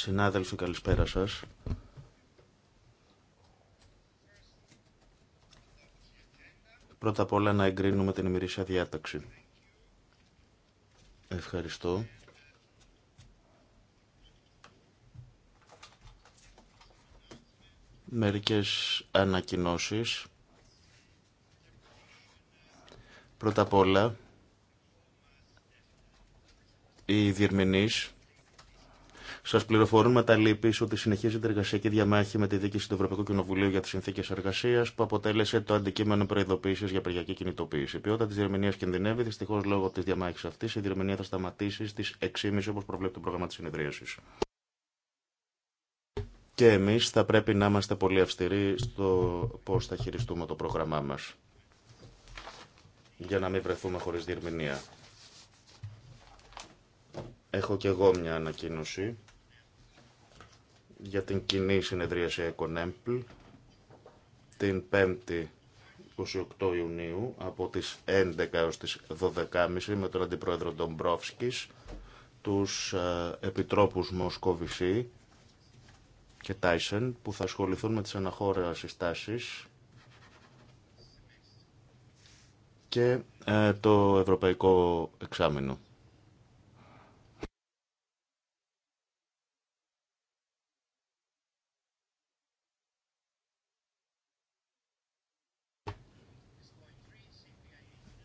Συνάδελφοι, καλησπέρα σας. Πρώτα απ' όλα να εγκρίνουμε την ημερήσια διάταξη. Ευχαριστώ. Μερικές ανακοινώσεις. Πρώτα απ' όλα, οι διερμηνείς Σα με τα λύπη ότι συνεχίζεται η εργασιακή διαμάχη με τη δίκηση του Ευρωπαϊκού Κοινοβουλίου για τι συνθήκε εργασία που αποτέλεσε το αντικείμενο προειδοποίηση για περιακή κινητοποίηση. Η ποιότητα τη διερμηνία κινδυνεύει. Δυστυχώ λόγω τη διαμάχη αυτή η διερμηνία θα σταματήσει στι 6.30 όπω προβλέπει το πρόγραμμα τη συνεδρίαση. Και εμεί θα πρέπει να είμαστε πολύ αυστηροί στο πώ θα χειριστούμε το πρόγραμμά μα για να μην βρεθούμε χωρί διερμηνία. Έχω και εγώ μια ανακοίνωση για την κοινή συνεδρίαση ΕΚΟΝΕΜΠΛ την 5η 28 Ιουνίου από τις 11 έως τις 12.30 με τον Αντιπρόεδρο Ντομπρόφσκης, τους ε, Επιτρόπους Μοσκοβισή και Τάισεν που θα ασχοληθούν με τις αναχώρες συστάσεις και ε, το Ευρωπαϊκό Εξάμεινο.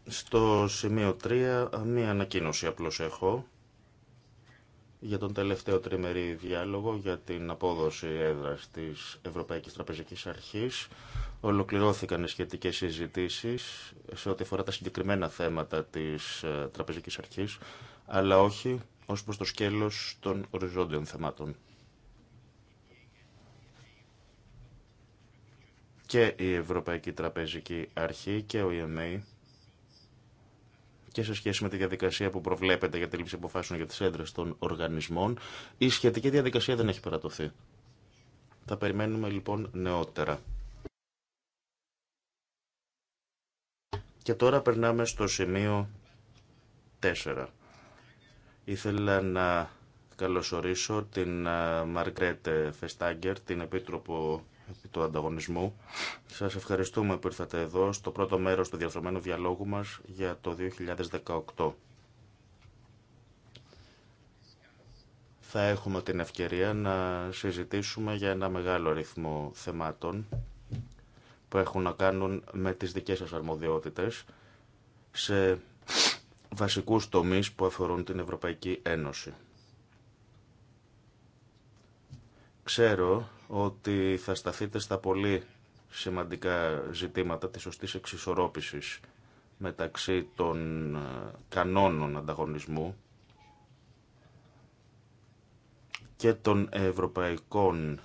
Στο σημείο 3, μία ανακοίνωση απλώς έχω για τον τελευταίο τριμερή διάλογο για την απόδοση έδρας της Ευρωπαϊκής Τραπεζικής Αρχής. Ολοκληρώθηκαν οι σχετικές συζητήσεις σε ό,τι αφορά τα συγκεκριμένα θέματα της ε, Τραπεζικής Αρχής, αλλά όχι ως προς το σκέλος των οριζόντιων θεμάτων. Και η Ευρωπαϊκή Τραπεζική Αρχή και ο EMA και σε σχέση με τη διαδικασία που προβλέπεται για τη λήψη αποφάσεων για τι έντρε των οργανισμών. Η σχετική διαδικασία δεν έχει περατωθεί. Θα περιμένουμε λοιπόν νεότερα. Και τώρα περνάμε στο σημείο 4. Ήθελα να καλωσορίσω την ε, Μαργκρέτ Φεστάγκερ, την Επίτροπο επί του ανταγωνισμού. Σας ευχαριστούμε που ήρθατε εδώ στο πρώτο μέρος του διαδρομένου διαλόγου μας για το 2018. Θα έχουμε την ευκαιρία να συζητήσουμε για ένα μεγάλο αριθμό θεμάτων που έχουν να κάνουν με τις δικές σας αρμοδιότητες σε βασικούς τομείς που αφορούν την Ευρωπαϊκή Ένωση. Ξέρω ότι θα σταθείτε στα πολύ σημαντικά ζητήματα της σωστής εξισορρόπησης μεταξύ των ε, κανόνων ανταγωνισμού και των ευρωπαϊκών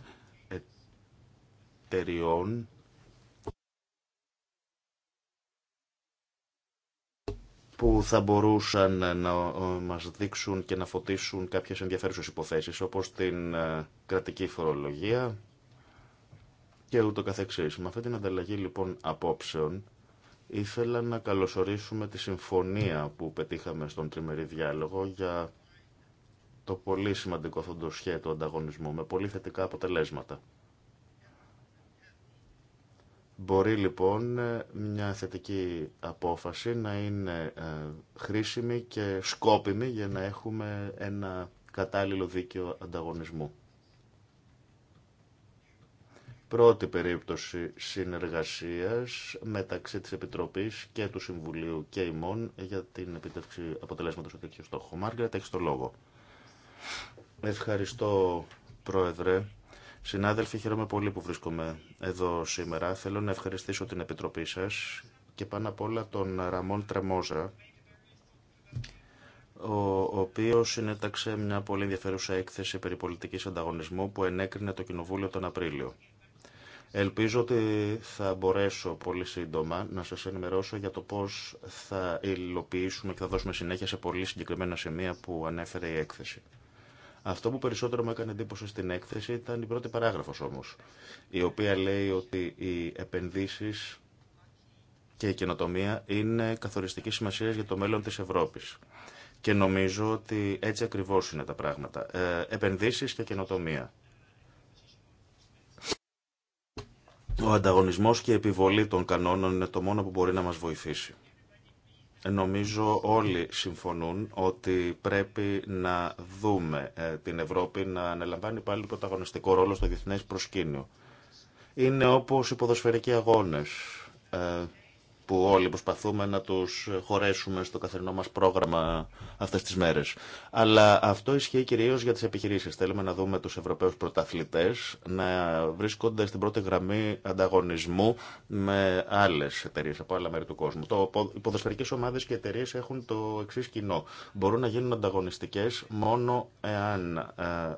εταιριών που θα μπορούσαν να ε, μας δείξουν και να φωτίσουν κάποιες ενδιαφέρουσες υποθέσεις, όπως την ε, κρατική φορολογία και ούτω καθεξής. Με αυτή την ανταλλαγή λοιπόν απόψεων, ήθελα να καλωσορίσουμε τη συμφωνία που πετύχαμε στον τριμερή διάλογο για το πολύ σημαντικό αυτό του ανταγωνισμού, με πολύ θετικά αποτελέσματα. Μπορεί λοιπόν μια θετική απόφαση να είναι ε, χρήσιμη και σκόπιμη για να έχουμε ένα κατάλληλο δίκαιο ανταγωνισμού. Πρώτη περίπτωση συνεργασίας μεταξύ της Επιτροπής και του Συμβουλίου και ημών για την επίτευξη αποτελέσματος του τέτοιου στόχου. έχεις το λόγο. Ευχαριστώ, Πρόεδρε. Συνάδελφοι, χαίρομαι πολύ που βρίσκομαι εδώ σήμερα. Θέλω να ευχαριστήσω την Επιτροπή σας και πάνω απ' όλα τον Ραμόν Τρεμόζα, ο οποίος συνέταξε μια πολύ ενδιαφέρουσα έκθεση περί πολιτικής ανταγωνισμού που ενέκρινε το Κοινοβούλιο τον Απρίλιο. Ελπίζω ότι θα μπορέσω πολύ σύντομα να σας ενημερώσω για το πώς θα υλοποιήσουμε και θα δώσουμε συνέχεια σε πολύ συγκεκριμένα σημεία που ανέφερε η έκθεση. Αυτό που περισσότερο μου έκανε εντύπωση στην έκθεση ήταν η πρώτη παράγραφος όμως, η οποία λέει ότι οι επενδύσεις και η καινοτομία είναι καθοριστική σημασία για το μέλλον της Ευρώπης. Και νομίζω ότι έτσι ακριβώς είναι τα πράγματα. Ε, επενδύσεις και καινοτομία. Ο ανταγωνισμός και η επιβολή των κανόνων είναι το μόνο που μπορεί να μας βοηθήσει. Νομίζω όλοι συμφωνούν ότι πρέπει να δούμε ε, την Ευρώπη να αναλαμβάνει πάλι πρωταγωνιστικό ρόλο στο διεθνές προσκήνιο. Είναι όπως οι ποδοσφαιρικοί αγώνες. Ε, που όλοι προσπαθούμε να τους χωρέσουμε στο καθερινό μας πρόγραμμα αυτές τις μέρες. Αλλά αυτό ισχύει κυρίως για τις επιχειρήσεις. Θέλουμε να δούμε τους Ευρωπαίους πρωταθλητές να βρίσκονται στην πρώτη γραμμή ανταγωνισμού με άλλες εταιρείε από άλλα μέρη του κόσμου. Το, οι ποδοσφαιρικές ομάδες και εταιρείε έχουν το εξή κοινό. Μπορούν να γίνουν ανταγωνιστικές μόνο εάν ε,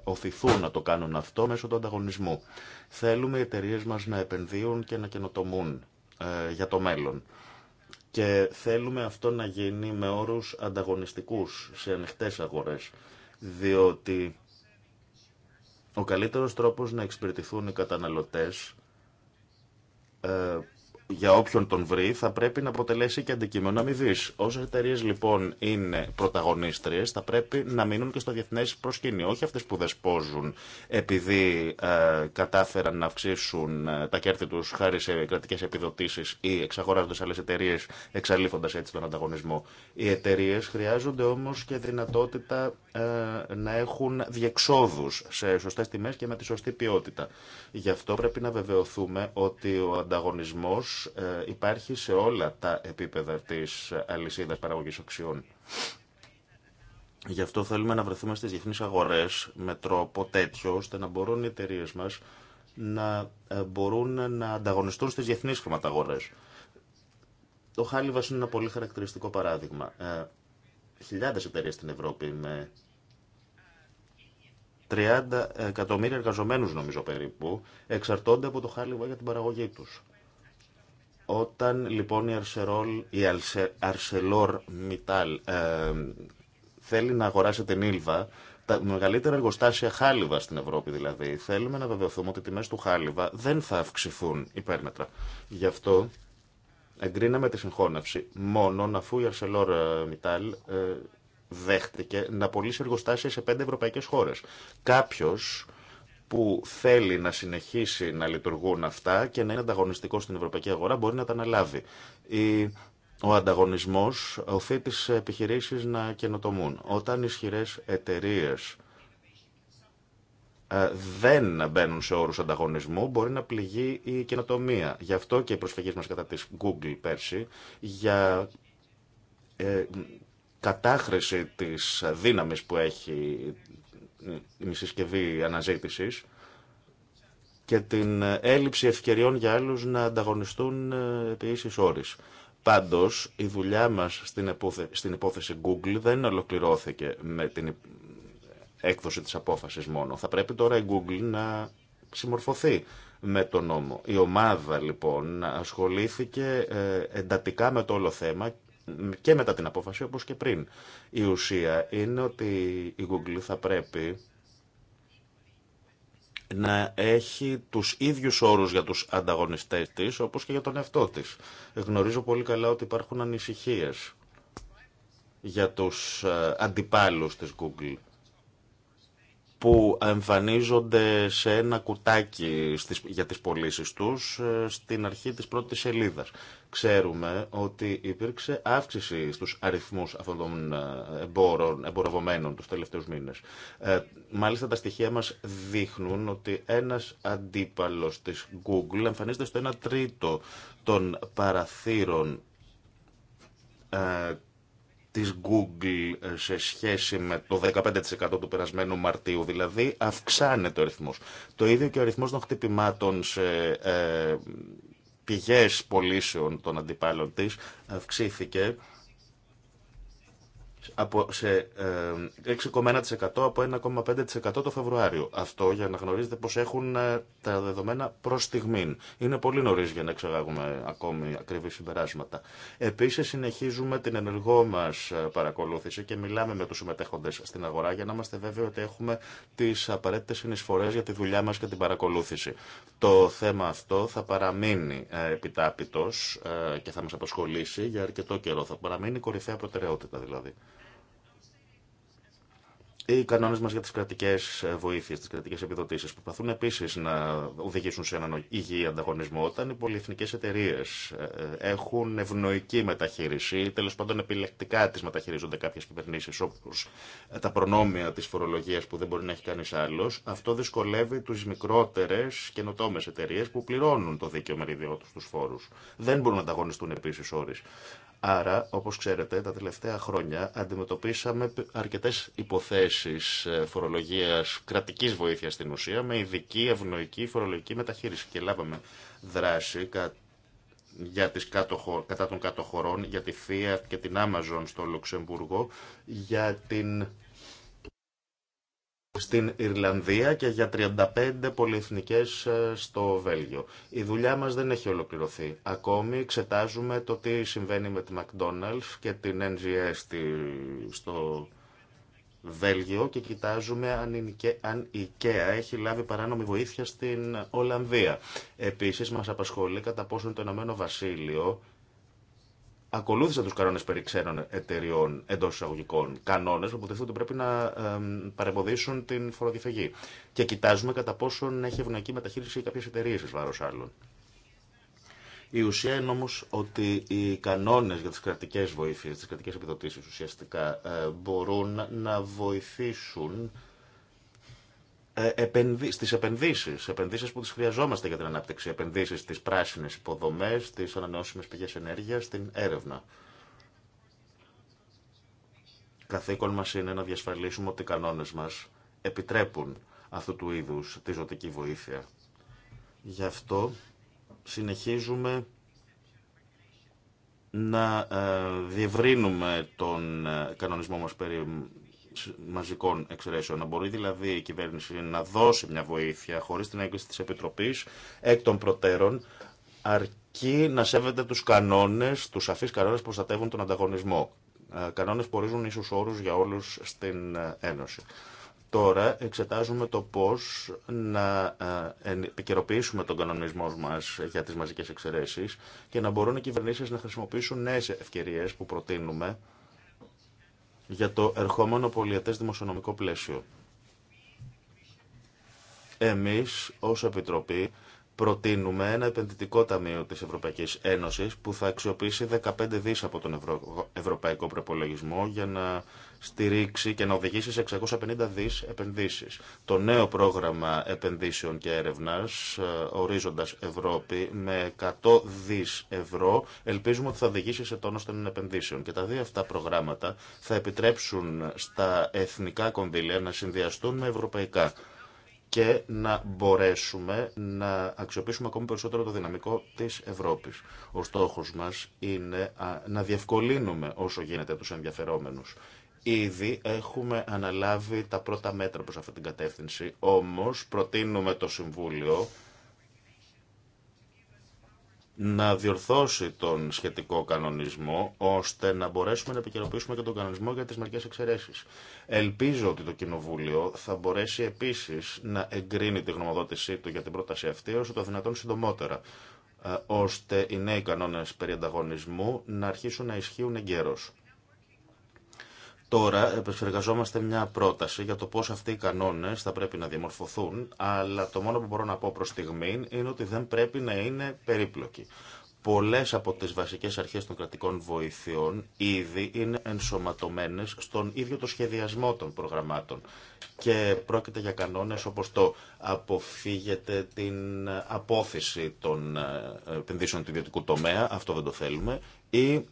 οθηθούν να το κάνουν αυτό μέσω του ανταγωνισμού. Θέλουμε οι εταιρείε μας να επενδύουν και να καινοτομούν ε, για το μέλλον. Και θέλουμε αυτό να γίνει με όρους ανταγωνιστικούς σε ανοιχτές αγορές, διότι ο καλύτερος τρόπος να εξυπηρετηθούν οι καταναλωτές ε, για όποιον τον βρει θα πρέπει να αποτελέσει και αντικείμενο αμοιβή. Όσε εταιρείε λοιπόν είναι πρωταγωνίστριε θα πρέπει να μείνουν και στο διεθνέ προσκήνιο. Όχι αυτέ που δεσπόζουν επειδή ε, κατάφεραν να αυξήσουν ε, τα κέρδη του χάρη σε κρατικέ επιδοτήσει ή εξαγοράζοντα άλλε εταιρείε, εξαλείφοντα έτσι τον ανταγωνισμό. Οι εταιρείε χρειάζονται όμω και δυνατότητα ε, να έχουν διεξόδου σε σωστέ τιμέ και με τη σωστή ποιότητα. Γι' αυτό πρέπει να βεβαιωθούμε ότι ο ανταγωνισμό ε, υπάρχει σε όλα τα επίπεδα της ε, αλυσίδας παραγωγής οξιών. Γι' αυτό θέλουμε να βρεθούμε στις διεθνείς αγορές με τρόπο τέτοιο ώστε να μπορούν οι εταιρείε μας να ε, μπορούν να ανταγωνιστούν στις διεθνείς χρηματαγορές. Το Χάλιβας είναι ένα πολύ χαρακτηριστικό παράδειγμα. Ε, χιλιάδες εταιρείε στην Ευρώπη με 30 εκατομμύρια εργαζομένους νομίζω περίπου εξαρτώνται από το Χάλιβα για την παραγωγή τους. Όταν λοιπόν η, Αρσερόλ, η Αρσελόρ Μιτάλ θέλει να αγοράσει την Ήλβα, τα μεγαλύτερα εργοστάσια χάλιβα στην Ευρώπη δηλαδή, θέλουμε να βεβαιωθούμε ότι οι τιμές του χάλιβα δεν θα αυξηθούν υπέρμετρα. Γι' αυτό εγκρίναμε τη συγχώνευση μόνον αφού η Αρσελόρ Μιτάλ ε, δέχτηκε να πωλήσει εργοστάσια σε πέντε ευρωπαϊκές χώρες. Κάποιος που θέλει να συνεχίσει να λειτουργούν αυτά και να είναι ανταγωνιστικό στην ευρωπαϊκή αγορά μπορεί να τα αναλάβει. Ο ανταγωνισμός οθεί τι επιχειρήσει να καινοτομούν. Όταν ισχυρέ εταιρείε ε, δεν μπαίνουν σε όρους ανταγωνισμού, μπορεί να πληγεί η καινοτομία. Γι' αυτό και οι προσφυγές μας κατά της Google πέρσι για ε, κατάχρηση της δύναμης που έχει η συσκευή αναζήτησης και την έλλειψη ευκαιριών για άλλους να ανταγωνιστούν ε, επί ίση όρη. Πάντως, η δουλειά μας στην, στην υπόθεση Google δεν ολοκληρώθηκε με την έκδοση της απόφασης μόνο. Θα πρέπει τώρα η Google να συμμορφωθεί με τον νόμο. Η ομάδα λοιπόν ασχολήθηκε ε, εντατικά με το όλο θέμα και μετά την απόφαση όπως και πριν. Η ουσία είναι ότι η Google θα πρέπει να έχει τους ίδιους όρους για τους ανταγωνιστές της όπως και για τον εαυτό της. Γνωρίζω πολύ καλά ότι υπάρχουν ανησυχίες για τους ε, αντιπάλους της Google που εμφανίζονται σε ένα κουτάκι για τις πωλήσει τους ε, στην αρχή της πρώτης σελίδας. Ξέρουμε ότι υπήρξε αύξηση στους αριθμούς αυτών των ε, εμπόρων, εμπορευομένων τους τελευταίους μήνες. Ε, μάλιστα τα στοιχεία μας δείχνουν ότι ένας αντίπαλος της Google εμφανίζεται στο 1 τρίτο των παραθύρων της Google ε, σε σχέση με το 15% του περασμένου Μαρτίου. Δηλαδή αυξάνεται ο ρυθμός. Το ίδιο και ο ρυθμός των χτυπημάτων σε ε, πηγές πωλήσεων των αντιπάλων της αυξήθηκε από, σε 6,1% ε, από 1,5% το Φεβρουάριο. Αυτό για να γνωρίζετε πως έχουν ε, τα δεδομένα προ στιγμήν. Είναι πολύ νωρίς για να εξαγάγουμε ακόμη ακριβή συμπεράσματα. Επίσης συνεχίζουμε την ενεργό μας ε, παρακολούθηση και μιλάμε με τους συμμετέχοντες στην αγορά για να είμαστε βέβαιοι ότι έχουμε τις απαραίτητες συνεισφορές για τη δουλειά μας και την παρακολούθηση. Το θέμα αυτό θα παραμείνει επιτάπητος και θα μας απασχολήσει για αρκετό καιρό. Θα παραμείνει κορυφαία προτεραιότητα δηλαδή οι κανόνε μα για τι κρατικέ ε, βοήθειε, τι κρατικέ επιδοτήσει, που προσπαθούν επίση να οδηγήσουν σε έναν υγιή ανταγωνισμό. Όταν οι πολυεθνικέ εταιρείε ε, ε, έχουν ευνοϊκή μεταχείριση ή τέλο πάντων επιλεκτικά τι μεταχειρίζονται κάποιε κυβερνήσει, όπω τα προνόμια τη φορολογία που δεν μπορεί να έχει κανεί άλλο, αυτό δυσκολεύει του μικρότερε καινοτόμε εταιρείε που πληρώνουν το δίκαιο μεριδιό του φόρου. Δεν μπορούν να ανταγωνιστούν επίση όρει. Άρα, όπως ξέρετε, τα τελευταία χρόνια αντιμετωπίσαμε αρκετές υποθέσεις ε, φορολογίας, κρατικής βοήθειας στην ουσία, με ειδική ευνοϊκή φορολογική μεταχείριση και λάβαμε δράση για τις κατά των κατοχωρών για τη Fiat και την Amazon στο Λουξεμβούργο, για την στην Ιρλανδία και για 35 πολυεθνικές ε, στο Βέλγιο. Η δουλειά μας δεν έχει ολοκληρωθεί. Ακόμη εξετάζουμε το τι συμβαίνει με τη McDonald's και την NGS στο Βέλγιο και κοιτάζουμε αν η IKEA έχει λάβει παράνομη βοήθεια στην Ολλανδία. Επίσης μας απασχολεί κατά πόσο το Ηνωμένο Βασίλειο ακολούθησαν τους κανόνες περί ξένων εταιριών εντός εισαγωγικών κανόνες που αποτελούν ότι πρέπει να παρεμποδίσουν την φοροδιαφυγή. Και κοιτάζουμε κατά πόσον έχει ευνοϊκή μεταχείριση κάποιες εταιρείε εις βάρος άλλων. Η ουσία είναι όμω ότι οι κανόνε για τι κρατικέ βοήθειε, τι κρατικέ επιδοτήσει ουσιαστικά ε, μπορούν να βοηθήσουν ε, στις επενδύσεις, επενδύσεις που τις χρειαζόμαστε για την ανάπτυξη, επενδύσεις στις πράσινες υποδομές, στις ανανεώσιμες πηγές ενέργειας, στην έρευνα. Καθήκον μας είναι να διασφαλίσουμε ότι οι κανόνες μας επιτρέπουν αυτού του είδους τη ζωτική βοήθεια. Γι' αυτό συνεχίζουμε να ε, διευρύνουμε τον ε, κανονισμό μας περί μαζικών εξαιρέσεων. Να μπορεί δηλαδή η κυβέρνηση να δώσει μια βοήθεια χωρίς την έγκριση τη Επιτροπής εκ των προτέρων αρκεί να σέβεται τους κανόνες, τους σαφεί κανόνε που προστατεύουν τον ανταγωνισμό. Ε, κανόνες που ορίζουν ίσου όρου για όλου στην ε, Ένωση. Τώρα εξετάζουμε το πώς να ε, επικαιροποιήσουμε τον κανονισμό μας για τι μαζικέ εξαιρέσει και να μπορούν οι κυβερνήσει να χρησιμοποιήσουν νέε ευκαιριέ που προτείνουμε για το ερχόμενο πολιετές δημοσιονομικό πλαίσιο. Εμείς ως Επιτροπή προτείνουμε ένα επενδυτικό ταμείο της Ευρωπαϊκής Ένωσης που θα αξιοποιήσει 15 δις από τον ευρωπαϊκό προπολογισμό για να στηρίξει και να οδηγήσει σε 650 δις επενδύσεις. Το νέο πρόγραμμα επενδύσεων και έρευνας, ε, ορίζοντας Ευρώπη, με 100 δις ευρώ, ελπίζουμε ότι θα οδηγήσει σε τόνο των επενδύσεων. Και τα δύο αυτά προγράμματα θα επιτρέψουν στα εθνικά κονδύλια να συνδυαστούν με ευρωπαϊκά και να μπορέσουμε να αξιοποιήσουμε ακόμη περισσότερο το δυναμικό της Ευρώπης. Ο στόχος μας είναι να διευκολύνουμε όσο γίνεται τους ενδιαφερόμενους Ήδη έχουμε αναλάβει τα πρώτα μέτρα προς αυτή την κατεύθυνση, όμως προτείνουμε το Συμβούλιο να διορθώσει τον σχετικό κανονισμό, ώστε να μπορέσουμε να επικαιροποιήσουμε και τον κανονισμό για τις μερικές εξαιρέσεις. Ελπίζω ότι το Κοινοβούλιο θα μπορέσει επίσης να εγκρίνει τη γνωμοδότησή του για την πρόταση αυτή, όσο το δυνατόν συντομότερα, ε, ώστε οι νέοι κανόνες περί ανταγωνισμού να αρχίσουν να ισχύουν εγκαίρως. Τώρα επεξεργαζόμαστε μια πρόταση για το πώς αυτοί οι κανόνες θα πρέπει να διαμορφωθούν, αλλά το μόνο που μπορώ να πω προς στιγμή είναι ότι δεν πρέπει να είναι περίπλοκοι. Πολλές από τις βασικές αρχές των κρατικών βοηθειών ήδη είναι ενσωματωμένες στον ίδιο το σχεδιασμό των προγραμμάτων και πρόκειται για κανόνες όπως το αποφύγεται την απόθεση των ε, επενδύσεων του ιδιωτικού τομέα, αυτό δεν το θέλουμε, ή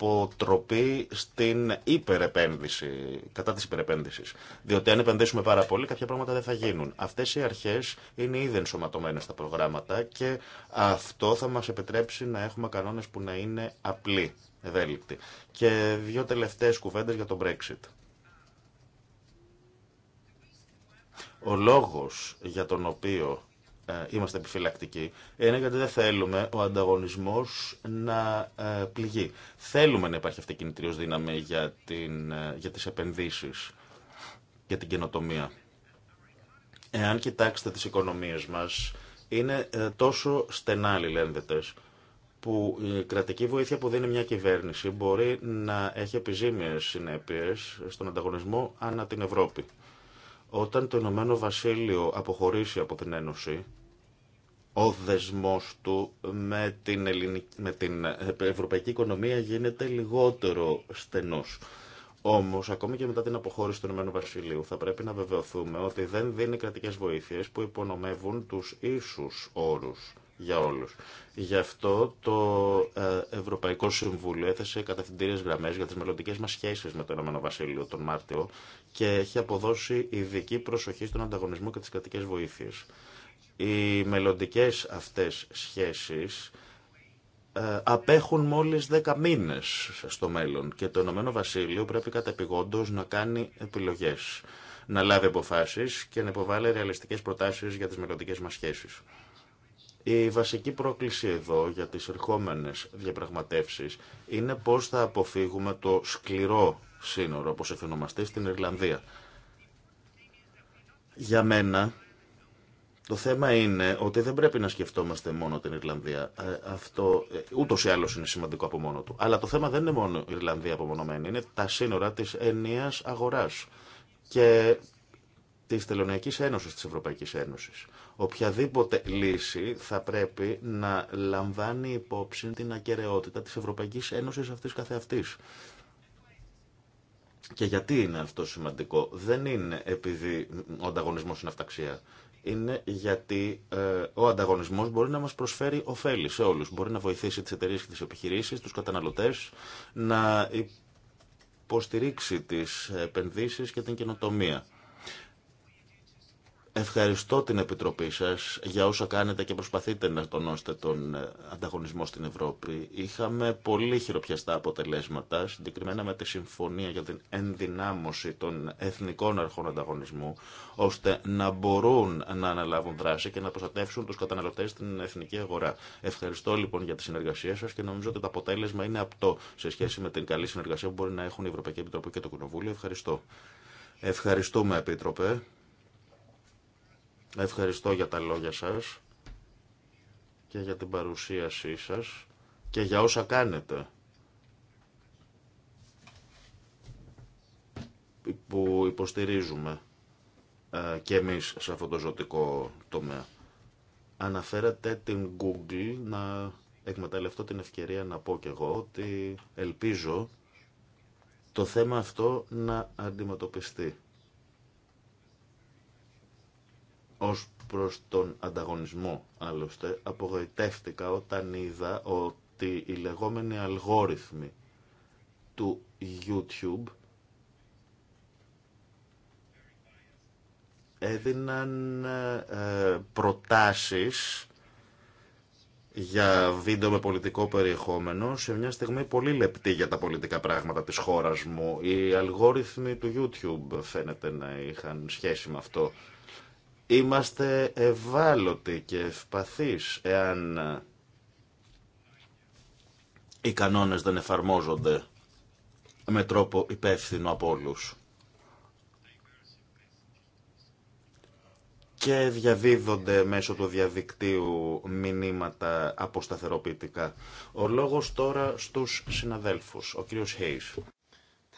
υποτροπή στην υπερεπένδυση, κατά τη υπερεπένδυσης. Διότι αν επενδύσουμε πάρα πολύ, κάποια πράγματα δεν θα γίνουν. Αυτές οι αρχές είναι ήδη ενσωματωμένες στα προγράμματα και αυτό θα μας επιτρέψει να έχουμε κανόνες που να είναι απλοί, ευέλικτοι. Και δύο τελευταίε κουβέντες για το Brexit. Ο λόγος για τον οποίο ε, είμαστε επιφυλακτικοί είναι γιατί δεν θέλουμε ο ανταγωνισμός να ε, πληγεί. Θέλουμε να υπάρχει αυτή η δύναμη για, την, ε, για τις επενδύσεις, για την καινοτομία. Εάν κοιτάξετε τις οικονομίες μας, είναι τόσο στενά λένδετες που η κρατική βοήθεια που δίνει μια κυβέρνηση μπορεί να έχει επιζήμιες συνέπειες στον ανταγωνισμό ανά την Ευρώπη. Όταν το Ηνωμένο Βασίλειο αποχωρήσει από την Ένωση, ο δεσμός του με την, με την ε, ευρωπαϊκή οικονομία γίνεται λιγότερο στενός. Όμω, ακόμη και μετά την αποχώρηση του Ηνωμένου Βασιλείου, θα πρέπει να βεβαιωθούμε ότι δεν δίνει κρατικέ βοήθειε που υπονομεύουν του ίσου όρου για όλους. Γι' αυτό το ε, Ευρωπαϊκό Συμβούλιο έθεσε κατευθυντήριε γραμμές για τις μελλοντικέ μα σχέσει με το Ηνωμένο Βασίλειο τον Μάρτιο και έχει αποδώσει ειδική προσοχή στον ανταγωνισμό και τι κρατικέ βοήθειε. Οι μελλοντικέ αυτές σχέσεις ε, απέχουν μόλις 10 μήνες στο μέλλον και το Ηνωμένο Βασίλειο πρέπει κατεπηγόντως να κάνει επιλογές, να λάβει αποφάσεις και να υποβάλλει ρεαλιστικές προτάσεις για τις μελλοντικέ μας σχέσεις. Η βασική πρόκληση εδώ για τις ερχόμενες διαπραγματεύσεις είναι πώς θα αποφύγουμε το σκληρό σύνορο, όπως εφαινομαστεί, στην Ιρλανδία. Για μένα, το θέμα είναι ότι δεν πρέπει να σκεφτόμαστε μόνο την Ιρλανδία. Ε, αυτό ε, ούτω ή άλλω είναι σημαντικό από μόνο του. Αλλά το θέμα δεν είναι μόνο η Ιρλανδία απομονωμένη. Είναι τα σύνορα τη ενιαία αγορά και τη Τελωνιακή Ένωση τη Ευρωπαϊκή Ένωση. Οποιαδήποτε λύση θα πρέπει να λαμβάνει υπόψη την ακαιρεότητα τη Ευρωπαϊκή Ένωση αυτή καθεαυτή. Και γιατί είναι αυτό σημαντικό. Δεν είναι επειδή ο ανταγωνισμό είναι αυταξία είναι γιατί ε, ο ανταγωνισμό μπορεί να μα προσφέρει ωφέλη σε όλου. Μπορεί να βοηθήσει τι εταιρείε και τι επιχειρήσει, του καταναλωτέ, να υποστηρίξει τι επενδύσει και την καινοτομία. Ευχαριστώ την Επιτροπή σας για όσα κάνετε και προσπαθείτε να τονώσετε τον ε, ανταγωνισμό στην Ευρώπη. Είχαμε πολύ χειροπιαστά αποτελέσματα, συγκεκριμένα με τη Συμφωνία για την Ενδυνάμωση των Εθνικών Αρχών Ανταγωνισμού, ώστε να μπορούν να αναλάβουν δράση και να προστατεύσουν τους καταναλωτές στην εθνική αγορά. Ευχαριστώ λοιπόν για τη συνεργασία σας και νομίζω ότι το αποτέλεσμα είναι απτό σε σχέση με την καλή συνεργασία που μπορεί να έχουν η Ευρωπαϊκή Επιτροπή και το Κοινοβούλιο. Ευχαριστώ. Ευχαριστούμε, Επίτροπε. Ευχαριστώ για τα λόγια σας και για την παρουσίασή σας και για όσα κάνετε. που υποστηρίζουμε ε, και εμείς σε αυτό το ζωτικό τομέα. Αναφέρατε την Google να εκμεταλλευτώ την ευκαιρία να πω και εγώ ότι ελπίζω το θέμα αυτό να αντιμετωπιστεί. Ως προς τον ανταγωνισμό, άλλωστε, απογοητεύτηκα όταν είδα ότι οι λεγόμενοι αλγόριθμοι του YouTube έδιναν ε, προτάσεις για βίντεο με πολιτικό περιεχόμενο σε μια στιγμή πολύ λεπτή για τα πολιτικά πράγματα της χώρας μου. Οι αλγόριθμοι του YouTube φαίνεται να είχαν σχέση με αυτό. Είμαστε ευάλωτοι και ευπαθείς εάν οι κανόνες δεν εφαρμόζονται με τρόπο υπεύθυνο από όλους. και διαδίδονται μέσω του διαδικτύου μηνύματα αποσταθεροποιητικά. Ο λόγος τώρα στους συναδέλφους, ο κύριος Χέις.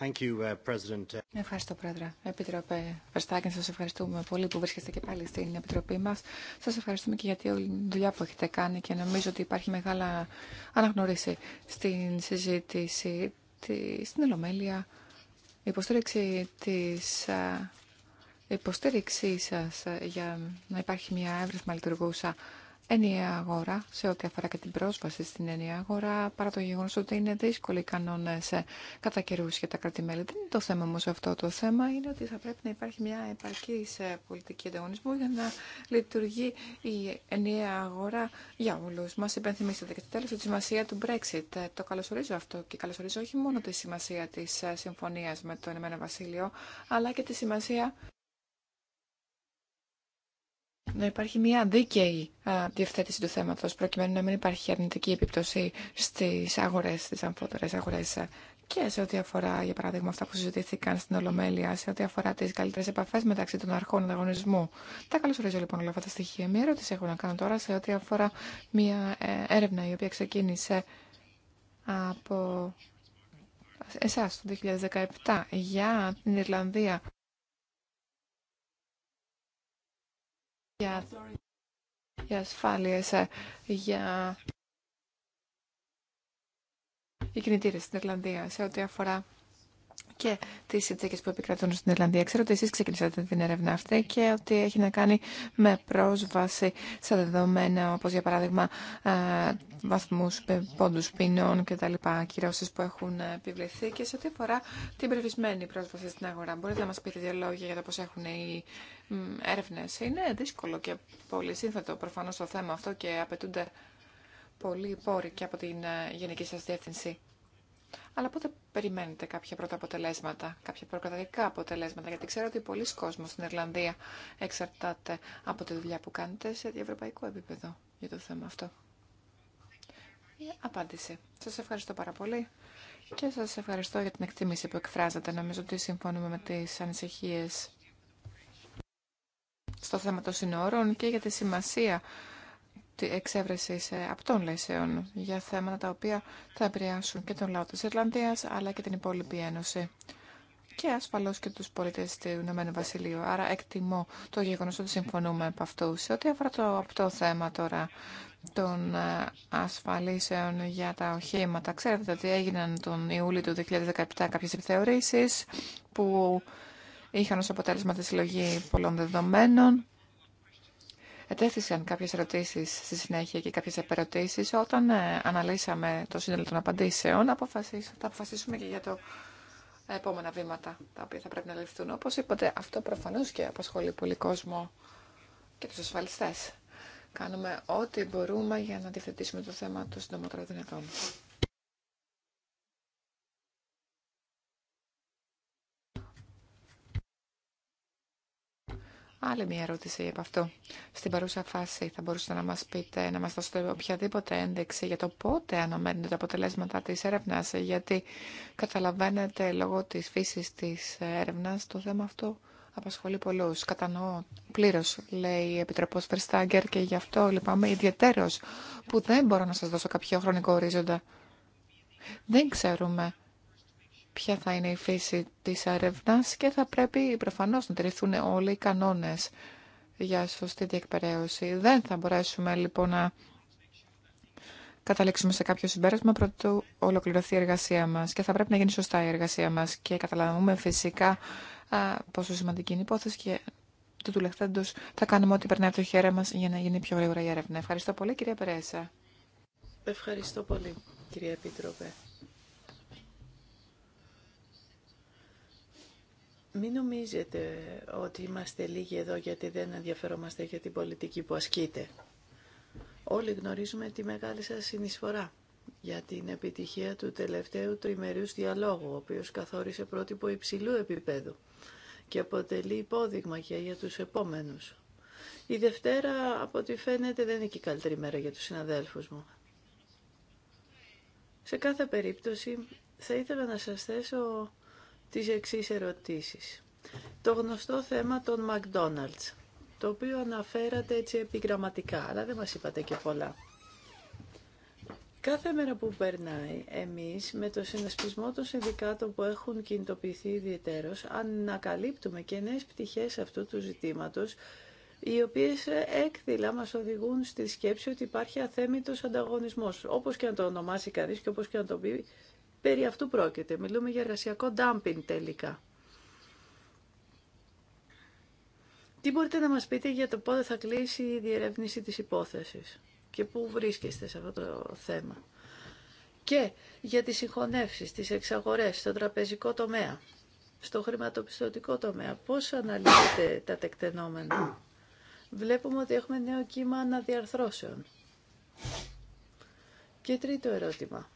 Thank you, uh, President. Ευχαριστώ, Πρόεδρε. Επιτροπέ Verstappen, Σα ευχαριστούμε πολύ που βρίσκεστε και πάλι στην Επιτροπή μα. Σα ευχαριστούμε και για τη δουλειά που έχετε κάνει και νομίζω ότι υπάρχει μεγάλα αναγνωρίση στην συζήτηση, στην Ελομέλεια, υποστήριξη της υποστήριξή σας για να υπάρχει μια εύρυθμα λειτουργούσα ενιαία αγορά, σε ό,τι αφορά και την πρόσβαση στην ενιαία αγορά, παρά το γεγονός ότι είναι δύσκολοι οι κανόνε ε, κατά καιρού για τα κράτη-μέλη. Δεν είναι το θέμα όμω αυτό. Το θέμα είναι ότι θα πρέπει να υπάρχει μια επαρκή ε, πολιτική ανταγωνισμού για να λειτουργεί η ενιαία αγορά για όλου. Μα υπενθυμίσατε και τέλο τη σημασία του Brexit. Ε, το καλωσορίζω αυτό και καλωσορίζω όχι μόνο τη σημασία τη συμφωνία με το Ηνωμένο Βασίλειο, αλλά και τη σημασία να υπάρχει μια δίκαιη διευθέτηση του θέματο προκειμένου να μην υπάρχει αρνητική επίπτωση στι αγορέ, στι αμφότερε αγορέ και σε ό,τι αφορά, για παράδειγμα, αυτά που συζητήθηκαν στην Ολομέλεια, σε ό,τι αφορά τι καλύτερε επαφέ μεταξύ των αρχών ανταγωνισμού. Τα καλωσορίζω λοιπόν όλα αυτά τα στοιχεία. Μία ερώτηση έχω να κάνω τώρα σε ό,τι αφορά μία ε, έρευνα η οποία ξεκίνησε από εσά το 2017 για την Ιρλανδία για, για ασφάλειες, ε, για οι κινητήρες στην Ιρλανδία σε ό,τι αφορά και τι συνθήκε που επικρατούν στην Ιρλανδία. Ξέρω ότι εσεί ξεκινήσατε την έρευνα αυτή και ότι έχει να κάνει με πρόσβαση σε δεδομένα, όπω για παράδειγμα ε, βαθμού πόντου ποινών κτλ. Κυρώσει που έχουν επιβληθεί και σε ό,τι αφορά την περιορισμένη πρόσβαση στην αγορά. Μπορείτε να μα πείτε δύο λόγια για το πώ έχουν οι έρευνε. Είναι δύσκολο και πολύ σύνθετο προφανώ το θέμα αυτό και απαιτούνται πολλοί πόροι και από την ε, Γενική σα Διεύθυνση. Αλλά πότε περιμένετε κάποια πρώτα αποτελέσματα, κάποια προκαταρικά αποτελέσματα, γιατί ξέρω ότι πολλοί κόσμοι στην Ιρλανδία εξαρτάται από τη δουλειά που κάνετε σε ευρωπαϊκό επίπεδο για το θέμα αυτό. Μια απάντηση. Σας ευχαριστώ πάρα πολύ και σας ευχαριστώ για την εκτίμηση που εκφράζατε. Νομίζω ότι συμφωνούμε με τις ανησυχίες στο θέμα των συνόρων και για τη σημασία εξέβρεσης απτών λεσέων για θέματα τα οποία θα επηρεάσουν και τον λαό της Ιρλανδίας αλλά και την υπόλοιπη Ένωση και ασφαλώς και τους πολίτες του Ηνωμένου Βασιλείου. Άρα εκτιμώ το γεγονός ότι συμφωνούμε από αυτού. Σε ό,τι αφορά το το θέμα τώρα των ε, ασφαλίσεων για τα οχήματα, ξέρετε ότι έγιναν τον Ιούλιο του 2017 κάποιες επιθεωρήσεις που είχαν ως αποτέλεσμα τη συλλογή πολλών δεδομένων Ετέθησαν κάποιες ερωτήσεις στη συνέχεια και κάποιες επερωτήσεις. Όταν ε, αναλύσαμε το σύνολο των απαντήσεων, θα αποφασίσουμε και για το επόμενα βήματα τα οποία θα πρέπει να ληφθούν. Όπως είπατε, αυτό προφανώς και απασχολεί πολύ κόσμο και τους ασφαλιστές. Κάνουμε ό,τι μπορούμε για να αντιθετήσουμε το θέμα των συντομότερο Άλλη μια ερώτηση από αυτό. Στην παρούσα φάση θα μπορούσατε να μας πείτε, να μας δώσετε οποιαδήποτε ένδειξη για το πότε αναμένετε τα αποτελέσματα της έρευνας, γιατί καταλαβαίνετε λόγω της φύσης της έρευνας το θέμα αυτό απασχολεί πολλούς. Κατανοώ πλήρως, λέει η Επιτροπός Φερστάγκερ και γι' αυτό λυπάμαι ιδιαίτερος που δεν μπορώ να σας δώσω κάποιο χρονικό ορίζοντα. Δεν ξέρουμε ποια θα είναι η φύση της έρευνα και θα πρέπει προφανώς να τηρηθούν όλοι οι κανόνες για σωστή διεκπαιρέωση. Δεν θα μπορέσουμε λοιπόν να καταλήξουμε σε κάποιο συμπέρασμα πρωτού ολοκληρωθεί η εργασία μας και θα πρέπει να γίνει σωστά η εργασία μας και καταλαβαίνουμε φυσικά α, πόσο σημαντική είναι η υπόθεση και του τουλεχθέντος θα κάνουμε ό,τι περνάει από το χέρι μας για να γίνει πιο γρήγορα η έρευνα. Ευχαριστώ πολύ κυρία Περέσα. Ευχαριστώ πολύ κυρία Επίτροπε. Μην νομίζετε ότι είμαστε λίγοι εδώ γιατί δεν ενδιαφερόμαστε για την πολιτική που ασκείτε. Όλοι γνωρίζουμε τη μεγάλη σας συνεισφορά για την επιτυχία του τελευταίου τριμερίου διαλόγου, ο οποίος καθόρισε πρότυπο υψηλού επίπεδου και αποτελεί υπόδειγμα και για τους επόμενους. Η Δευτέρα, από ό,τι φαίνεται, δεν είναι και η καλύτερη μέρα για τους συναδέλφους μου. Σε κάθε περίπτωση, θα ήθελα να σας θέσω τις εξής ερωτήσεις. Το γνωστό θέμα των McDonald's, το οποίο αναφέρατε έτσι επιγραμματικά, αλλά δεν μας είπατε και πολλά. Κάθε μέρα που περνάει, εμείς με το συνασπισμό των συνδικάτων που έχουν κινητοποιηθεί ιδιαιτέρως, ανακαλύπτουμε και νέες πτυχές αυτού του ζητήματος, οι οποίες έκδηλα μας οδηγούν στη σκέψη ότι υπάρχει αθέμητος ανταγωνισμός. Όπως και να το ονομάσει κανείς και όπως και να το πει, Περί αυτού πρόκειται. Μιλούμε για εργασιακό dumping τελικά. Τι μπορείτε να μας πείτε για το πότε θα κλείσει η διερεύνηση της υπόθεσης και πού βρίσκεστε σε αυτό το θέμα. Και για τις συγχωνεύσεις, τις εξαγορές στο τραπεζικό τομέα, στο χρηματοπιστωτικό τομέα, πώς αναλύετε τα τεκτενόμενα. Βλέπουμε ότι έχουμε νέο κύμα αναδιαρθρώσεων. Και τρίτο ερώτημα.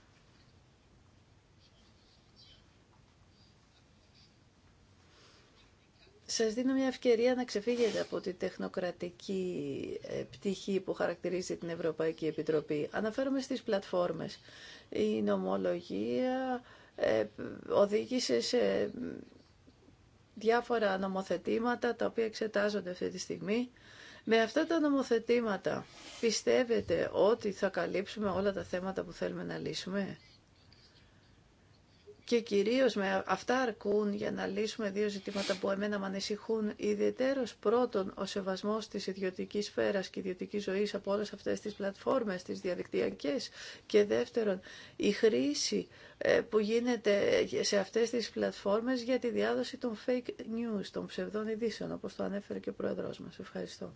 σας δίνω μια ευκαιρία να ξεφύγετε από τη τεχνοκρατική ε, πτυχή που χαρακτηρίζει την Ευρωπαϊκή Επιτροπή. Αναφέρομαι στις πλατφόρμες. Η νομολογία ε, οδήγησε σε διάφορα νομοθετήματα τα οποία εξετάζονται αυτή τη στιγμή. Με αυτά τα νομοθετήματα πιστεύετε ότι θα καλύψουμε όλα τα θέματα που θέλουμε να λύσουμε και κυρίως με αυτά αρκούν για να λύσουμε δύο ζητήματα που εμένα με ανησυχούν ιδιαιτέρως πρώτον ο σεβασμός της ιδιωτικής σφαίρας και ιδιωτικής ζωής από όλες αυτές τις πλατφόρμες, τις διαδικτυακές και δεύτερον η χρήση ε, που γίνεται σε αυτές τις πλατφόρμες για τη διάδοση των fake news, των ψευδών ειδήσεων όπως το ανέφερε και ο Πρόεδρός μας. Ευχαριστώ.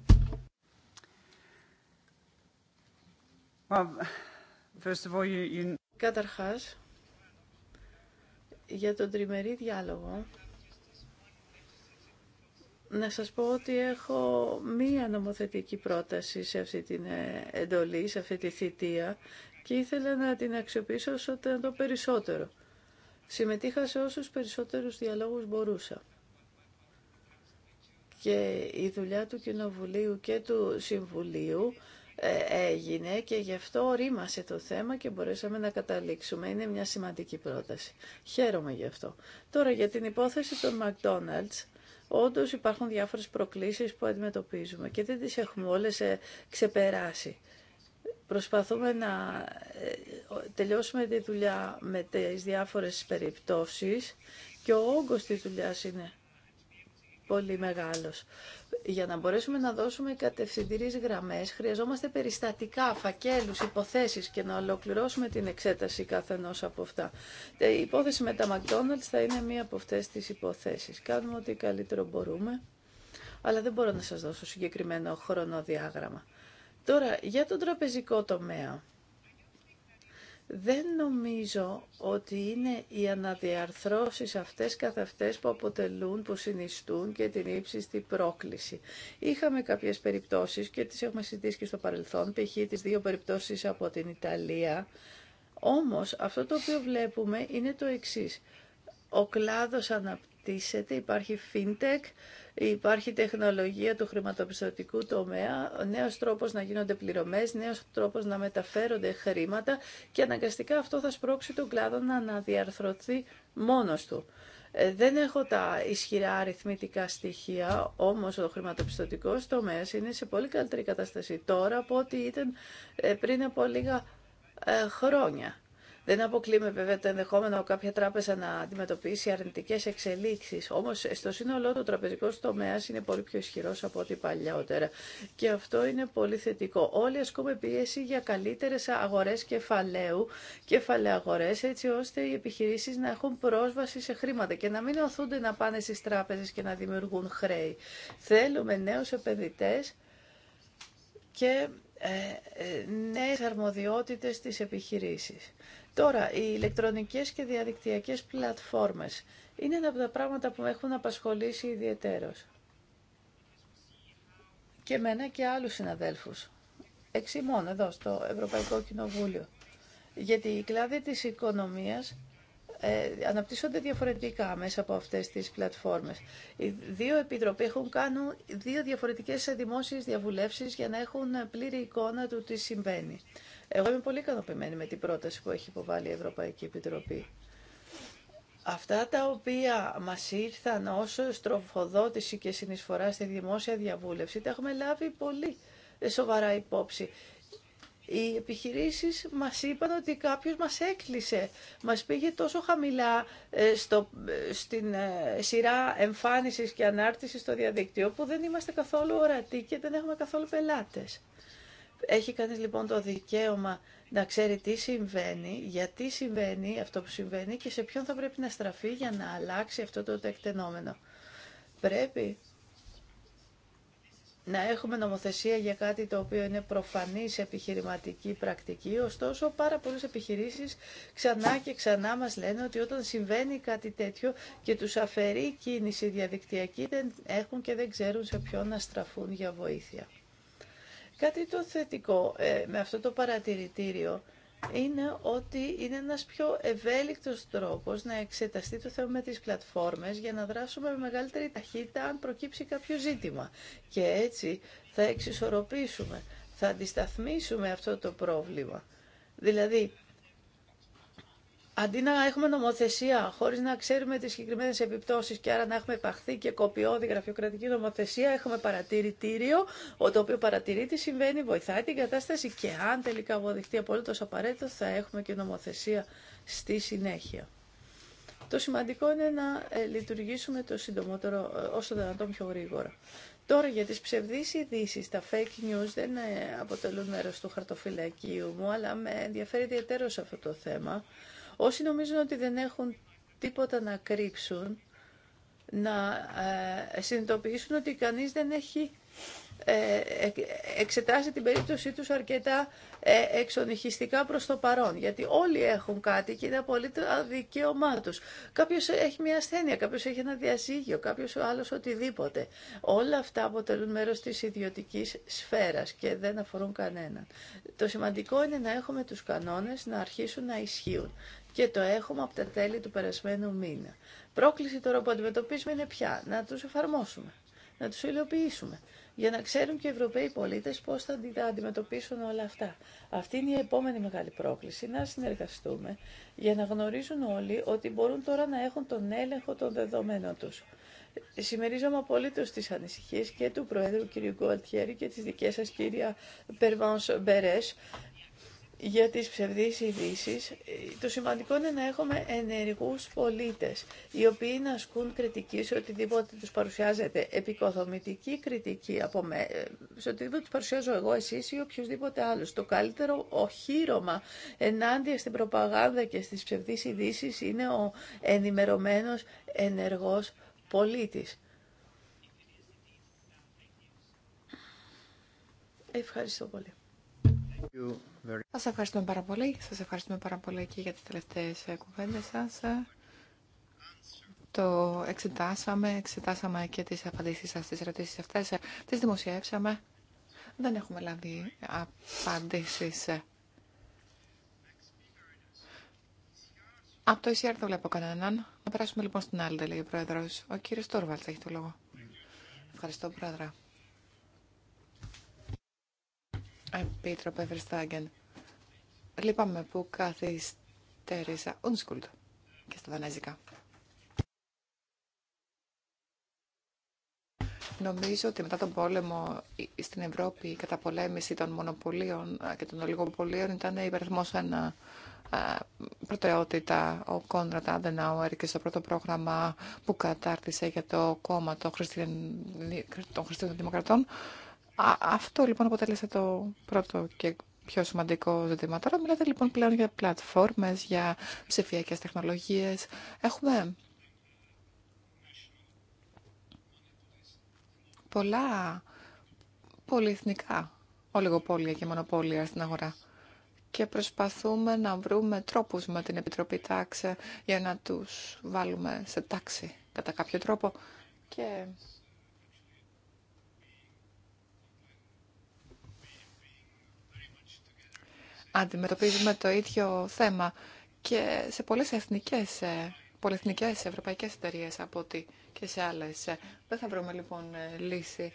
Well, first of all, Καταρχάς, για τον τριμερή διάλογο, να σας πω ότι έχω μία νομοθετική πρόταση σε αυτή την ε, εντολή, σε αυτή τη θητεία και ήθελα να την αξιοποιήσω όσο το περισσότερο. Συμμετείχα σε όσους περισσότερους διαλόγους μπορούσα. Και η δουλειά του Κοινοβουλίου και του Συμβουλίου ε, έγινε και γι' αυτό ρήμασε το θέμα και μπορέσαμε να καταλήξουμε. Είναι μια σημαντική πρόταση. Χαίρομαι γι' αυτό. Τώρα για την υπόθεση των McDonald's. Όντω υπάρχουν διάφορες προκλήσεις που αντιμετωπίζουμε και δεν τι έχουμε όλες ε, ξεπεράσει. Προσπαθούμε να ε, τελειώσουμε τη δουλειά με τις διάφορες περιπτώσεις και ο όγκος της δουλειάς είναι πολύ μεγάλος. Για να μπορέσουμε να δώσουμε κατευθυντήριες γραμμές, χρειαζόμαστε περιστατικά, φακέλους, υποθέσεις και να ολοκληρώσουμε την εξέταση καθενός από αυτά. Ε, η υπόθεση με τα McDonald's θα είναι μία από αυτές τις υποθέσεις. Κάνουμε ό,τι καλύτερο μπορούμε, αλλά δεν μπορώ να σας δώσω συγκεκριμένο χρονοδιάγραμμα. Τώρα, για τον τραπεζικό τομέα. Δεν νομίζω ότι είναι οι αναδιαρθρώσεις αυτές καθ' αυτές που αποτελούν, που συνιστούν και την ύψιστη πρόκληση. Είχαμε κάποιες περιπτώσεις και τις έχουμε συζητήσει και στο παρελθόν, π.χ. τις δύο περιπτώσεις από την Ιταλία. Όμως αυτό το οποίο βλέπουμε είναι το εξής. Ο κλάδος αναπτύσσεται, υπάρχει fintech, Υπάρχει τεχνολογία του χρηματοπιστωτικού τομέα, νέος τρόπος να γίνονται πληρωμές, νέος τρόπος να μεταφέρονται χρήματα και αναγκαστικά αυτό θα σπρώξει τον κλάδο να αναδιαρθρωθεί μόνος του. Ε, δεν έχω τα ισχυρά αριθμητικά στοιχεία, όμως ο χρηματοπιστωτικός τομέας είναι σε πολύ καλύτερη κατάσταση τώρα από ό,τι ήταν ε, πριν από λίγα ε, χρόνια. Δεν αποκλείμε βέβαια το ενδεχόμενο κάποια τράπεζα να αντιμετωπίσει αρνητικέ εξελίξει. Όμω στο σύνολό του τραπεζικό τομέα είναι πολύ πιο ισχυρό από ό,τι παλιότερα. Και αυτό είναι πολύ θετικό. Όλοι ασκούμε πίεση για καλύτερε αγορέ κεφαλαίου, κεφαλαίου έτσι ώστε οι επιχειρήσει να έχουν πρόσβαση σε χρήματα και να μην οθούνται να πάνε στι τράπεζε και να δημιουργούν χρέη. Θέλουμε νέου επενδυτέ και ε, ε, νέες αρμοδιότητες στις επιχειρήσεις. Τώρα, οι ηλεκτρονικές και διαδικτυακές πλατφόρμες είναι ένα από τα πράγματα που με έχουν απασχολήσει ιδιαιτέρως. Και μένα και άλλους συναδέλφους. Εξημών εδώ στο Ευρωπαϊκό Κοινοβούλιο. Γιατί η κλάδη της οικονομίας ε, αναπτύσσονται διαφορετικά μέσα από αυτές τις πλατφόρμες. Οι δύο επιτροπές έχουν κάνει δύο διαφορετικές δημόσιες διαβουλεύσεις για να έχουν πλήρη εικόνα του τι συμβαίνει. Εγώ είμαι πολύ ικανοποιημένη με την πρόταση που έχει υποβάλει η Ευρωπαϊκή Επιτροπή. Αυτά τα οποία μας ήρθαν ως στροφοδότηση και συνεισφορά στη δημόσια διαβούλευση τα έχουμε λάβει πολύ σοβαρά υπόψη οι επιχειρήσεις μας είπαν ότι κάποιος μας έκλεισε, μας πήγε τόσο χαμηλά ε, στο, ε, στην ε, σειρά εμφάνισης και ανάρτησης στο διαδικτύο που δεν είμαστε καθόλου ορατοί και δεν έχουμε καθόλου πελάτες. Έχει κάνει λοιπόν το δικαίωμα να ξέρει τι συμβαίνει, γιατί συμβαίνει αυτό που συμβαίνει και σε ποιον θα πρέπει να στραφεί για να αλλάξει αυτό το τεκτενόμενο. Πρέπει να έχουμε νομοθεσία για κάτι το οποίο είναι προφανής επιχειρηματική πρακτική, ωστόσο πάρα πολλέ επιχειρήσεις ξανά και ξανά μας λένε ότι όταν συμβαίνει κάτι τέτοιο και τους αφαιρεί κίνηση διαδικτυακή δεν έχουν και δεν ξέρουν σε ποιον να στραφούν για βοήθεια. Κάτι το θετικό ε, με αυτό το παρατηρητήριο είναι ότι είναι ένας πιο ευέλικτος τρόπος να εξεταστεί το θέμα με τις πλατφόρμες για να δράσουμε με μεγαλύτερη ταχύτητα αν προκύψει κάποιο ζήτημα. Και έτσι θα εξισορροπήσουμε, θα αντισταθμίσουμε αυτό το πρόβλημα. Δηλαδή, Αντί να έχουμε νομοθεσία χωρί να ξέρουμε τι συγκεκριμένε επιπτώσει και άρα να έχουμε παχθεί και κοπιώδη γραφειοκρατική νομοθεσία, έχουμε παρατηρητήριο, το οποίο παρατηρεί τι συμβαίνει, βοηθάει την κατάσταση και αν τελικά αποδειχτεί απολύτω απαραίτητο θα έχουμε και νομοθεσία στη συνέχεια. Το σημαντικό είναι να ε, λειτουργήσουμε το συντομότερο, ε, όσο δυνατόν πιο γρήγορα. Τώρα για τις ψευδείς ειδήσει, τα fake news δεν ε, αποτελούν μέρος του χαρτοφυλακίου μου, αλλά με ενδιαφέρει ιδιαίτερο αυτό το θέμα. Όσοι νομίζουν ότι δεν έχουν τίποτα να κρύψουν, να ε, συνειδητοποιήσουν ότι κανείς δεν έχει ε, ε, εξετάσει την περίπτωσή τους αρκετά εξονυχιστικά προς το παρόν. Γιατί όλοι έχουν κάτι και είναι απολύτω δικαίωμά του. Κάποιος έχει μια ασθένεια, κάποιος έχει ένα διαζύγιο, κάποιος ο άλλος οτιδήποτε. Όλα αυτά αποτελούν μέρος της ιδιωτικής σφαίρας και δεν αφορούν κανέναν. Το σημαντικό είναι να έχουμε τους κανόνες να αρχίσουν να ισχύουν και το έχουμε από τα τέλη του περασμένου μήνα. Πρόκληση τώρα που αντιμετωπίζουμε είναι πια να τους εφαρμόσουμε, να τους υλοποιήσουμε, για να ξέρουν και οι Ευρωπαίοι πολίτες πώς θα τα αντιμετωπίσουν όλα αυτά. Αυτή είναι η επόμενη μεγάλη πρόκληση, να συνεργαστούμε, για να γνωρίζουν όλοι ότι μπορούν τώρα να έχουν τον έλεγχο των δεδομένων τους. Συμμερίζομαι απολύτω τι ανησυχίε και του Προέδρου κ. Γκουαλτιέρη και τη δική σα κυρία Περβάν Μπερέ για τις ψευδείς ειδήσει, το σημαντικό είναι να έχουμε ενεργούς πολίτες, οι οποίοι να ασκούν κριτική σε οτιδήποτε τους παρουσιάζεται, επικοδομητική κριτική από με... Ε, σε οτιδήποτε τους παρουσιάζω εγώ, εσείς ή οποιοδήποτε άλλος. Το καλύτερο οχύρωμα ενάντια στην προπαγάνδα και στις ψευδείς ειδήσει είναι ο ενημερωμένος ενεργός πολίτης. Ευχαριστώ πολύ. Σας ευχαριστούμε πάρα πολύ. Σας ευχαριστούμε πάρα πολύ και για τις τελευταίες ε, κουβέντες σας. Το εξετάσαμε, εξετάσαμε και τις απαντήσεις σας, τις ερωτήσεις αυτές. Ε, τις δημοσιεύσαμε. Δεν έχουμε λάβει απαντήσεις. Από το ECR δεν βλέπω κανέναν. Να περάσουμε λοιπόν στην άλλη, λέει ο Πρόεδρος. Ο κύριος Τόρβαλτς έχει το λόγο. Ευχαριστώ, Πρόεδρα. Επίτροπε Βριστάγγεν, Λυπάμαι που καθυστέρησα. Unschoold και στα δανέζικα. Νομίζω ότι μετά τον πόλεμο στην Ευρώπη η καταπολέμηση των μονοπωλίων ε, και των ολιγοπωλίων ήταν υπερθμός ένα ε, πρωτεότητα. ο Κόντρα Αντενάουερ και στο πρώτο πρόγραμμα που κατάρτισε για το κόμμα των, Χριστιαν... δημοκρατών αυτό λοιπόν αποτέλεσε το πρώτο και πιο σημαντικό ζήτημα. Τώρα μιλάτε λοιπόν πλέον για πλατφόρμες, για ψηφιακές τεχνολογίες. Έχουμε πολλά πολυεθνικά ολιγοπόλια και μονοπόλια στην αγορά και προσπαθούμε να βρούμε τρόπους με την Επιτροπή Τάξε για να τους βάλουμε σε τάξη κατά κάποιο τρόπο και αντιμετωπίζουμε το ίδιο θέμα και σε πολλές εθνικές, ε, πολυεθνικές ευρωπαϊκές εταιρείες από ότι και σε άλλες. Ε, δεν θα βρούμε λοιπόν ε, λύση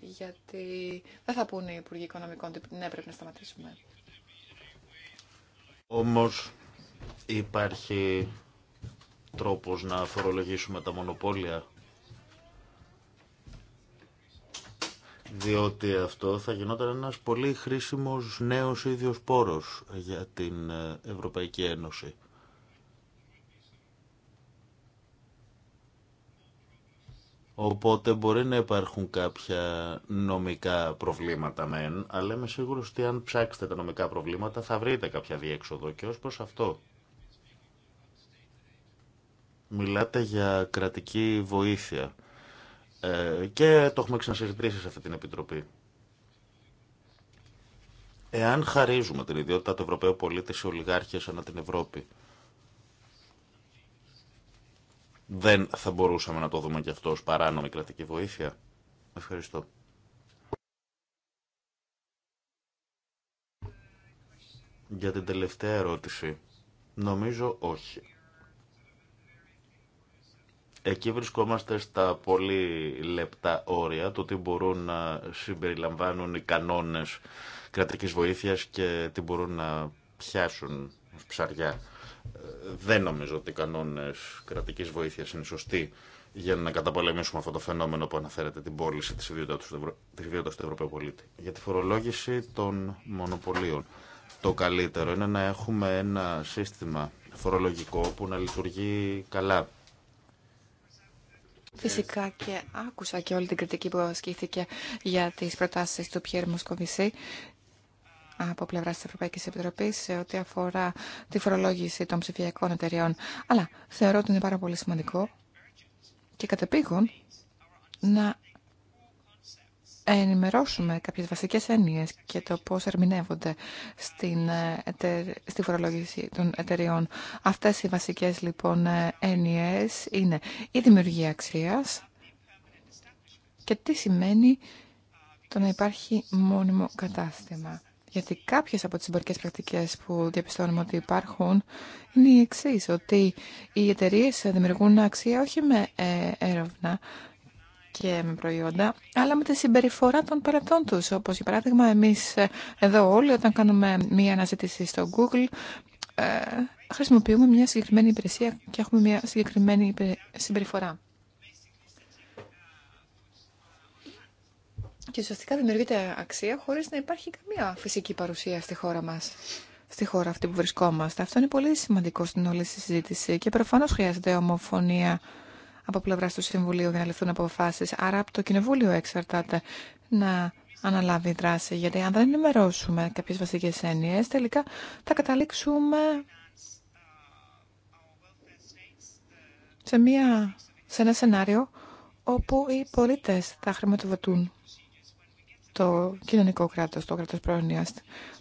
γιατί δεν θα πούνε οι Υπουργοί Οικονομικών ότι ναι πρέπει να σταματήσουμε. Όμως υπάρχει τρόπος να φορολογήσουμε τα μονοπόλια διότι αυτό θα γινόταν ένας πολύ χρήσιμος νέος ίδιος πόρος για την Ευρωπαϊκή Ένωση. Οπότε μπορεί να υπάρχουν κάποια νομικά προβλήματα μεν, αλλά είμαι σίγουρος ότι αν ψάξετε τα νομικά προβλήματα θα βρείτε κάποια διέξοδο και ως προς αυτό. Μιλάτε για κρατική βοήθεια. Ε, και το έχουμε ξανασυζητήσει σε αυτή την Επιτροπή. Εάν χαρίζουμε την ιδιότητα του Ευρωπαίου πολίτη σε ολιγάρχε ανά την Ευρώπη, δεν θα μπορούσαμε να το δούμε και αυτό ω παράνομη κρατική βοήθεια. Ευχαριστώ. Για την τελευταία ερώτηση. Νομίζω όχι. Εκεί βρισκόμαστε στα πολύ λεπτά όρια ...το τι μπορούν να συμπεριλαμβάνουν οι κανόνες κρατικής βοήθειας και τι μπορούν να πιάσουν ψαριά. Ε, δεν νομίζω ότι οι κανόνες κρατικής βοήθειας είναι σωστοί για να καταπολεμήσουμε αυτό το φαινόμενο που αναφέρεται, την πώληση της ιδιότητας του, Ευρω... του Ευρωπαίου πολίτη. Για τη φορολόγηση των μονοπωλίων. Το καλύτερο είναι να έχουμε ένα σύστημα φορολογικό που να λειτουργεί καλά Φυσικά και άκουσα και όλη την κριτική που ασκήθηκε για τις προτάσεις του Πιέρ Μοσκοβισή από πλευρά τη Ευρωπαϊκή Επιτροπή σε ό,τι αφορά τη φορολόγηση των ψηφιακών εταιριών. Αλλά θεωρώ ότι είναι πάρα πολύ σημαντικό και κατεπήγον να ενημερώσουμε κάποιες βασικές έννοιες και το πώς ερμηνεύονται στην, ε, στη φορολόγηση των εταιριών. Αυτές οι βασικές λοιπόν ε, έννοιες είναι η δημιουργία αξίας και τι σημαίνει το να υπάρχει μόνιμο κατάστημα. Γιατί κάποιες από τις εμπορικές πρακτικές που διαπιστώνουμε ότι υπάρχουν είναι οι εξή ότι οι εταιρείε δημιουργούν αξία όχι με ε, έρευνα, και με προϊόντα, αλλά με τη συμπεριφορά των παρατών τους. Όπως για παράδειγμα εμείς ε, εδώ όλοι όταν κάνουμε μία αναζήτηση στο Google ε, χρησιμοποιούμε μια συγκεκριμένη υπηρεσία και έχουμε μια συγκεκριμένη συμπεριφορά. Και ουσιαστικά δημιουργείται αξία χωρίς να υπάρχει καμία φυσική παρουσία στη χώρα μας στη χώρα αυτή που βρισκόμαστε. Αυτό είναι πολύ σημαντικό στην όλη συζήτηση και προφανώς χρειάζεται ομοφωνία από πλευρά του Συμβουλίου για να ληφθούν αποφάσει. Άρα από το Κοινοβούλιο εξαρτάται να αναλάβει δράση. Γιατί αν δεν ενημερώσουμε κάποιε βασικέ έννοιε, τελικά θα καταλήξουμε σε, μια, σε ένα σενάριο όπου οι πολίτες θα χρηματοδοτούν το κοινωνικό κράτος, το κράτος πρόνοια.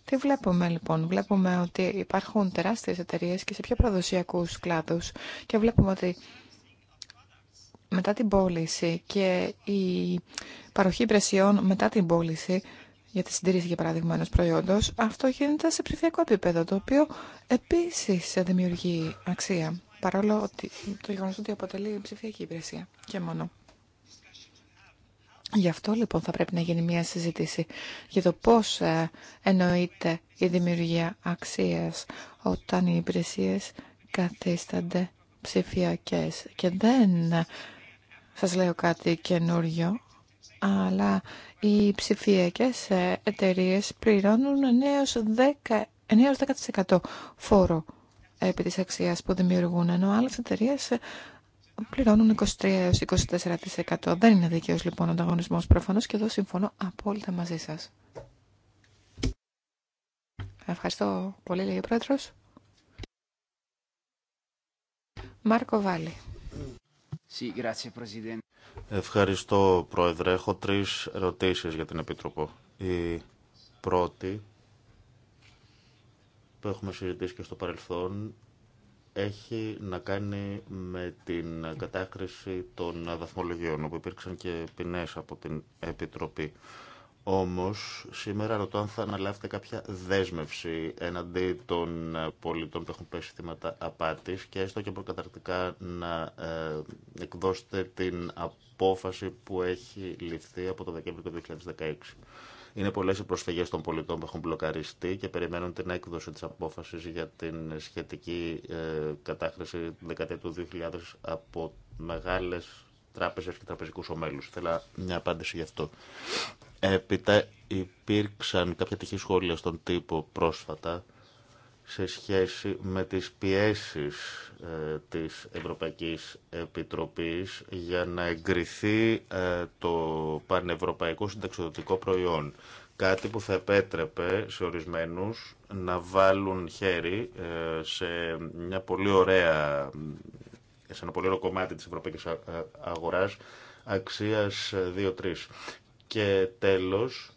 Τι βλέπουμε λοιπόν, βλέπουμε ότι υπάρχουν τεράστιες εταιρείε και σε πιο παραδοσιακού κλάδους και βλέπουμε ότι μετά την πώληση και η παροχή υπηρεσιών μετά την πώληση για τη συντήρηση για παράδειγμα ενός προϊόντος, αυτό γίνεται σε ψηφιακό επίπεδο, το οποίο επίσης δημιουργεί αξία, παρόλο ότι το γεγονός ότι αποτελεί ψηφιακή υπηρεσία και μόνο. Γι' αυτό λοιπόν θα πρέπει να γίνει μια συζήτηση για το πώς ε, εννοείται η δημιουργία αξίας όταν οι υπηρεσίες καθίστανται ψηφιακές και δεν σας λέω κάτι καινούριο, αλλά οι ψηφιακές εταιρείε πληρώνουν νέος 10, 9-10% φόρο επί της αξίας που δημιουργούν, ενώ άλλες εταιρείε πληρώνουν 23 24%. Δεν είναι δικαίως, λοιπόν ο ανταγωνισμός προφανώς και εδώ συμφωνώ απόλυτα μαζί σας. Ευχαριστώ πολύ, λέει ο Πρόεδρος. Μάρκο Βάλλη. Ευχαριστώ, Πρόεδρε. Έχω τρεις ερωτήσεις για την Επίτροπο. Η πρώτη, που έχουμε συζητήσει και στο παρελθόν, έχει να κάνει με την κατάκριση των βαθμολογιών, όπου υπήρξαν και ποινές από την Επιτροπή. Όμως σήμερα ρωτώ αν θα αναλάβετε κάποια δέσμευση εναντί των ε, πολιτών που έχουν πέσει θύματα απάτης και έστω και προκαταρκτικά να ε, εκδώσετε την απόφαση που έχει ληφθεί από το Δεκέμβριο του 2016. Είναι πολλές οι προσφυγές των πολιτών που έχουν μπλοκαριστεί και περιμένουν την έκδοση της απόφασης για την σχετική ε, κατάχρηση δεκαετία του 2000 από μεγάλες τράπεζες και τραπεζικούς ομέλους. Θέλω μια απάντηση γι' αυτό. Έπειτα υπήρξαν κάποια τυχή σχόλια στον τύπο πρόσφατα σε σχέση με τις πιέσεις ε, της Ευρωπαϊκής Επιτροπής για να εγκριθεί ε, το πανευρωπαϊκό συνταξιδοτικό προϊόν. Κάτι που θα επέτρεπε σε ορισμένους να βάλουν χέρι ε, σε μια πολύ ωραία σε ένα πολύ ωραίο κομμάτι της ευρωπαϊκής αγοράς αξίας 2-3. Ε, Και τέλος,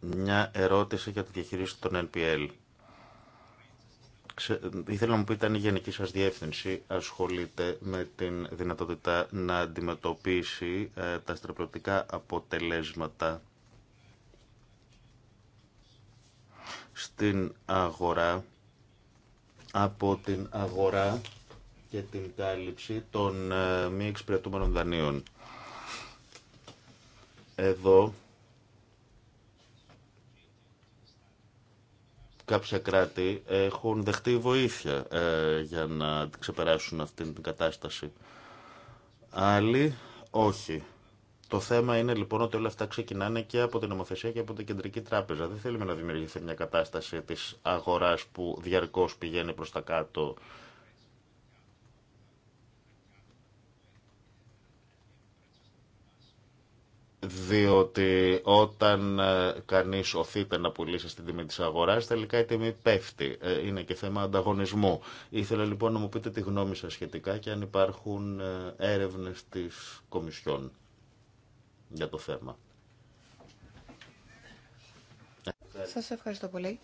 μια ερώτηση για τη διαχείριση των NPL. Ξε... Ήθελα να μου πείτε αν η γενική σας διεύθυνση ασχολείται με την δυνατότητα να αντιμετωπίσει ε, τα στρεπλωτικά αποτελέσματα στην αγορά από την αγορά και την κάλυψη των ε, μη εξυπηρετούμενων δανείων. Εδώ κάποια κράτη έχουν δεχτεί βοήθεια ε, για να ξεπεράσουν αυτήν την κατάσταση. Άλλοι όχι. Το θέμα είναι λοιπόν ότι όλα αυτά ξεκινάνε και από την νομοθεσία και από την κεντρική τράπεζα. Δεν θέλουμε να δημιουργηθεί μια κατάσταση της αγοράς που διαρκώς πηγαίνει προς τα κάτω διότι όταν ε, κανείς οθείται να πουλήσει στην τιμή της αγοράς, τελικά η τιμή πέφτει. Ε, είναι και θέμα ανταγωνισμού. Ήθελα λοιπόν να μου πείτε τη γνώμη σας σχετικά και αν υπάρχουν ε, έρευνες της Κομισιόν για το θέμα. Σας ευχαριστώ πολύ.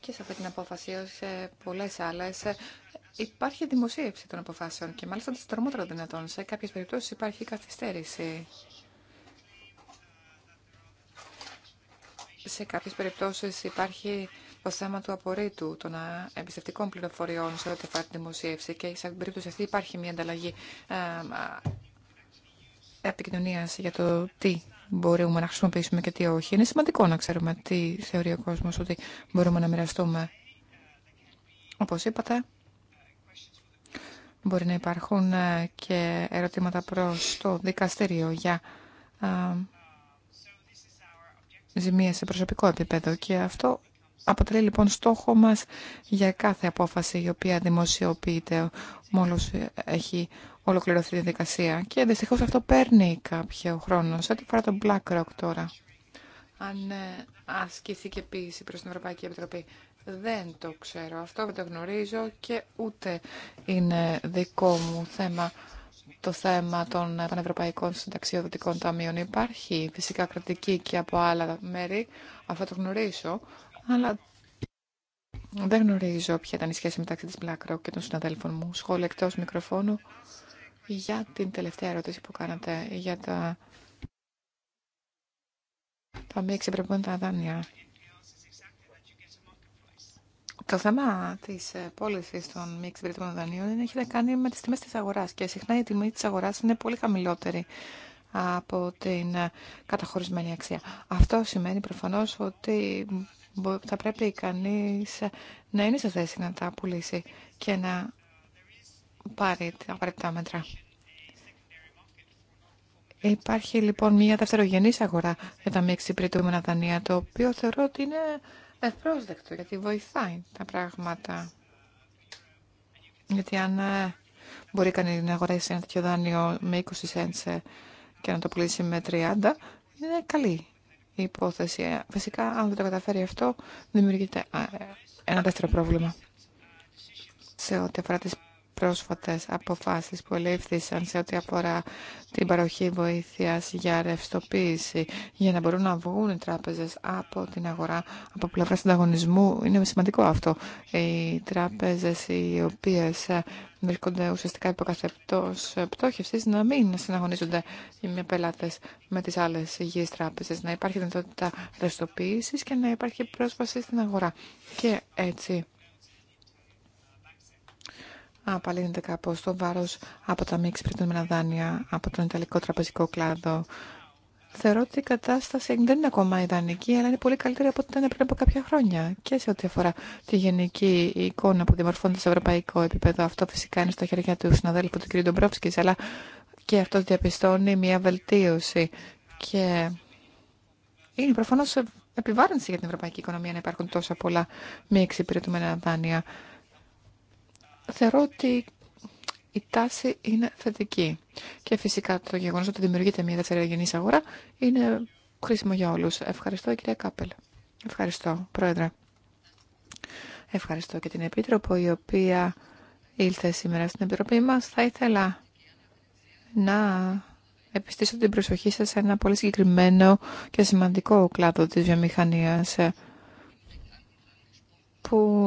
Και σε αυτή την απόφαση, σε πολλές άλλες, υπάρχει δημοσίευση των αποφάσεων και μάλιστα τις τρομότερων δυνατόν. Σε κάποιες περιπτώσεις υπάρχει καθυστέρηση. Σε κάποιες περιπτώσεις υπάρχει το θέμα του απορρίτου των εμπιστευτικών πληροφοριών σε ό,τι αφορά τη δημοσίευση και σε περίπτωση αυτή υπάρχει μια ανταλλαγή επικοινωνία για το τι μπορούμε να χρησιμοποιήσουμε και τι όχι. Είναι σημαντικό να ξέρουμε τι θεωρεί ο κόσμος ότι μπορούμε να μοιραστούμε. Όπως είπατε, Μπορεί να υπάρχουν ε, και ερωτήματα προς το δικαστήριο για ε, ζημίες σε προσωπικό επίπεδο και αυτό αποτελεί λοιπόν στόχο μας για κάθε απόφαση η οποία δημοσιοποιείται μόλις έχει ολοκληρωθεί η δικασία και δυστυχώ αυτό παίρνει κάποιο χρόνο σε ό,τι φορά τον BlackRock τώρα αν ε, ασκήθηκε πίεση προς την Ευρωπαϊκή Επιτροπή δεν το ξέρω. Αυτό δεν το γνωρίζω και ούτε είναι δικό μου θέμα το θέμα των πανευρωπαϊκών συνταξιοδοτικών ταμείων. Υπάρχει φυσικά κρατική και από άλλα μέρη. Αυτό το γνωρίζω. Αλλά δεν γνωρίζω ποια ήταν η σχέση μεταξύ της BlackRock και των συναδέλφων μου. Σχόλια εκτό μικροφώνου για την τελευταία ερώτηση που κάνατε για τα, τα μη τα δάνεια. Το θέμα τη ε, πώληση των μη εξυπηρετούμενων δανείων έχει να κάνει με τι τιμέ τη αγορά και συχνά η τιμή τη αγορά είναι πολύ χαμηλότερη από την ε, καταχωρισμένη αξία. Αυτό σημαίνει προφανώ ότι θα πρέπει κανεί ε, να είναι σε θέση να τα πουλήσει και να πάρει τα απαραίτητα μέτρα. Υπάρχει λοιπόν μια δευτερογενής αγορά για τα μη εξυπηρετούμενα δανεία, το οποίο θεωρώ ότι είναι ευπρόσδεκτο γιατί βοηθάει τα πράγματα. Γιατί αν ε, μπορεί κανείς να αγοράσει ένα τέτοιο δάνειο με 20 cents ε, και να το πουλήσει με 30, είναι καλή η υπόθεση. Φυσικά, αν δεν το καταφέρει αυτό, δημιουργείται ε, ένα δεύτερο πρόβλημα σε ό,τι αφορά τις πρόσφατες αποφάσεις που ελήφθησαν σε ό,τι αφορά την παροχή βοήθειας για ρευστοποίηση, για να μπορούν να βγουν οι τράπεζες από την αγορά, από πλευρά ανταγωνισμού. Είναι σημαντικό αυτό. Οι τράπεζες οι οποίες βρίσκονται ουσιαστικά υποκαθεπτός πτώχευσης να μην συναγωνίζονται με πελάτες με τις άλλες υγιείς τράπεζες, να υπάρχει δυνατότητα ρευστοποίησης και να υπάρχει πρόσβαση στην αγορά. Και έτσι απαλύνεται κάπω το βάρο από τα μη εξυπηρετούμενα δάνεια από τον Ιταλικό τραπεζικό κλάδο. Θεωρώ ότι η κατάσταση δεν είναι ακόμα ιδανική, αλλά είναι πολύ καλύτερη από ό,τι ήταν πριν από κάποια χρόνια. Και σε ό,τι αφορά τη γενική εικόνα που διαμορφώνεται σε ευρωπαϊκό επίπεδο, αυτό φυσικά είναι στα χέρια του συναδέλφου του κ. Ντομπρόφσκη, αλλά και αυτό διαπιστώνει μια βελτίωση. Και είναι προφανώ επιβάρυνση για την ευρωπαϊκή οικονομία να υπάρχουν τόσα πολλά μη εξυπηρετούμενα δάνεια θεωρώ ότι η τάση είναι θετική. Και φυσικά το γεγονός ότι δημιουργείται μια δευτερογενής αγορά είναι χρήσιμο για όλους. Ευχαριστώ κυρία Κάπελ. Ευχαριστώ πρόεδρε. Ευχαριστώ και την Επίτροπο η οποία ήλθε σήμερα στην Επιτροπή μας. Θα ήθελα να επιστήσω την προσοχή σας σε ένα πολύ συγκεκριμένο και σημαντικό κλάδο της βιομηχανίας που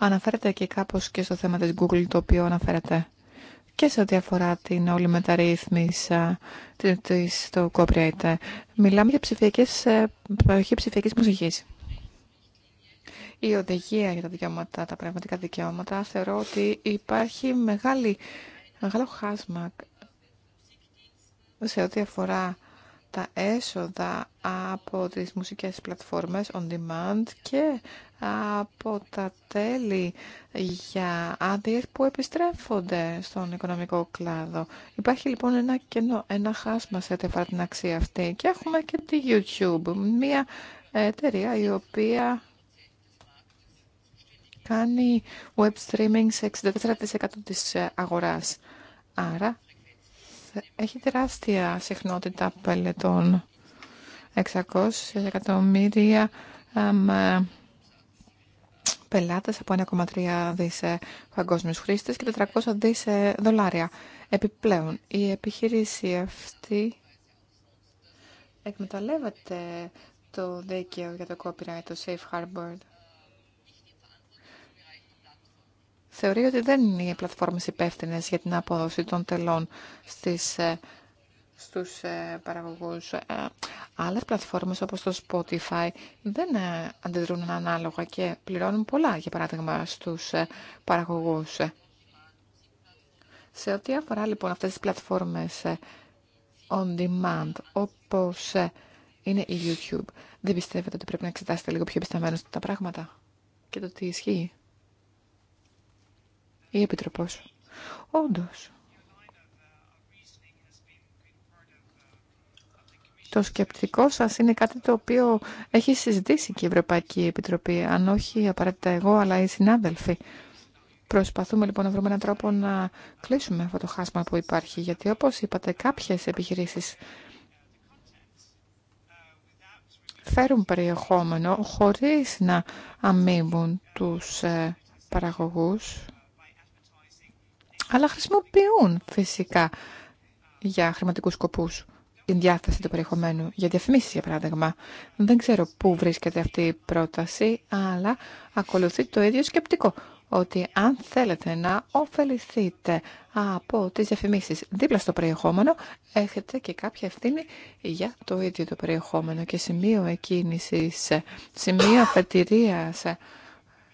αναφέρεται και κάπως και στο θέμα της Google το οποίο αναφέρεται και σε ό,τι αφορά την όλη μεταρρύθμιση στο copyright. Μιλάμε για ψηφιακές, ε, παροχή ψηφιακής μουσικής. Η οδηγία για τα δικαιώματα, τα πραγματικά δικαιώματα, θεωρώ ότι υπάρχει μεγάλο χάσμα σε ό,τι αφορά τα έσοδα από τις μουσικές πλατφόρμες on demand και από τα τέλη για άδειες που επιστρέφονται στον οικονομικό κλάδο. Υπάρχει λοιπόν ένα κενό, ένα χάσμα σε αφορά την αξία αυτή και έχουμε και τη YouTube, μια εταιρεία η οποία κάνει web streaming σε 64% της αγοράς. Άρα έχει τεράστια συχνότητα πελετών. 600 εκατομμύρια πελάτες από 1,3 δις ε, παγκόσμιους χρήστες και 400 δις ε, δολάρια. Επιπλέον, η επιχείρηση αυτή εκμεταλλεύεται το δίκαιο για το copyright, το safe harbor θεωρεί ότι δεν είναι οι πλατφόρμες υπεύθυνε για την απόδοση των τελών στις, ε, στους ε, παραγωγούς. Ε, άλλες πλατφόρμες όπως το Spotify δεν αντιδρούν ανάλογα και πληρώνουν πολλά, για παράδειγμα, στους παραγωγούς. Σε ό,τι αφορά λοιπόν αυτές τις πλατφόρμες on demand, όπως είναι η YouTube, δεν πιστεύετε ότι πρέπει να εξετάσετε λίγο πιο επισταμένως τα πράγματα και το τι ισχύει η Επιτροπός. Όντως, το σκεπτικό σας είναι κάτι το οποίο έχει συζητήσει και η Ευρωπαϊκή Επιτροπή, αν όχι απαραίτητα εγώ, αλλά οι συνάδελφοι. Προσπαθούμε λοιπόν να βρούμε έναν τρόπο να κλείσουμε αυτό το χάσμα που υπάρχει, γιατί όπως είπατε κάποιες επιχειρήσεις φέρουν περιεχόμενο χωρίς να αμείβουν τους ε, παραγωγούς αλλά χρησιμοποιούν φυσικά για χρηματικούς σκοπούς την διάθεση του περιεχομένου για διαφημίσεις για παράδειγμα. Δεν ξέρω πού βρίσκεται αυτή η πρόταση, αλλά ακολουθεί το ίδιο σκεπτικό ότι αν θέλετε να ωφεληθείτε από τις διαφημίσεις δίπλα στο περιεχόμενο, έχετε και κάποια ευθύνη για το ίδιο το περιεχόμενο και σημείο εκκίνησης, σημείο αφετηρίας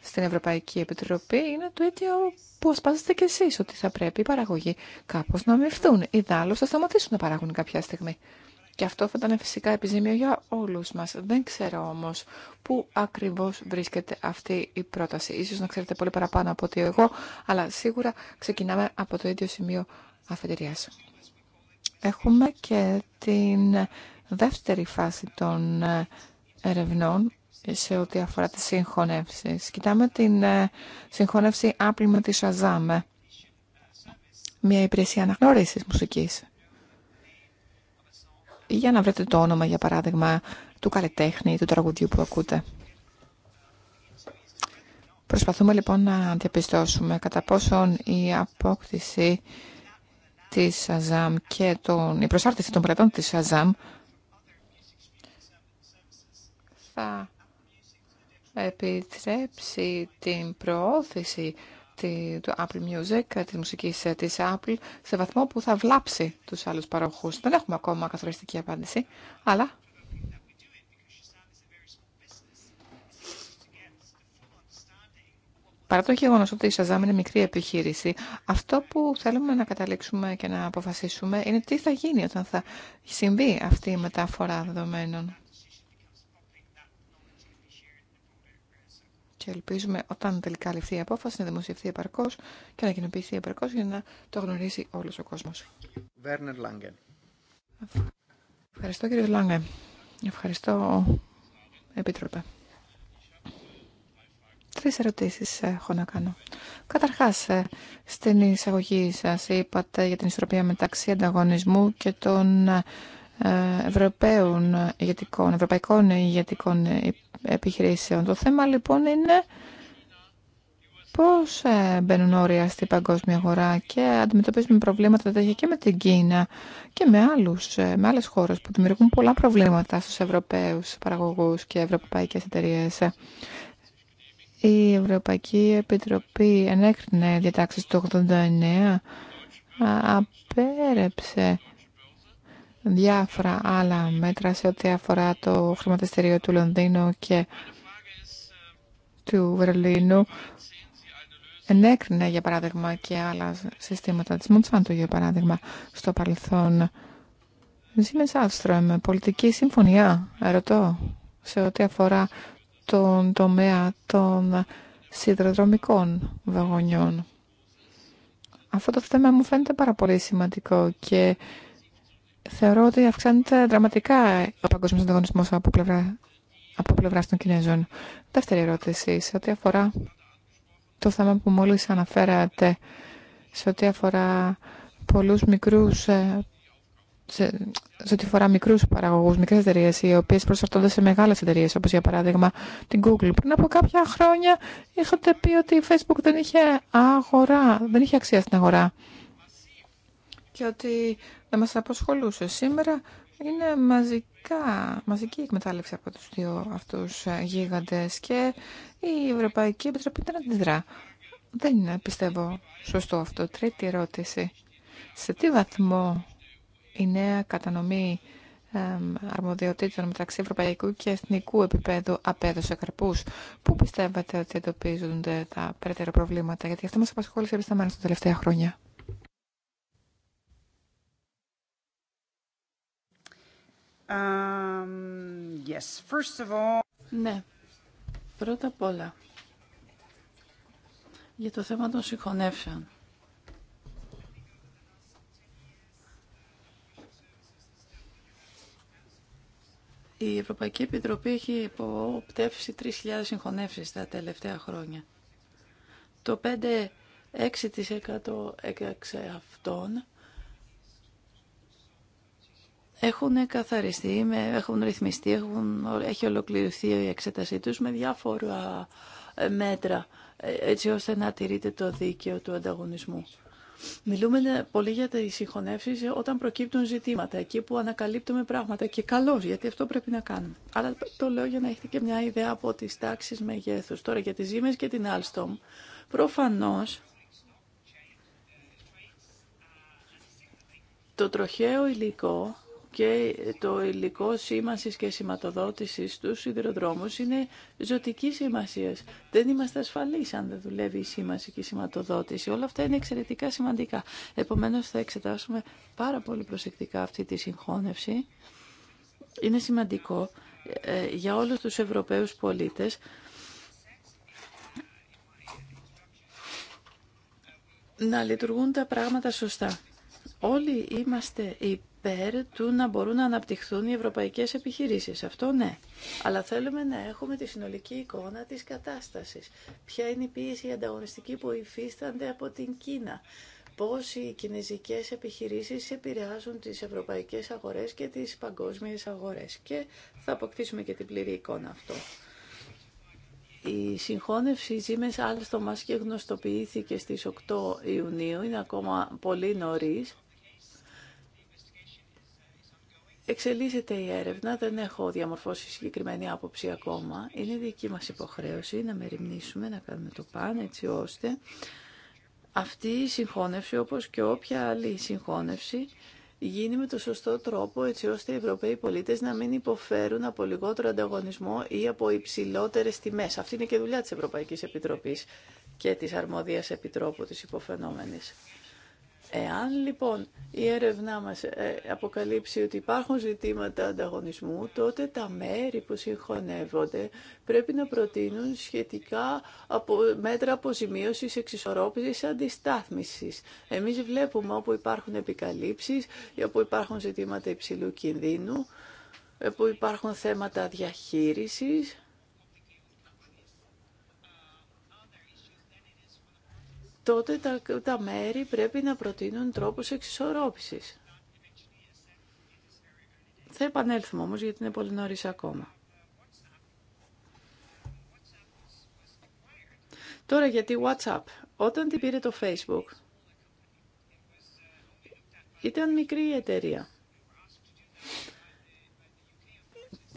στην Ευρωπαϊκή Επιτροπή είναι το ίδιο που ασπάζεστε κι εσείς, ότι θα πρέπει οι παραγωγοί κάπως να αμοιφθούν. δάλος θα σταματήσουν να παράγουν κάποια στιγμή. Και αυτό θα ήταν φυσικά επιζήμιο για όλους μας. Δεν ξέρω όμως πού ακριβώς βρίσκεται αυτή η πρόταση. Ίσως να ξέρετε πολύ παραπάνω από ότι εγώ, αλλά σίγουρα ξεκινάμε από το ίδιο σημείο αφετηρία. Έχουμε και την δεύτερη φάση των ερευνών σε ό,τι αφορά τις συγχωνεύσεις. Κοιτάμε την ε, συγχωνεύση Apple με τη Shazam, ε. μια υπηρεσία αναγνώρισης μουσικής. Για να βρείτε το όνομα, για παράδειγμα, του καλλιτέχνη, η του τραγουδιού που ακούτε. Προσπαθούμε λοιπόν να διαπιστώσουμε κατά πόσον η απόκτηση της Αζάμ και τον, η προσάρτηση των κρατών της Σαζάμ θα επιτρέψει την προώθηση του Apple Music, τη μουσική τη Apple, σε βαθμό που θα βλάψει του άλλου παροχού. Δεν έχουμε ακόμα καθοριστική απάντηση, αλλά. Παρά το γεγονό ότι η Σαζάμ είναι μικρή επιχείρηση, αυτό που θέλουμε να καταλήξουμε και να αποφασίσουμε είναι τι θα γίνει όταν θα συμβεί αυτή η μεταφορά δεδομένων. και ελπίζουμε όταν τελικά ληφθεί η απόφαση να δημοσιευθεί επαρκώ και να κοινοποιηθεί επαρκώ για να το γνωρίσει όλο ο κόσμο. Ευχαριστώ κύριε Λάγκεν. Ευχαριστώ Επίτροπε. Τρει ερωτήσει ε, έχω να κάνω. Καταρχά, ε, στην εισαγωγή σα είπατε για την ισορροπία μεταξύ ανταγωνισμού και των ε, Ευρωπαίων ηγετικών, ευρωπαϊκών ηγετικών επιχειρήσεων. Το θέμα λοιπόν είναι πώς ε, μπαίνουν όρια στην παγκόσμια αγορά και αντιμετωπίζουμε προβλήματα τέτοια και με την Κίνα και με, άλλους, ε, με άλλες χώρες που δημιουργούν πολλά προβλήματα στους Ευρωπαίους παραγωγούς και ευρωπαϊκές εταιρείες. Η Ευρωπαϊκή Επιτροπή ενέκρινε διατάξεις του 1989, απέρεψε διάφορα άλλα μέτρα σε ό,τι αφορά το χρηματιστήριο του Λονδίνου και του Βερολίνου ενέκρινε για παράδειγμα και άλλα συστήματα της Μοντσάντου, για παράδειγμα στο παρελθόν Ζήμες με πολιτική συμφωνία, ερωτώ, σε ό,τι αφορά τον τομέα των σιδηροδρομικών βαγονιών. Αυτό το θέμα μου φαίνεται πάρα πολύ σημαντικό και θεωρώ ότι αυξάνεται δραματικά ο παγκόσμιο ανταγωνισμός από πλευρά, από των Κινέζων. Δεύτερη ερώτηση, σε ό,τι αφορά το θέμα που μόλις αναφέρατε, σε ό,τι αφορά πολλούς μικρούς, ε, σε, σε ό,τι αφορά μικρούς παραγωγούς, μικρές εταιρείε, οι οποίες προσαρτώνται σε μεγάλες εταιρείε, όπως για παράδειγμα την Google. Πριν από κάποια χρόνια είχατε πει ότι η Facebook δεν είχε αγορά, δεν είχε αξία στην αγορά και ότι να ε, μας απασχολούσε. Σήμερα είναι μαζικά, μαζική εκμετάλλευση από τους δύο αυτούς ε, γίγαντες και η Ευρωπαϊκή Επιτροπή δεν αντιδρά. Δεν είναι, πιστεύω, σωστό αυτό. Τρίτη ερώτηση. Σε τι βαθμό η νέα κατανομή αρμοδιοτήτων μεταξύ ευρωπαϊκού και εθνικού επίπεδου απέδωσε καρπούς. Πού πιστεύετε ότι εντοπίζονται τα περαιτέρω προβλήματα, γιατί αυτό μας απασχόλησε επισταμένως τα τελευταία χρόνια. Um, ναι, πρώτα απ' όλα για το θέμα των συγχωνεύσεων. Η Ευρωπαϊκή Επιτροπή έχει υποπτεύσει 3.000 συγχωνεύσεις τα τελευταία χρόνια. Το 5-6% εξ αυτών έχουν καθαριστεί, έχουν ρυθμιστεί, έχουν, έχει ολοκληρωθεί η εξέτασή τους με διάφορα ε, μέτρα ε, έτσι ώστε να τηρείται το δίκαιο του ανταγωνισμού. Μιλούμε ε, πολύ για τι συγχωνεύσει όταν προκύπτουν ζητήματα, εκεί που ανακαλύπτουμε πράγματα. Και καλώ, γιατί αυτό πρέπει να κάνουμε. Αλλά το λέω για να έχετε και μια ιδέα από τις τάξεις μεγέθους. Τώρα για τις ζήμε και την Alstom. Προφανώ το τροχαίο υλικό και το υλικό σήμανσης και σηματοδότησης στους σιδηροδρόμους είναι ζωτική σημασία. Δεν είμαστε ασφαλείς αν δεν δουλεύει η σήμανση και η σηματοδότηση. Όλα αυτά είναι εξαιρετικά σημαντικά. Επομένως θα εξετάσουμε πάρα πολύ προσεκτικά αυτή τη συγχώνευση. Είναι σημαντικό ε, για όλους τους Ευρωπαίους πολίτες να λειτουργούν τα πράγματα σωστά. Όλοι είμαστε υπέροχοι υπέρ του να μπορούν να αναπτυχθούν οι ευρωπαϊκές επιχειρήσεις. Αυτό ναι. Αλλά θέλουμε να έχουμε τη συνολική εικόνα της κατάστασης. Ποια είναι η πίεση ανταγωνιστική που υφίστανται από την Κίνα. Πώς οι κινέζικες επιχειρήσεις επηρεάζουν τις ευρωπαϊκές αγορές και τις παγκόσμιες αγορές. Και θα αποκτήσουμε και την πλήρη εικόνα αυτό. Η συγχώνευση Siemens Alstom μας και γνωστοποιήθηκε στις 8 Ιουνίου, είναι ακόμα πολύ νωρίς Εξελίσσεται η έρευνα, δεν έχω διαμορφώσει συγκεκριμένη άποψη ακόμα. Είναι δική μας υποχρέωση να μεριμνήσουμε, να κάνουμε το παν, έτσι ώστε αυτή η συγχώνευση, όπως και όποια άλλη συγχώνευση, γίνει με το σωστό τρόπο, έτσι ώστε οι Ευρωπαίοι πολίτες να μην υποφέρουν από λιγότερο ανταγωνισμό ή από υψηλότερε τιμές. Αυτή είναι και δουλειά της Ευρωπαϊκής Επιτροπής και της αρμόδιας επιτρόπου της υποφαινόμενης. Εάν λοιπόν η έρευνά μας ε, αποκαλύψει ότι υπάρχουν ζητήματα ανταγωνισμού, τότε τα μέρη που συγχωνεύονται πρέπει να προτείνουν σχετικά μέτρα αποζημίωσης, εξισορρόπησης, αντιστάθμισης. Εμείς βλέπουμε όπου υπάρχουν επικαλύψεις όπου υπάρχουν ζητήματα υψηλού κινδύνου, όπου υπάρχουν θέματα διαχείρισης, τότε τα, τα μέρη πρέπει να προτείνουν τρόπους εξισορρόπησης. Θα επανέλθουμε όμως γιατί είναι πολύ νωρίς ακόμα. Τώρα γιατί WhatsApp. Όταν την πήρε το Facebook, ήταν μικρή η εταιρεία.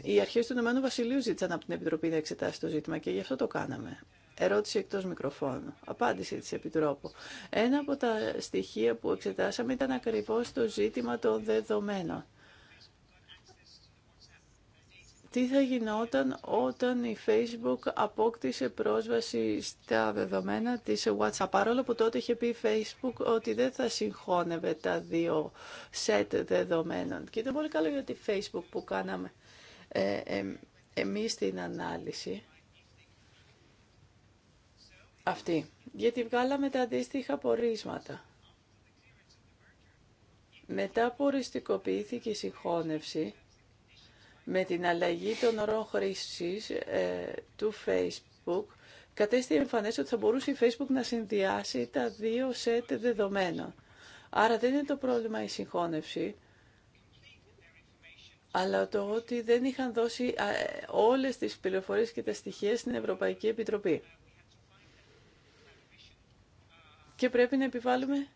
Οι αρχές του Ηνωμένου Βασιλείου ζήτησαν από την Επιτροπή να εξετάσει το ζήτημα και γι' αυτό το κάναμε. Ερώτηση εκτό μικροφώνου. Απάντηση τη Επιτρόπου. Ένα από τα στοιχεία που εξετάσαμε ήταν ακριβώς το ζήτημα των δεδομένων. Τι θα γινόταν όταν η Facebook απόκτησε πρόσβαση στα δεδομένα της WhatsApp. Παρόλο που τότε είχε πει η Facebook ότι δεν θα συγχώνευε τα δύο σετ δεδομένων. Και ήταν πολύ καλό για τη Facebook που κάναμε ε, εμείς την ανάλυση αυτή, γιατί βγάλαμε τα αντίστοιχα πορίσματα. Μετά που οριστικοποιήθηκε η συγχώνευση, με την αλλαγή των ορών χρήσης ε, του Facebook, κατέστη εμφανές ότι θα μπορούσε η Facebook να συνδυάσει τα δύο σετ δεδομένων. Άρα δεν είναι το πρόβλημα η συγχώνευση, αλλά το ότι δεν είχαν δώσει ε, όλες τις πληροφορίες και τα στοιχεία στην Ευρωπαϊκή Επιτροπή και πρέπει να επιβάλλουμε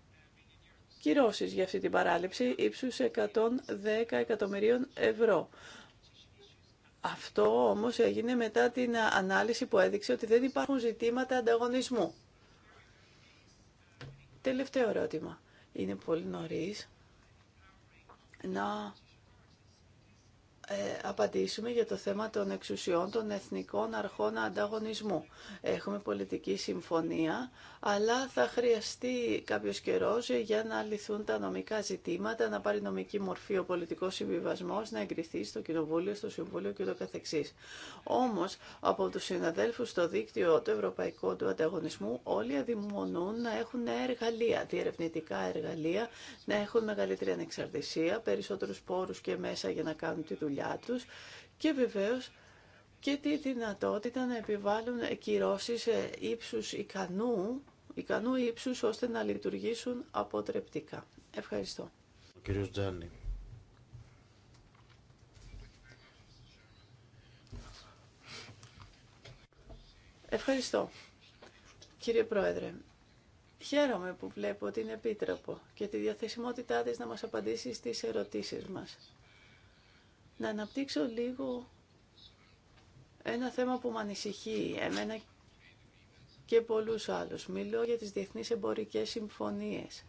κυρώσεις για αυτή την παράληψη ύψους 110 εκατομμυρίων ευρώ. Αυτό όμως έγινε μετά την ανάλυση που έδειξε ότι δεν υπάρχουν ζητήματα ανταγωνισμού. Τελευταίο ερώτημα. Είναι πολύ νωρίς να ε, απαντήσουμε για το θέμα των εξουσιών των εθνικών αρχών ανταγωνισμού. Έχουμε πολιτική συμφωνία, αλλά θα χρειαστεί κάποιος καιρός για να λυθούν τα νομικά ζητήματα, να πάρει νομική μορφή ο πολιτικός συμβιβασμός, να εγκριθεί στο Κοινοβούλιο, στο Συμβούλιο και το Όμως, από τους συναδέλφους στο δίκτυο του Ευρωπαϊκού του Ανταγωνισμού, όλοι αδημονούν να έχουν εργαλεία, διερευνητικά εργαλεία, να έχουν μεγαλύτερη ανεξαρτησία, περισσότερους πόρους και μέσα για να κάνουν τη δουλειά και βεβαίως και τη δυνατότητα να επιβάλλουν κυρώσεις ύψους ικανού, ικανού ύψους ώστε να λειτουργήσουν αποτρεπτικά. Ευχαριστώ. Ο κύριος Τζάνι. Ευχαριστώ. Κύριε Πρόεδρε, χαίρομαι που βλέπω την Επίτροπο και τη διαθεσιμότητά της να μας απαντήσει στις ερωτήσεις μας να αναπτύξω λίγο ένα θέμα που με ανησυχεί εμένα και πολλούς άλλους. Μιλώ για τις διεθνείς εμπορικές συμφωνίες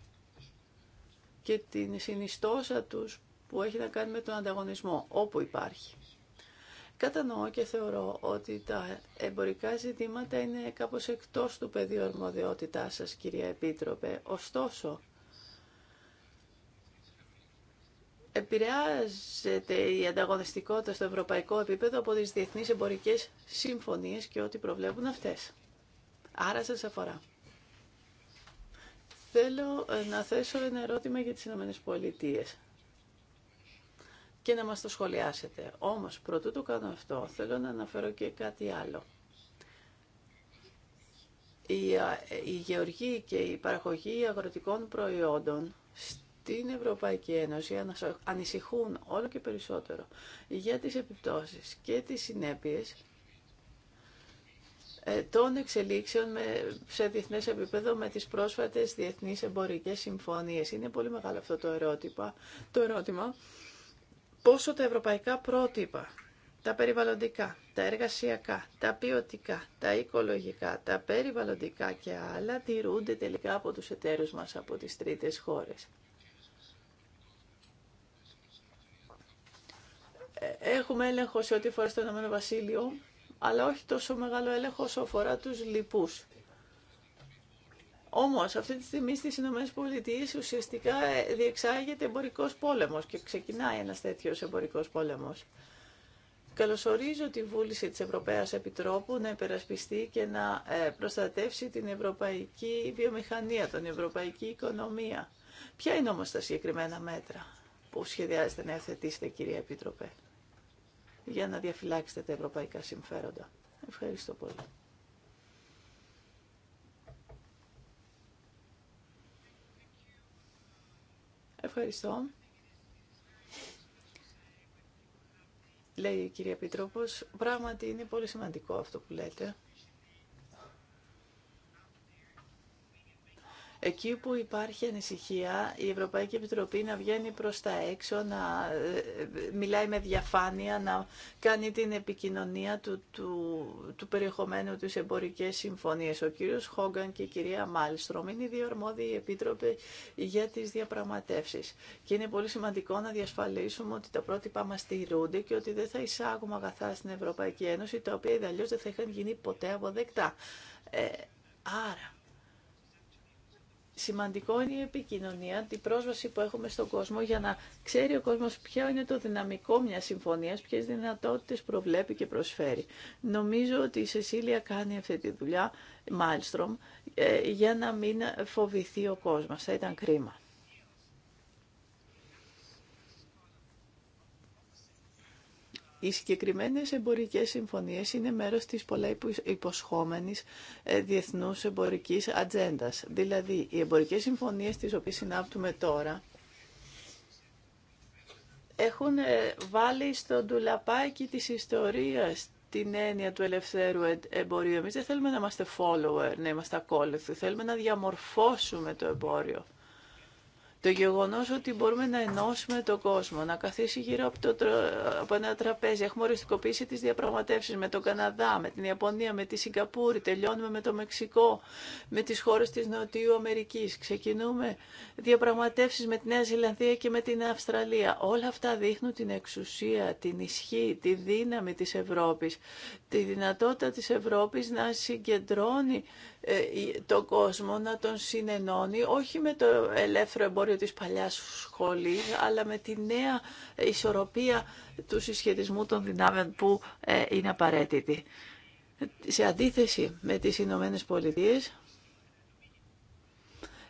και την συνιστόσα τους που έχει να κάνει με τον ανταγωνισμό όπου υπάρχει. Κατανοώ και θεωρώ ότι τα εμπορικά ζητήματα είναι κάπως εκτός του πεδίου αρμοδιότητάς σας, κυρία Επίτροπε. Ωστόσο, επηρεάζεται η ανταγωνιστικότητα στο ευρωπαϊκό επίπεδο από τις διεθνείς εμπορικές συμφωνίες και ό,τι προβλέπουν αυτές. Άρα σας αφορά. Θέλω ε, να θέσω ένα ερώτημα για τις ΗΠΑ και να μας το σχολιάσετε. Όμως, προτού το κάνω αυτό, θέλω να αναφέρω και κάτι άλλο. Η, ε, η γεωργία και η παραγωγή αγροτικών προϊόντων την Ευρωπαϊκή Ένωση ανησυχούν όλο και περισσότερο για τις επιπτώσεις και τις συνέπειες ε, των εξελίξεων σε διεθνές επίπεδο με τις πρόσφατες διεθνείς εμπορικές συμφωνίες. Είναι πολύ μεγάλο αυτό το ερώτημα, το ερώτημα πόσο τα ευρωπαϊκά πρότυπα, τα περιβαλλοντικά, τα εργασιακά, τα ποιοτικά, τα οικολογικά, τα περιβαλλοντικά και άλλα τηρούνται τελικά από τους εταίρους μας από τις τρίτες χώρες. έχουμε έλεγχο σε ό,τι αφορά στο Ηνωμένο Βασίλειο, αλλά όχι τόσο μεγάλο έλεγχο όσο αφορά τους λοιπού. Όμω, αυτή τη στιγμή στι Ηνωμένε Πολιτείε ουσιαστικά διεξάγεται εμπορικό πόλεμο και ξεκινάει ένα τέτοιο εμπορικό πόλεμο. Καλωσορίζω τη βούληση της Ευρωπαίας Επιτρόπου να υπερασπιστεί και να ε, προστατεύσει την ευρωπαϊκή βιομηχανία, την ευρωπαϊκή οικονομία. Ποια είναι όμως τα συγκεκριμένα μέτρα που σχεδιάζετε να εθετήσετε κυρία Επίτροπε για να διαφυλάξετε τα ευρωπαϊκά συμφέροντα. Ευχαριστώ πολύ. Ευχαριστώ. Λέει η κυρία Πίτροπος, πράγματι είναι πολύ σημαντικό αυτό που λέτε. Εκεί που υπάρχει ανησυχία, η Ευρωπαϊκή Επιτροπή να βγαίνει προς τα έξω, να ε, ε, μιλάει με διαφάνεια, να κάνει την επικοινωνία του, του, του περιεχομένου της εμπορικές συμφωνίες. Ο κύριος Χόγκαν και η κυρία Μάλστρομ είναι οι δύο αρμόδιοι επίτροποι για τις διαπραγματεύσεις. Και είναι πολύ σημαντικό να διασφαλίσουμε ότι τα πρότυπα μας στηρούνται και ότι δεν θα εισάγουμε αγαθά στην Ευρωπαϊκή Ένωση, τα οποία ιδαλλιώς δεν θα είχαν γίνει ποτέ αποδεκτά. Ε, άρα, Σημαντικό είναι η επικοινωνία, την πρόσβαση που έχουμε στον κόσμο για να ξέρει ο κόσμος ποιο είναι το δυναμικό μιας συμφωνίας, ποιες δυνατότητες προβλέπει και προσφέρει. Νομίζω ότι η Σεσίλια κάνει αυτή τη δουλειά, Μάλστρομ, ε, για να μην φοβηθεί ο κόσμος. Θα ήταν κρίμα. Οι συγκεκριμένες εμπορικές συμφωνίες είναι μέρος της πολλά υποσχόμενης ε, διεθνούς εμπορικής ατζέντα. Δηλαδή, οι εμπορικές συμφωνίες τις οποίες συνάπτουμε τώρα έχουν ε, βάλει στο ντουλαπάκι της ιστορίας την έννοια του ελευθέρου εμπορίου. Εμείς δεν θέλουμε να είμαστε follower, να είμαστε ακόλουθοι. Θέλουμε να διαμορφώσουμε το εμπόριο. Το γεγονός ότι μπορούμε να ενώσουμε τον κόσμο, να καθίσει γύρω από, το, από ένα τραπέζι. Έχουμε οριστικοποιήσει τις διαπραγματεύσεις με τον Καναδά, με την Ιαπωνία, με τη Σιγκαπούρη, τελειώνουμε με το Μεξικό, με τις χώρες της Νοτιού Αμερικής. Ξεκινούμε διαπραγματεύσεις με τη Νέα Ζηλανδία και με την Αυστραλία. Όλα αυτά δείχνουν την εξουσία, την ισχύ, τη δύναμη της Ευρώπης, τη δυνατότητα της Ευρώπης να συγκεντρώνει ε, το κόσμο να τον συνενώνει όχι με το ελεύθερο εμπόριο της παλιάς σχολής αλλά με τη νέα ισορροπία του συσχετισμού των δυνάμεων που ε, είναι απαραίτητη. Σε αντίθεση με τις Ηνωμένε Πολιτείες,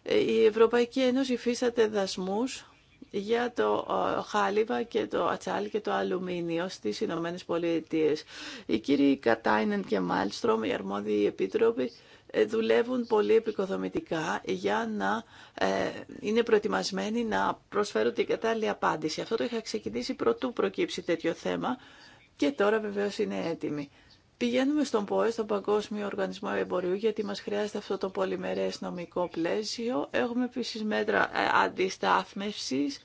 ε, η Ευρωπαϊκή Ένωση υφίσταται δασμούς για το χάλιβα και το ατσάλι και το αλουμίνιο στις Ηνωμένε Πολιτείες. Οι κύριοι Κατάινεν και Μάλστρομ, οι αρμόδιοι επίτροποι, ε, δουλεύουν πολύ επικοδομητικά για να ε, είναι προετοιμασμένοι να προσφέρουν την κατάλληλη απάντηση. Αυτό το είχα ξεκινήσει πρωτού προκύψει τέτοιο θέμα και τώρα βεβαίω είναι έτοιμη. Πηγαίνουμε στον ΠΟΕ, στον Παγκόσμιο Οργανισμό Εμπορίου, γιατί μας χρειάζεται αυτό το πολυμερές νομικό πλαίσιο. Έχουμε επίσης μέτρα ε, αντιστάθμευσης,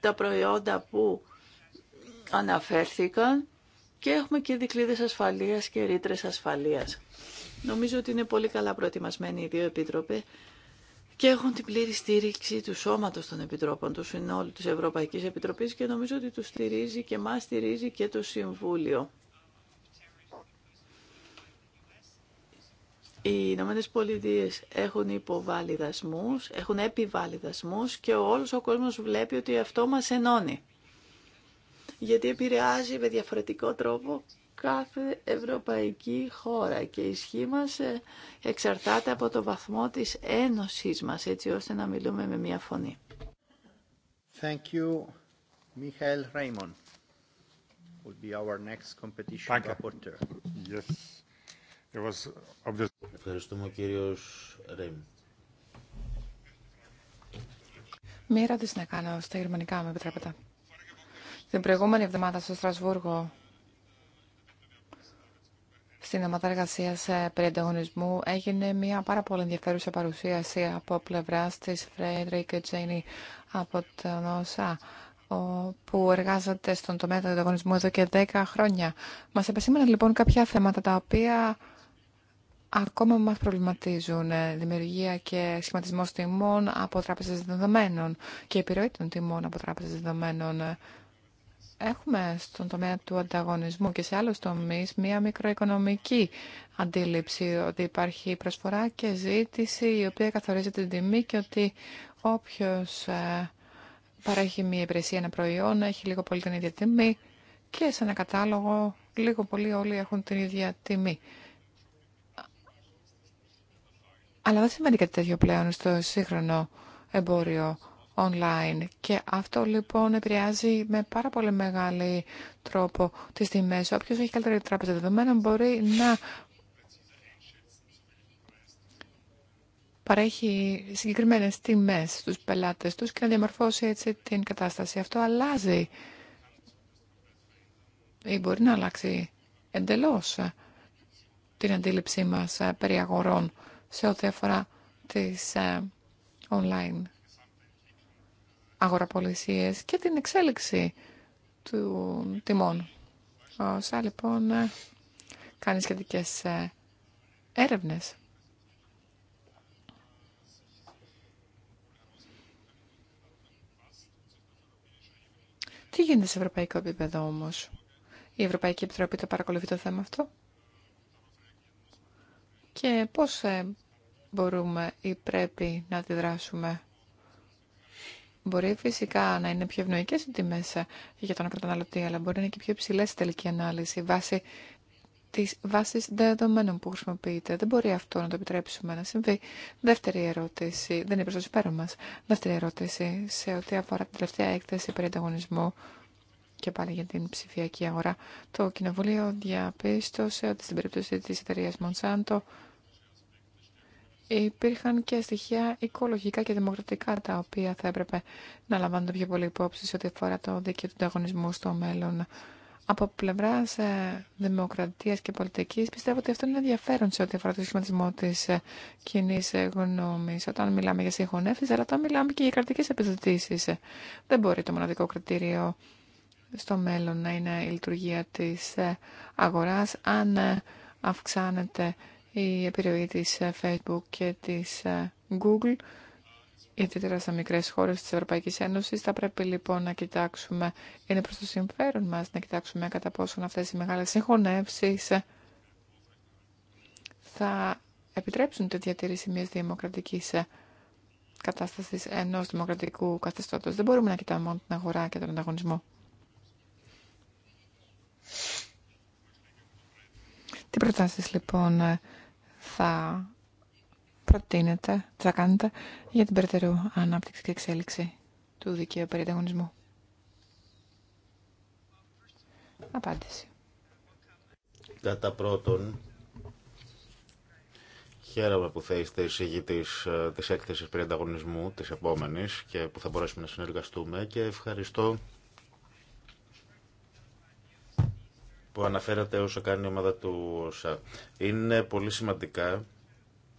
τα προϊόντα που αναφέρθηκαν και έχουμε και δικλείδες ασφαλείας και ρήτρες ασφαλείας. Νομίζω ότι είναι πολύ καλά προετοιμασμένοι οι δύο επίτροποι και έχουν την πλήρη στήριξη του σώματος των επιτρόπων, του συνόλου τη Ευρωπαϊκή Επιτροπή και νομίζω ότι του στηρίζει και μα στηρίζει και το Συμβούλιο. Οι Ηνωμένε Πολιτείε έχουν υποβάλει δασμούς, έχουν επιβάλει δασμούς και όλος ο κόσμο βλέπει ότι αυτό μα ενώνει. Γιατί επηρεάζει με διαφορετικό τρόπο κάθε ευρωπαϊκή χώρα και η ισχύ μας ε, εξαρτάται από το βαθμό της ένωσης μας, έτσι ώστε να μιλούμε με μία φωνή. Thank you, Michael Raymond. Will be Ευχαριστούμε, κύριος Μία ερώτηση να κάνω στα γερμανικά, με επιτρέπετε. Την προηγούμενη εβδομάδα στο Στρασβούργο στην ομάδα εργασία ε, περί ανταγωνισμού έγινε μια πάρα πολύ ενδιαφέρουσα παρουσίαση από πλευρά τη Φρέντρικ Τζέινι από τον ΩΣΑ που εργάζεται στον τομέα του ανταγωνισμού εδώ και 10 χρόνια. Μας επεσήμαναν λοιπόν κάποια θέματα τα οποία ακόμα μα προβληματίζουν. Ε, δημιουργία και σχηματισμός τιμών από τράπεζε δεδομένων και επιρροή των τιμών από τράπεζε δεδομένων. Ε, έχουμε στον τομέα του ανταγωνισμού και σε άλλους τομείς μία μικροοικονομική αντίληψη ότι υπάρχει προσφορά και ζήτηση η οποία καθορίζει την τιμή και ότι όποιος ε, παρέχει μία υπηρεσία, ένα προϊόν, έχει λίγο πολύ την ίδια τιμή και σε ένα κατάλογο λίγο πολύ όλοι έχουν την ίδια τιμή. Αλλά δεν σημαίνει κάτι τέτοιο πλέον στο σύγχρονο εμπόριο online. Και αυτό λοιπόν επηρεάζει με πάρα πολύ μεγάλη τρόπο τις τιμές. Όποιος έχει καλύτερη τράπεζα δεδομένων μπορεί να παρέχει συγκεκριμένες τιμές στους πελάτες τους και να διαμορφώσει έτσι την κατάσταση. Αυτό αλλάζει ή μπορεί να αλλάξει εντελώς την αντίληψή μας ε, περί αγορών σε ό,τι αφορά τις ε, online αγοραπολισίες και την εξέλιξη του τιμών. Όσα λοιπόν ε, κάνει σχετικές ε, έρευνες. Τι γίνεται σε ευρωπαϊκό επίπεδο όμως. Η Ευρωπαϊκή Επιτροπή το παρακολουθεί το θέμα αυτό. Και πώς ε, μπορούμε ή πρέπει να αντιδράσουμε Μπορεί φυσικά να είναι πιο ευνοϊκέ οι τιμέ ε, για τον καταναλωτή, αλλά μπορεί να είναι και πιο υψηλέ η τελική ανάλυση βάσει τη βάση δεδομένων που χρησιμοποιείται. Δεν μπορεί αυτό να το επιτρέψουμε να συμβεί. Δεύτερη ερώτηση, δεν είναι προ το συμφέρον μα. Δεύτερη ερώτηση, σε ό,τι αφορά την τελευταία έκθεση περί ανταγωνισμού και πάλι για την ψηφιακή αγορά. Το Κοινοβούλιο διαπίστωσε ότι στην περίπτωση τη εταιρεία Monsanto υπήρχαν και στοιχεία οικολογικά και δημοκρατικά τα οποία θα έπρεπε να λαμβάνονται πιο πολύ υπόψη σε ό,τι αφορά το δίκαιο του ανταγωνισμού στο μέλλον. Από πλευρά ε, δημοκρατία και πολιτική, πιστεύω ότι αυτό είναι ενδιαφέρον σε ό,τι αφορά το σχηματισμό τη ε, κοινή ε, γνώμη. Όταν μιλάμε για συγχωνεύσει, αλλά όταν μιλάμε και για κρατικέ επιδοτήσει, δεν μπορεί το μοναδικό κριτήριο στο μέλλον να είναι η λειτουργία τη αγορά. αν αυξάνεται η επιρροή της ε, Facebook και της ε, Google, ιδιαίτερα σε μικρές χώρες της Ευρωπαϊκής Ένωσης. Θα πρέπει λοιπόν να κοιτάξουμε, είναι προς το συμφέρον μας, να κοιτάξουμε κατά πόσον αυτές οι μεγάλες συγχωνεύσεις ε, θα επιτρέψουν τη διατήρηση μιας δημοκρατικής κατάσταση ενό δημοκρατικού καθεστώτος. Δεν μπορούμε να κοιτάμε μόνο την αγορά και τον ανταγωνισμό. Τι προτάσει λοιπόν θα προτείνετε, θα κάνετε για την περαιτέρω ανάπτυξη και εξέλιξη του δικαίου περιεταγωνισμού. Απάντηση. Κατά πρώτον, χαίρομαι που θα είστε εισηγητής ε, της έκθεσης περιεταγωνισμού της επόμενης και που θα μπορέσουμε να συνεργαστούμε και ευχαριστώ που αναφέρατε όσα κάνει η ομάδα του ΩΣΑ. Είναι πολύ σημαντικά,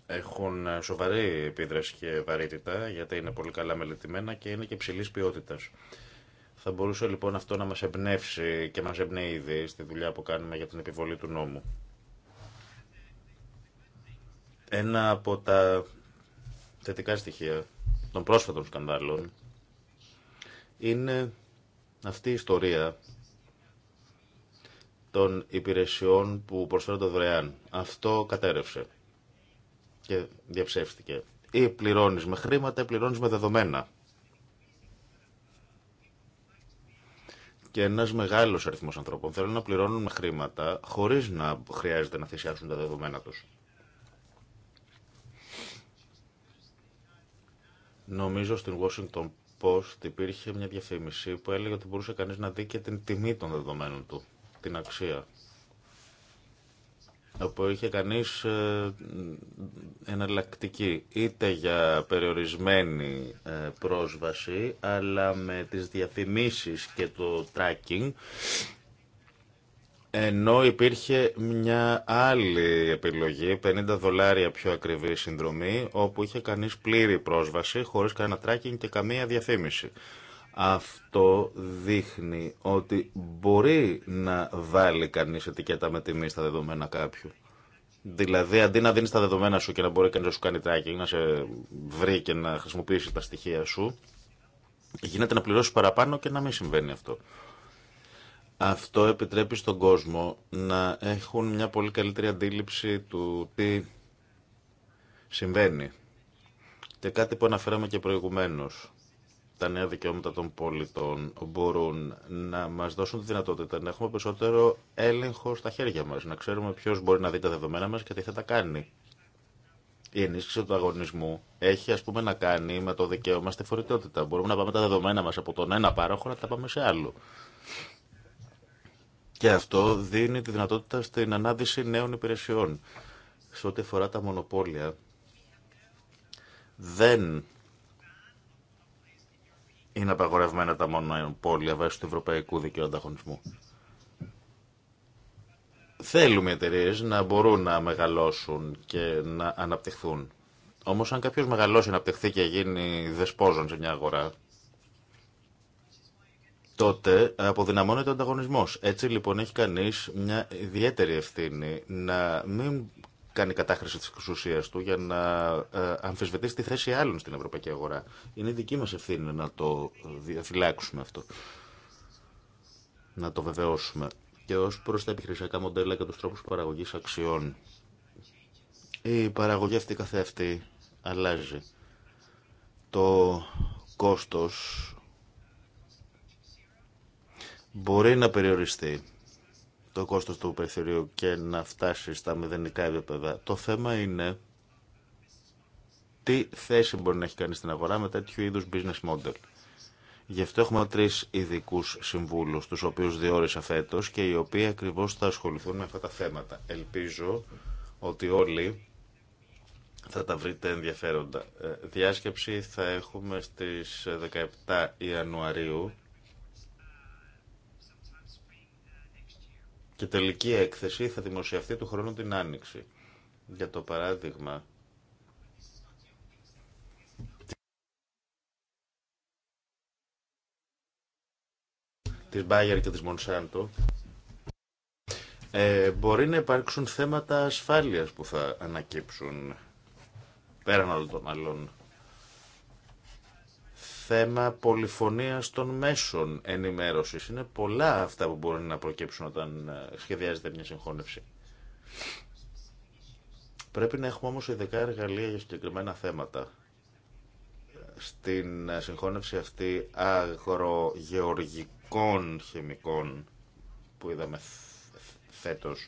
έχουν σοβαρή επίδραση και βαρύτητα, γιατί είναι πολύ καλά μελετημένα και είναι και ψηλή ποιότητα. Θα μπορούσε λοιπόν αυτό να μας εμπνεύσει και μας εμπνέει ήδη στη δουλειά που κάνουμε για την επιβολή του νόμου. Ένα από τα θετικά στοιχεία των πρόσφατων σκανδάλων είναι αυτή η ιστορία των υπηρεσιών που προσφέρονται δωρεάν. Αυτό κατέρευσε και διαψεύστηκε. Ή πληρώνει με χρήματα ή πληρώνεις με δεδομένα. Και ένα μεγάλο αριθμό ανθρώπων θέλουν να πληρώνουν με χρήματα χωρί να χρειάζεται να θυσιάσουν τα δεδομένα του. Νομίζω στην Washington Post υπήρχε μια διαφήμιση που έλεγε ότι μπορούσε κανείς να δει και την τιμή των δεδομένων του την αξία όπου είχε κανείς ε, εναλλακτική είτε για περιορισμένη ε, πρόσβαση αλλά με τις διαφημίσεις και το tracking ενώ υπήρχε μια άλλη επιλογή, 50 δολάρια πιο ακριβή συνδρομή, όπου είχε κανείς πλήρη πρόσβαση, χωρίς κανένα tracking και καμία διαφήμιση. Αυτό δείχνει ότι μπορεί να βάλει κανείς ετικέτα με τιμή στα δεδομένα κάποιου. Δηλαδή, αντί να δίνει τα δεδομένα σου και να μπορεί κανεί να σου κάνει τάκι, να σε βρει και να χρησιμοποιήσει τα στοιχεία σου, γίνεται να πληρώσει παραπάνω και να μην συμβαίνει αυτό. Αυτό επιτρέπει στον κόσμο να έχουν μια πολύ καλύτερη αντίληψη του τι συμβαίνει. Και κάτι που αναφέραμε και προηγουμένως τα νέα δικαιώματα των πολιτών μπορούν να μας δώσουν τη δυνατότητα να έχουμε περισσότερο έλεγχο στα χέρια μας, να ξέρουμε ποιος μπορεί να δει τα δεδομένα μας και τι θα τα κάνει. Η ενίσχυση του αγωνισμού έχει ας πούμε να κάνει με το δικαίωμα στη φορητότητα. Μπορούμε να πάμε τα δεδομένα μας από τον ένα πάροχο να τα πάμε σε άλλο. Και αυτό δίνει τη δυνατότητα στην ανάδυση νέων υπηρεσιών. Σε ό,τι αφορά τα μονοπόλια, δεν είναι απαγορευμένα τα πόλια βάσει του Ευρωπαϊκού Δικαίου Ανταγωνισμού. Θέλουμε οι εταιρείε να μπορούν να μεγαλώσουν και να αναπτυχθούν. Όμω, αν κάποιο μεγαλώσει, αναπτυχθεί και γίνει δεσπόζων σε μια αγορά, τότε αποδυναμώνεται ο ανταγωνισμό. Έτσι λοιπόν έχει κανεί μια ιδιαίτερη ευθύνη να μην κάνει κατάχρηση τη εξουσία του για να ε, αμφισβητήσει τη θέση άλλων στην ευρωπαϊκή αγορά. Είναι δική μα ευθύνη να το διαφυλάξουμε αυτό. Να το βεβαιώσουμε. Και ω προ τα επιχειρησιακά μοντέλα και του τρόπου παραγωγή αξιών. Η παραγωγή αυτή καθεαυτή αλλάζει. Το κόστος μπορεί να περιοριστεί το κόστος του περιθωρίου και να φτάσει στα μηδενικά επίπεδα. Το θέμα είναι τι θέση μπορεί να έχει κάνει στην αγορά με τέτοιου είδους business model. Γι' αυτό έχουμε τρει ειδικού συμβούλου, του οποίου διόρισα φέτο και οι οποίοι ακριβώ θα ασχοληθούν με αυτά τα θέματα. Ελπίζω ότι όλοι θα τα βρείτε ενδιαφέροντα. Ε, διάσκεψη θα έχουμε στις 17 Ιανουαρίου Και τελική έκθεση θα δημοσιευτεί του χρόνου την Άνοιξη. Για το παράδειγμα, της Μπάγερ και της Μονσάντο. ε, μπορεί να υπάρξουν θέματα ασφάλειας που θα ανακύψουν πέραν όλων των άλλων θέμα πολυφωνίας των μέσων ενημέρωσης. Είναι πολλά αυτά που μπορεί να προκύψουν όταν σχεδιάζεται μια συγχώνευση. Πρέπει να έχουμε όμως ειδικά εργαλεία για συγκεκριμένα θέματα. Στην συγχώνευση αυτή αγρογεωργικών χημικών που είδαμε φέτος,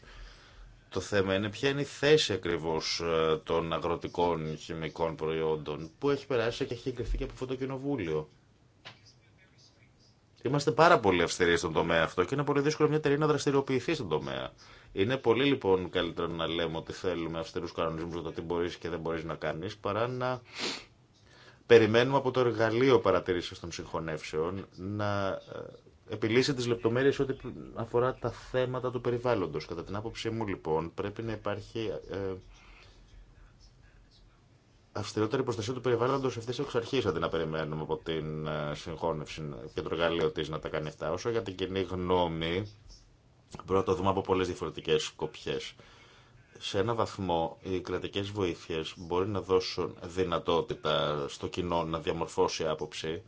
το θέμα είναι ποια είναι η θέση ακριβώ ε, των αγροτικών χημικών προϊόντων που έχει περάσει και έχει εγκριθεί και από αυτό το κοινοβούλιο. Είμαστε πάρα πολύ αυστηροί στον τομέα αυτό και είναι πολύ δύσκολο μια εταιρεία να δραστηριοποιηθεί στον τομέα. Είναι πολύ λοιπόν καλύτερο να λέμε ότι θέλουμε αυστηρού κανονισμού για το τι μπορεί και δεν μπορεί να κάνει παρά να περιμένουμε από το εργαλείο παρατηρήσεω των συγχωνεύσεων να ε, επιλύσει τις λεπτομέρειες ό,τι αφορά τα θέματα του περιβάλλοντος. Κατά την άποψή μου, λοιπόν, πρέπει να υπάρχει ε, αυστηρότερη προστασία του περιβάλλοντος αυτή εξ αρχή, αντί να περιμένουμε από την ε, συγχώνευση και το εργαλείο της να τα κάνει αυτά. Όσο για την κοινή γνώμη, μπορούμε να το δούμε από πολλές διαφορετικέ σκοπιέ. Σε ένα βαθμό οι κρατικές βοήθειε μπορεί να δώσουν δυνατότητα στο κοινό να διαμορφώσει άποψη,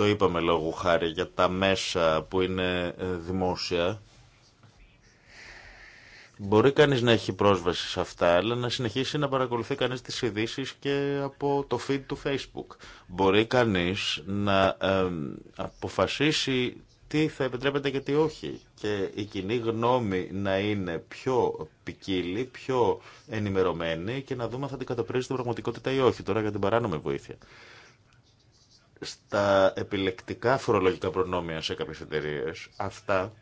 το είπαμε λόγου χάρη για τα μέσα που είναι ε, δημόσια. Μπορεί κανείς να έχει πρόσβαση σε αυτά, αλλά να συνεχίσει να παρακολουθεί κανείς τις ειδήσει και από το feed του Facebook. Μπορεί κανείς να ε, αποφασίσει τι θα επιτρέπεται και τι όχι. Και η κοινή γνώμη να είναι πιο ποικίλη, πιο ενημερωμένη και να δούμε αν θα την την πραγματικότητα ή όχι. Τώρα για την παράνομη βοήθεια στα επιλεκτικά φορολογικά προνόμια σε κάποιες εταιρείε, αυτά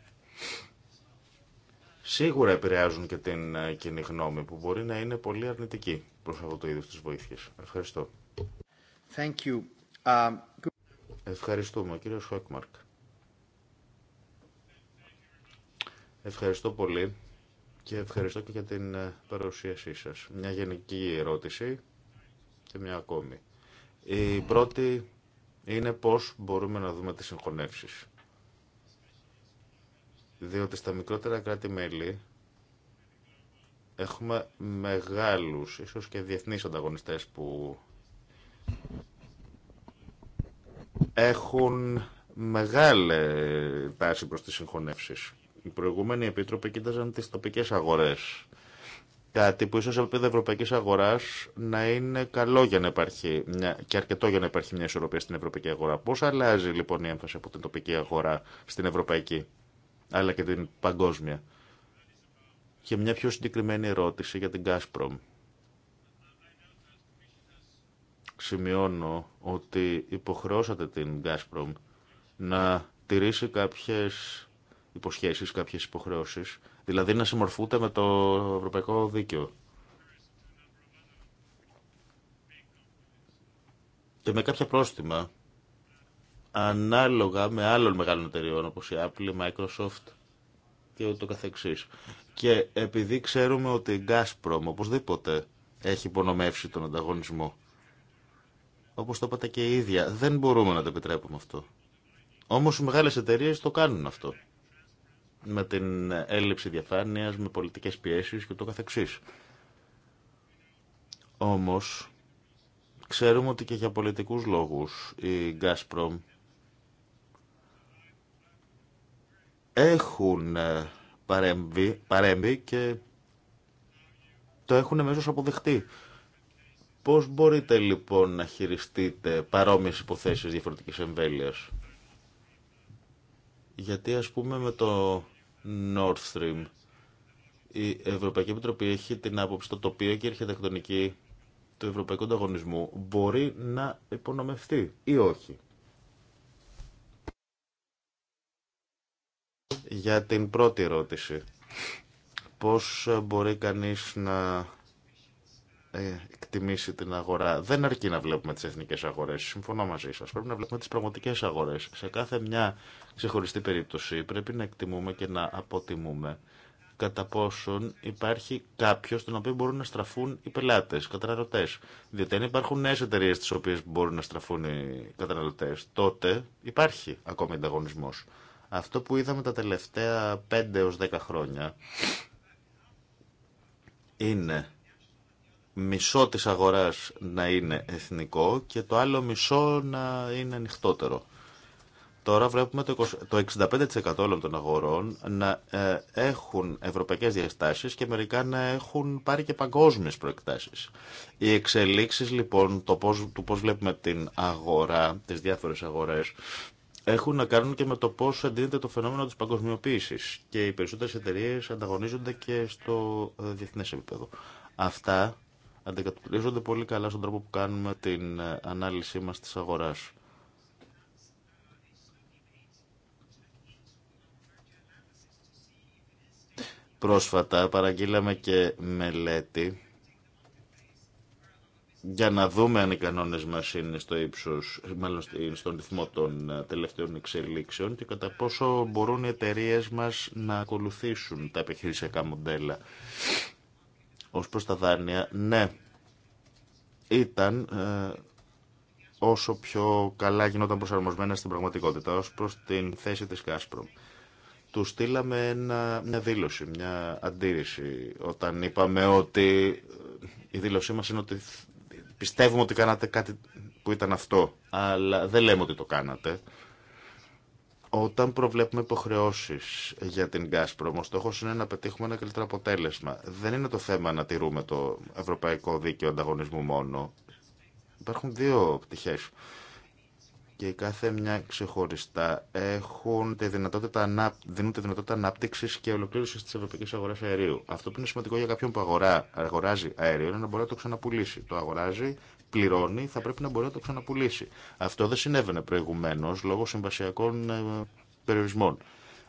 σίγουρα επηρεάζουν και την ε, κοινή γνώμη που μπορεί να είναι πολύ αρνητική προς αυτό το είδος της βοήθειας. Ευχαριστώ. Thank you. Ευχαριστούμε, κύριος Χόκμαρκ. Ευχαριστώ πολύ και ευχαριστώ και για την ε, παρουσίασή σας. Μια γενική ερώτηση και μια ακόμη. Η πρώτη είναι πώς μπορούμε να δούμε τις συγχωνεύσεις. Διότι στα μικρότερα κράτη-μέλη έχουμε μεγάλους, ίσως και διεθνείς ανταγωνιστές που έχουν μεγάλη τάση προς τις συγχωνεύσεις. Οι προηγούμενοι επίτροποι κοίταζαν τις τοπικές αγορές Κάτι που ίσω επίπεδο ευρωπαϊκή αγορά να είναι καλό για να υπάρχει και αρκετό για να υπάρχει μια ισορροπία στην ευρωπαϊκή αγορά. Πώ αλλάζει λοιπόν η έμφαση από την τοπική αγορά στην ευρωπαϊκή, αλλά και την παγκόσμια. Και μια πιο συγκεκριμένη ερώτηση για την Gazprom. Σημειώνω ότι υποχρεώσατε την Gazprom να τηρήσει κάποιες υποσχέσεις, κάποιες υποχρεώσεις δηλαδή να συμμορφούνται με το ευρωπαϊκό δίκαιο. Και με κάποια πρόστιμα, ανάλογα με άλλων μεγάλων εταιριών, όπως η Apple, η Microsoft και ούτω καθεξής. Και επειδή ξέρουμε ότι η Gazprom οπωσδήποτε έχει υπονομεύσει τον ανταγωνισμό, όπως το είπατε και η ίδια, δεν μπορούμε να το επιτρέπουμε αυτό. Όμως οι μεγάλες εταιρείες το κάνουν αυτό με την έλλειψη διαφάνειας, με πολιτικές πιέσεις και το καθεξής. Όμως, ξέρουμε ότι και για πολιτικούς λόγους η Gazprom έχουν ε, παρέμβει, παρέμβει και το έχουν μέσω αποδεχτεί. Πώς μπορείτε λοιπόν να χειριστείτε παρόμοιες υποθέσεις διαφορετικής εμβέλειας. Γιατί ας πούμε με το Nord Stream η Ευρωπαϊκή Επιτροπή έχει την άποψη το τοπίο και η αρχιτεκτονική του ευρωπαϊκού ανταγωνισμού μπορεί να υπονομευτεί ή όχι. Για την πρώτη ερώτηση, πώς μπορεί κανείς να ε, εκτιμήσει την αγορά. Δεν αρκεί να βλέπουμε τι εθνικέ αγορές, συμφωνώ μαζί σα Πρέπει να βλέπουμε τι πραγματικέ αγορέ. Σε κάθε μια ξεχωριστή περίπτωση πρέπει να εκτιμούμε και να αποτιμούμε κατά πόσον υπάρχει κάποιο στον οποίο μπορούν να στραφούν οι πελάτε, καταναλωτέ. Διότι αν υπάρχουν νέε εταιρείε στι οποίε μπορούν να στραφούν οι καταναλωτέ, τότε υπάρχει ακόμη ανταγωνισμό. Αυτό που είδαμε τα τελευταία 5 έως 10 χρόνια είναι μισό της αγοράς να είναι εθνικό και το άλλο μισό να είναι ανοιχτότερο. Τώρα βλέπουμε το 65% όλων των αγορών να ε, έχουν ευρωπαϊκές διαστάσεις και μερικά να έχουν πάρει και παγκόσμιες προεκτάσεις. Οι εξελίξεις λοιπόν το πώς, του πώς βλέπουμε την αγορά, τις διάφορες αγορές, έχουν να κάνουν και με το πώς αντίνεται το φαινόμενο της παγκοσμιοποίησης Και οι περισσότερε εταιρείε ανταγωνίζονται και στο ε, διεθνές επίπεδο. Αυτά αντικατοπτρίζονται πολύ καλά στον τρόπο που κάνουμε την ε, ανάλυση μας της αγοράς. Πρόσφατα παραγγείλαμε και μελέτη για να δούμε αν οι κανόνες μας είναι στο ύψος, μάλλον στον ρυθμό των ε, τελευταίων εξελίξεων και κατά πόσο μπορούν οι εταιρείε μας να ακολουθήσουν τα επιχειρησιακά μοντέλα ως προς τα δάνεια, ναι, ήταν ε, όσο πιο καλά γινόταν προσαρμοσμένα στην πραγματικότητα, ως προς την θέση της Κάσπρομ. Του στείλαμε μια δήλωση, μια αντίρρηση, όταν είπαμε ότι ε, η δήλωσή μας είναι ότι πιστεύουμε ότι κάνατε κάτι που ήταν αυτό, αλλά δεν λέμε ότι το κάνατε. Όταν προβλέπουμε υποχρεώσει για την Gazprom, ο στόχο είναι να πετύχουμε ένα καλύτερο αποτέλεσμα. Δεν είναι το θέμα να τηρούμε το ευρωπαϊκό δίκαιο ανταγωνισμού μόνο. Υπάρχουν δύο πτυχέ. Και κάθε μια ξεχωριστά έχουν τη δυνατότητα, δίνουν τη δυνατότητα ανάπτυξη και ολοκλήρωση τη ευρωπαϊκή αγορά αερίου. Αυτό που είναι σημαντικό για κάποιον που αγορά, αγοράζει αέριο είναι να μπορεί να το ξαναπουλήσει. Το αγοράζει, πληρώνει θα πρέπει να μπορεί να το ξαναπουλήσει. Αυτό δεν συνέβαινε προηγουμένω λόγω συμβασιακών ε, περιορισμών.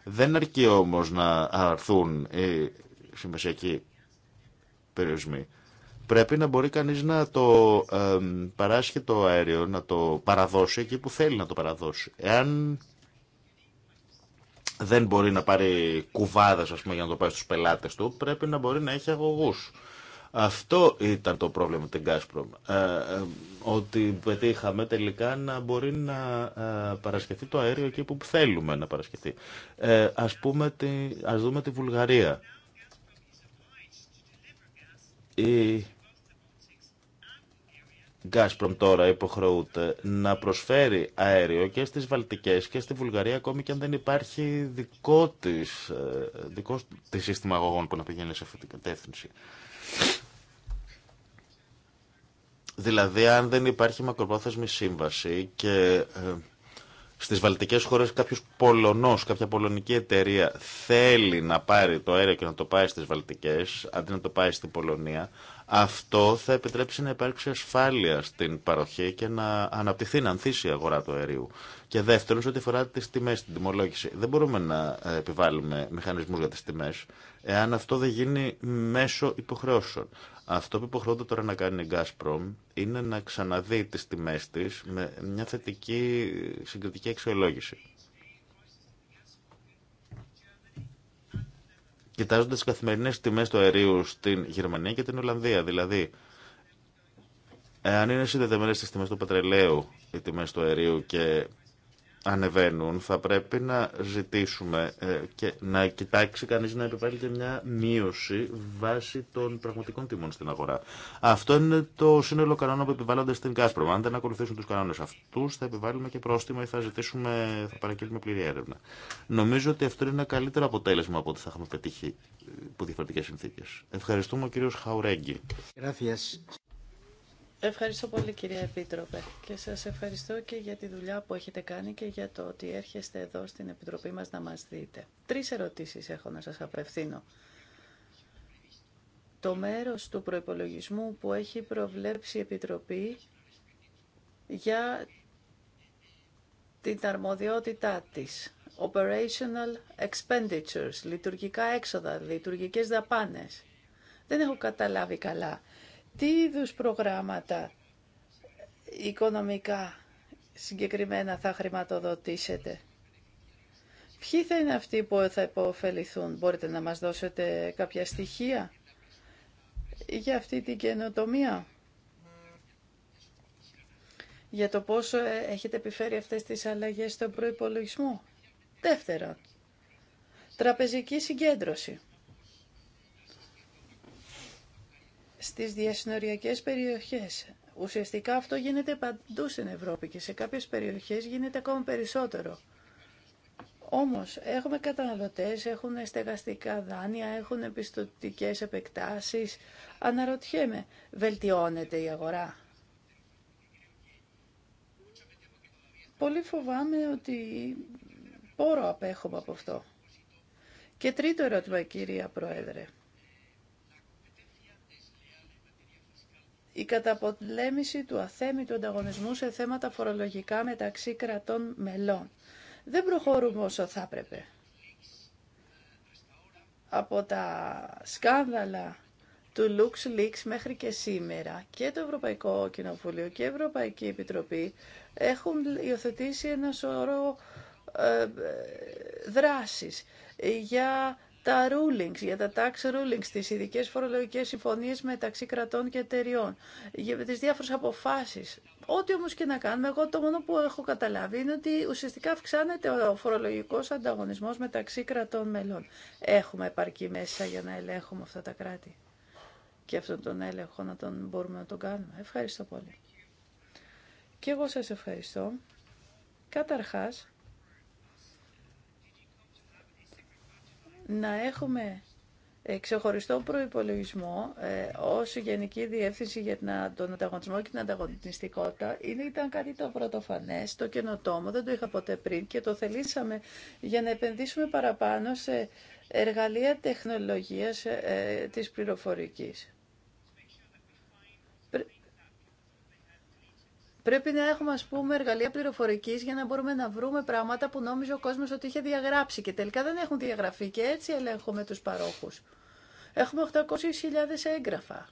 Δεν αρκεί όμω να αρθούν οι συμβασιακοί περιορισμοί. Πρέπει να μπορεί κανεί να το ε, παράσχει το αέριο, να το παραδώσει εκεί που θέλει να το παραδώσει. Εάν δεν μπορεί να πάρει πούμε, για να το πάει στου πελάτε του, πρέπει να μπορεί να έχει αγωγού αυτό ήταν το πρόβλημα με την Gazprom. Ε, ε, ότι πετύχαμε τελικά να μπορεί να ε, παρασκευτεί το αέριο εκεί που θέλουμε να παρασκευτεί. Ε, ας, πούμε, τη, ας δούμε τη Βουλγαρία. Η Gazprom τώρα υποχρεούται να προσφέρει αέριο και στις Βαλτικές και στη Βουλγαρία ακόμη και αν δεν υπάρχει δικό της, δικό της σύστημα αγωγών που να πηγαίνει σε αυτή την κατεύθυνση. Δηλαδή, αν δεν υπάρχει μακροπρόθεσμη σύμβαση και ε, στι βαλτικέ χώρε κάποιο Πολωνό, κάποια πολωνική εταιρεία θέλει να πάρει το αέριο και να το πάει στι βαλτικέ, αντί να το πάει στην Πολωνία, αυτό θα επιτρέψει να υπάρξει ασφάλεια στην παροχή και να αναπτυχθεί, να ανθίσει η αγορά του αερίου. Και δεύτερον, σε ό,τι αφορά τι τιμέ, την τιμολόγηση. Δεν μπορούμε να ε, επιβάλλουμε μηχανισμού για τι τιμέ, εάν αυτό δεν γίνει μέσω υποχρεώσεων. Αυτό που υποχρεώνται τώρα να κάνει η Gazprom είναι να ξαναδεί τι τιμέ τη με μια θετική συγκριτική αξιολόγηση. κοιτάζοντα τι καθημερινέ τιμέ του αερίου στην Γερμανία και την Ολλανδία. Δηλαδή, εάν είναι συνδεδεμένε τι τιμέ του πετρελαίου, οι τιμέ του αερίου και ανεβαίνουν, θα πρέπει να ζητήσουμε ε, και να κοιτάξει κανείς να επιβάλλει και μια μείωση βάσει των πραγματικών τιμών στην αγορά. Αυτό είναι το σύνολο κανόνα που επιβάλλονται στην Κάσπρο. Αν δεν ακολουθήσουν τους κανόνες αυτούς θα επιβάλλουμε και πρόστιμα ή θα, ζητήσουμε, θα παρακύλουμε πλήρη έρευνα. Νομίζω ότι αυτό είναι ένα καλύτερο αποτέλεσμα από ό,τι θα είχαμε πετύχει ε, υπό διαφορετικές συνθήκες. Ευχαριστούμε ο κύριος Χαουρέγγι. Ευχαριστώ πολύ κυρία Επίτροπε και σας ευχαριστώ και για τη δουλειά που έχετε κάνει και για το ότι έρχεστε εδώ στην Επιτροπή μας να μας δείτε. Τρεις ερωτήσεις έχω να σας απευθύνω. Το μέρος του προϋπολογισμού που έχει προβλέψει η Επιτροπή για την αρμοδιότητά της. Operational expenditures, λειτουργικά έξοδα, λειτουργικές δαπάνες. Δεν έχω καταλάβει καλά τι είδου προγράμματα οικονομικά συγκεκριμένα θα χρηματοδοτήσετε. Ποιοι θα είναι αυτοί που θα υποφεληθούν. Μπορείτε να μας δώσετε κάποια στοιχεία για αυτή την καινοτομία. Για το πόσο έχετε επιφέρει αυτές τις αλλαγές στον προϋπολογισμό. Δεύτερον, τραπεζική συγκέντρωση. στις διασυνοριακές περιοχές. Ουσιαστικά αυτό γίνεται παντού στην Ευρώπη και σε κάποιες περιοχές γίνεται ακόμα περισσότερο. Όμως έχουμε καταναλωτές, έχουν στεγαστικά δάνεια, έχουν επιστοτικές επεκτάσεις. Αναρωτιέμαι, βελτιώνεται η αγορά. Πολύ φοβάμαι ότι πόρο απέχουμε από αυτό. Και τρίτο ερώτημα, κυρία Πρόεδρε. η καταπολέμηση του αθέμητου ανταγωνισμού σε θέματα φορολογικά μεταξύ κρατών μελών. Δεν προχωρούμε όσο θα έπρεπε. Από τα σκάνδαλα του LuxLeaks μέχρι και σήμερα και το Ευρωπαϊκό Κοινοβούλιο και η Ευρωπαϊκή Επιτροπή έχουν υιοθετήσει ένα σωρό ε, ε, δράσεις για τα rulings, για τα tax rulings, τις ειδικές φορολογικές συμφωνίες μεταξύ κρατών και εταιριών, για τις διάφορες αποφάσεις. Ό,τι όμως και να κάνουμε, εγώ το μόνο που έχω καταλάβει είναι ότι ουσιαστικά αυξάνεται ο φορολογικός ανταγωνισμός μεταξύ κρατών μελών. Έχουμε επαρκή μέσα για να ελέγχουμε αυτά τα κράτη και αυτόν τον έλεγχο να τον μπορούμε να τον κάνουμε. Ευχαριστώ πολύ. Και εγώ σας ευχαριστώ. Καταρχάς, να έχουμε ξεχωριστό προϋπολογισμό ε, ως Γενική Διεύθυνση για τον Ανταγωνισμό και την Ανταγωνιστικότητα είναι, ήταν κάτι το πρωτοφανές, το καινοτόμο, δεν το είχα ποτέ πριν και το θελήσαμε για να επενδύσουμε παραπάνω σε εργαλεία τεχνολογίας ε, ε, της πληροφορικής. Πρέπει να έχουμε, α πούμε, εργαλεία πληροφορική για να μπορούμε να βρούμε πράγματα που νόμιζε ο κόσμο ότι είχε διαγράψει και τελικά δεν έχουν διαγραφεί και έτσι ελέγχουμε του παρόχου. Έχουμε 800.000 έγγραφα.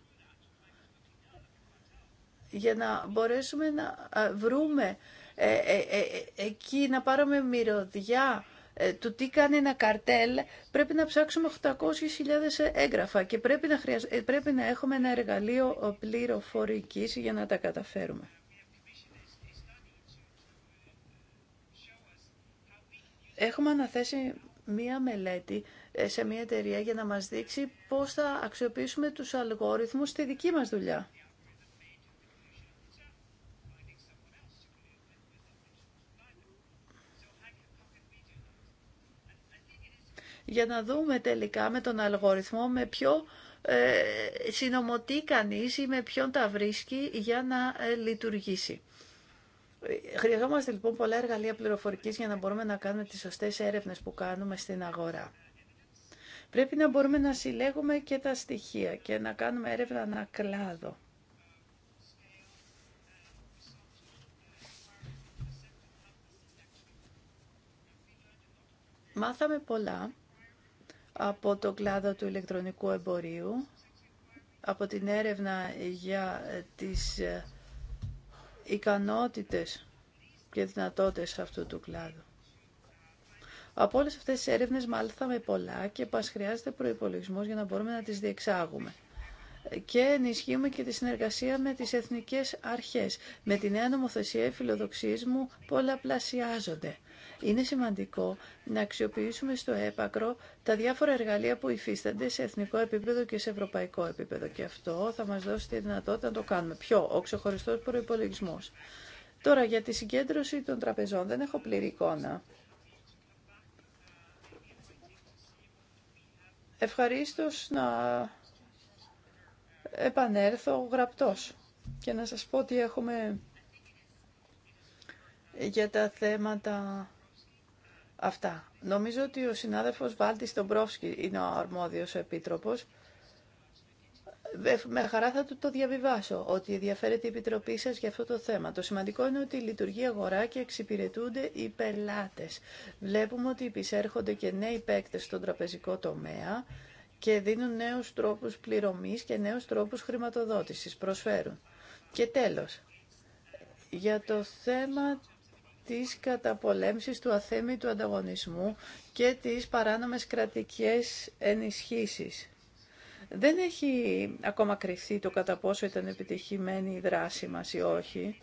Για να μπορέσουμε να βρούμε ε, ε, ε, ε, εκεί, να πάρουμε μυρωδιά ε, του τι κάνει ένα καρτέλ, πρέπει να ψάξουμε 800.000 έγγραφα και πρέπει να, ε, πρέπει να έχουμε ένα εργαλείο πληροφορικής για να τα καταφέρουμε. Έχουμε αναθέσει μία μελέτη ε, σε μία εταιρεία για να μας δείξει πώς θα αξιοποιήσουμε τους αλγόριθμους στη δική μας δουλειά. για να δούμε τελικά με τον αλγοριθμό με ποιο ε, συνομωτεί κανείς ή με ποιον τα βρίσκει για να ε, λειτουργήσει. Χρειαζόμαστε λοιπόν πολλά εργαλεία πληροφορικής για να μπορούμε να κάνουμε τις σωστές έρευνες που κάνουμε στην αγορά. Πρέπει να μπορούμε να συλλέγουμε και τα στοιχεία και να κάνουμε έρευνα κλάδο. Μάθαμε πολλά από το κλάδο του ηλεκτρονικού εμπορίου, από την έρευνα για τις ε, ικανότητες και δυνατότητες αυτού του κλάδου. Από όλες αυτές τις έρευνες μάλθαμε πολλά και μας χρειάζεται προϋπολογισμός για να μπορούμε να τις διεξάγουμε και ενισχύουμε και τη συνεργασία με τις εθνικές αρχές. Με την νέα νομοθεσία οι φιλοδοξίες μου πολλαπλασιάζονται. Είναι σημαντικό να αξιοποιήσουμε στο έπακρο τα διάφορα εργαλεία που υφίστανται σε εθνικό επίπεδο και σε ευρωπαϊκό επίπεδο. Και αυτό θα μας δώσει τη δυνατότητα να το κάνουμε. πιο, ο ξεχωριστό προπολογισμό. Τώρα για τη συγκέντρωση των τραπεζών δεν έχω πλήρη εικόνα. Ευχαριστώ να επανέλθω γραπτός και να σας πω τι έχουμε για τα θέματα Αυτά. Νομίζω ότι ο συνάδελφος Βάλτης Τομπρόφσκι είναι ο αρμόδιος επίτροπος. Με χαρά θα του το διαβιβάσω ότι ενδιαφέρεται η Επιτροπή σα για αυτό το θέμα. Το σημαντικό είναι ότι λειτουργεί αγορά και εξυπηρετούνται οι πελάτε. Βλέπουμε ότι επισέρχονται και νέοι παίκτε στον τραπεζικό τομέα και δίνουν νέου τρόπου πληρωμή και νέου τρόπου χρηματοδότηση. Προσφέρουν. Και τέλο, για το θέμα της καταπολέμησης του αθέμητου ανταγωνισμού και της παράνομες κρατικές ενισχύσεις. Δεν έχει ακόμα κρυφθεί το κατά πόσο ήταν επιτυχημένη η δράση μας ή όχι,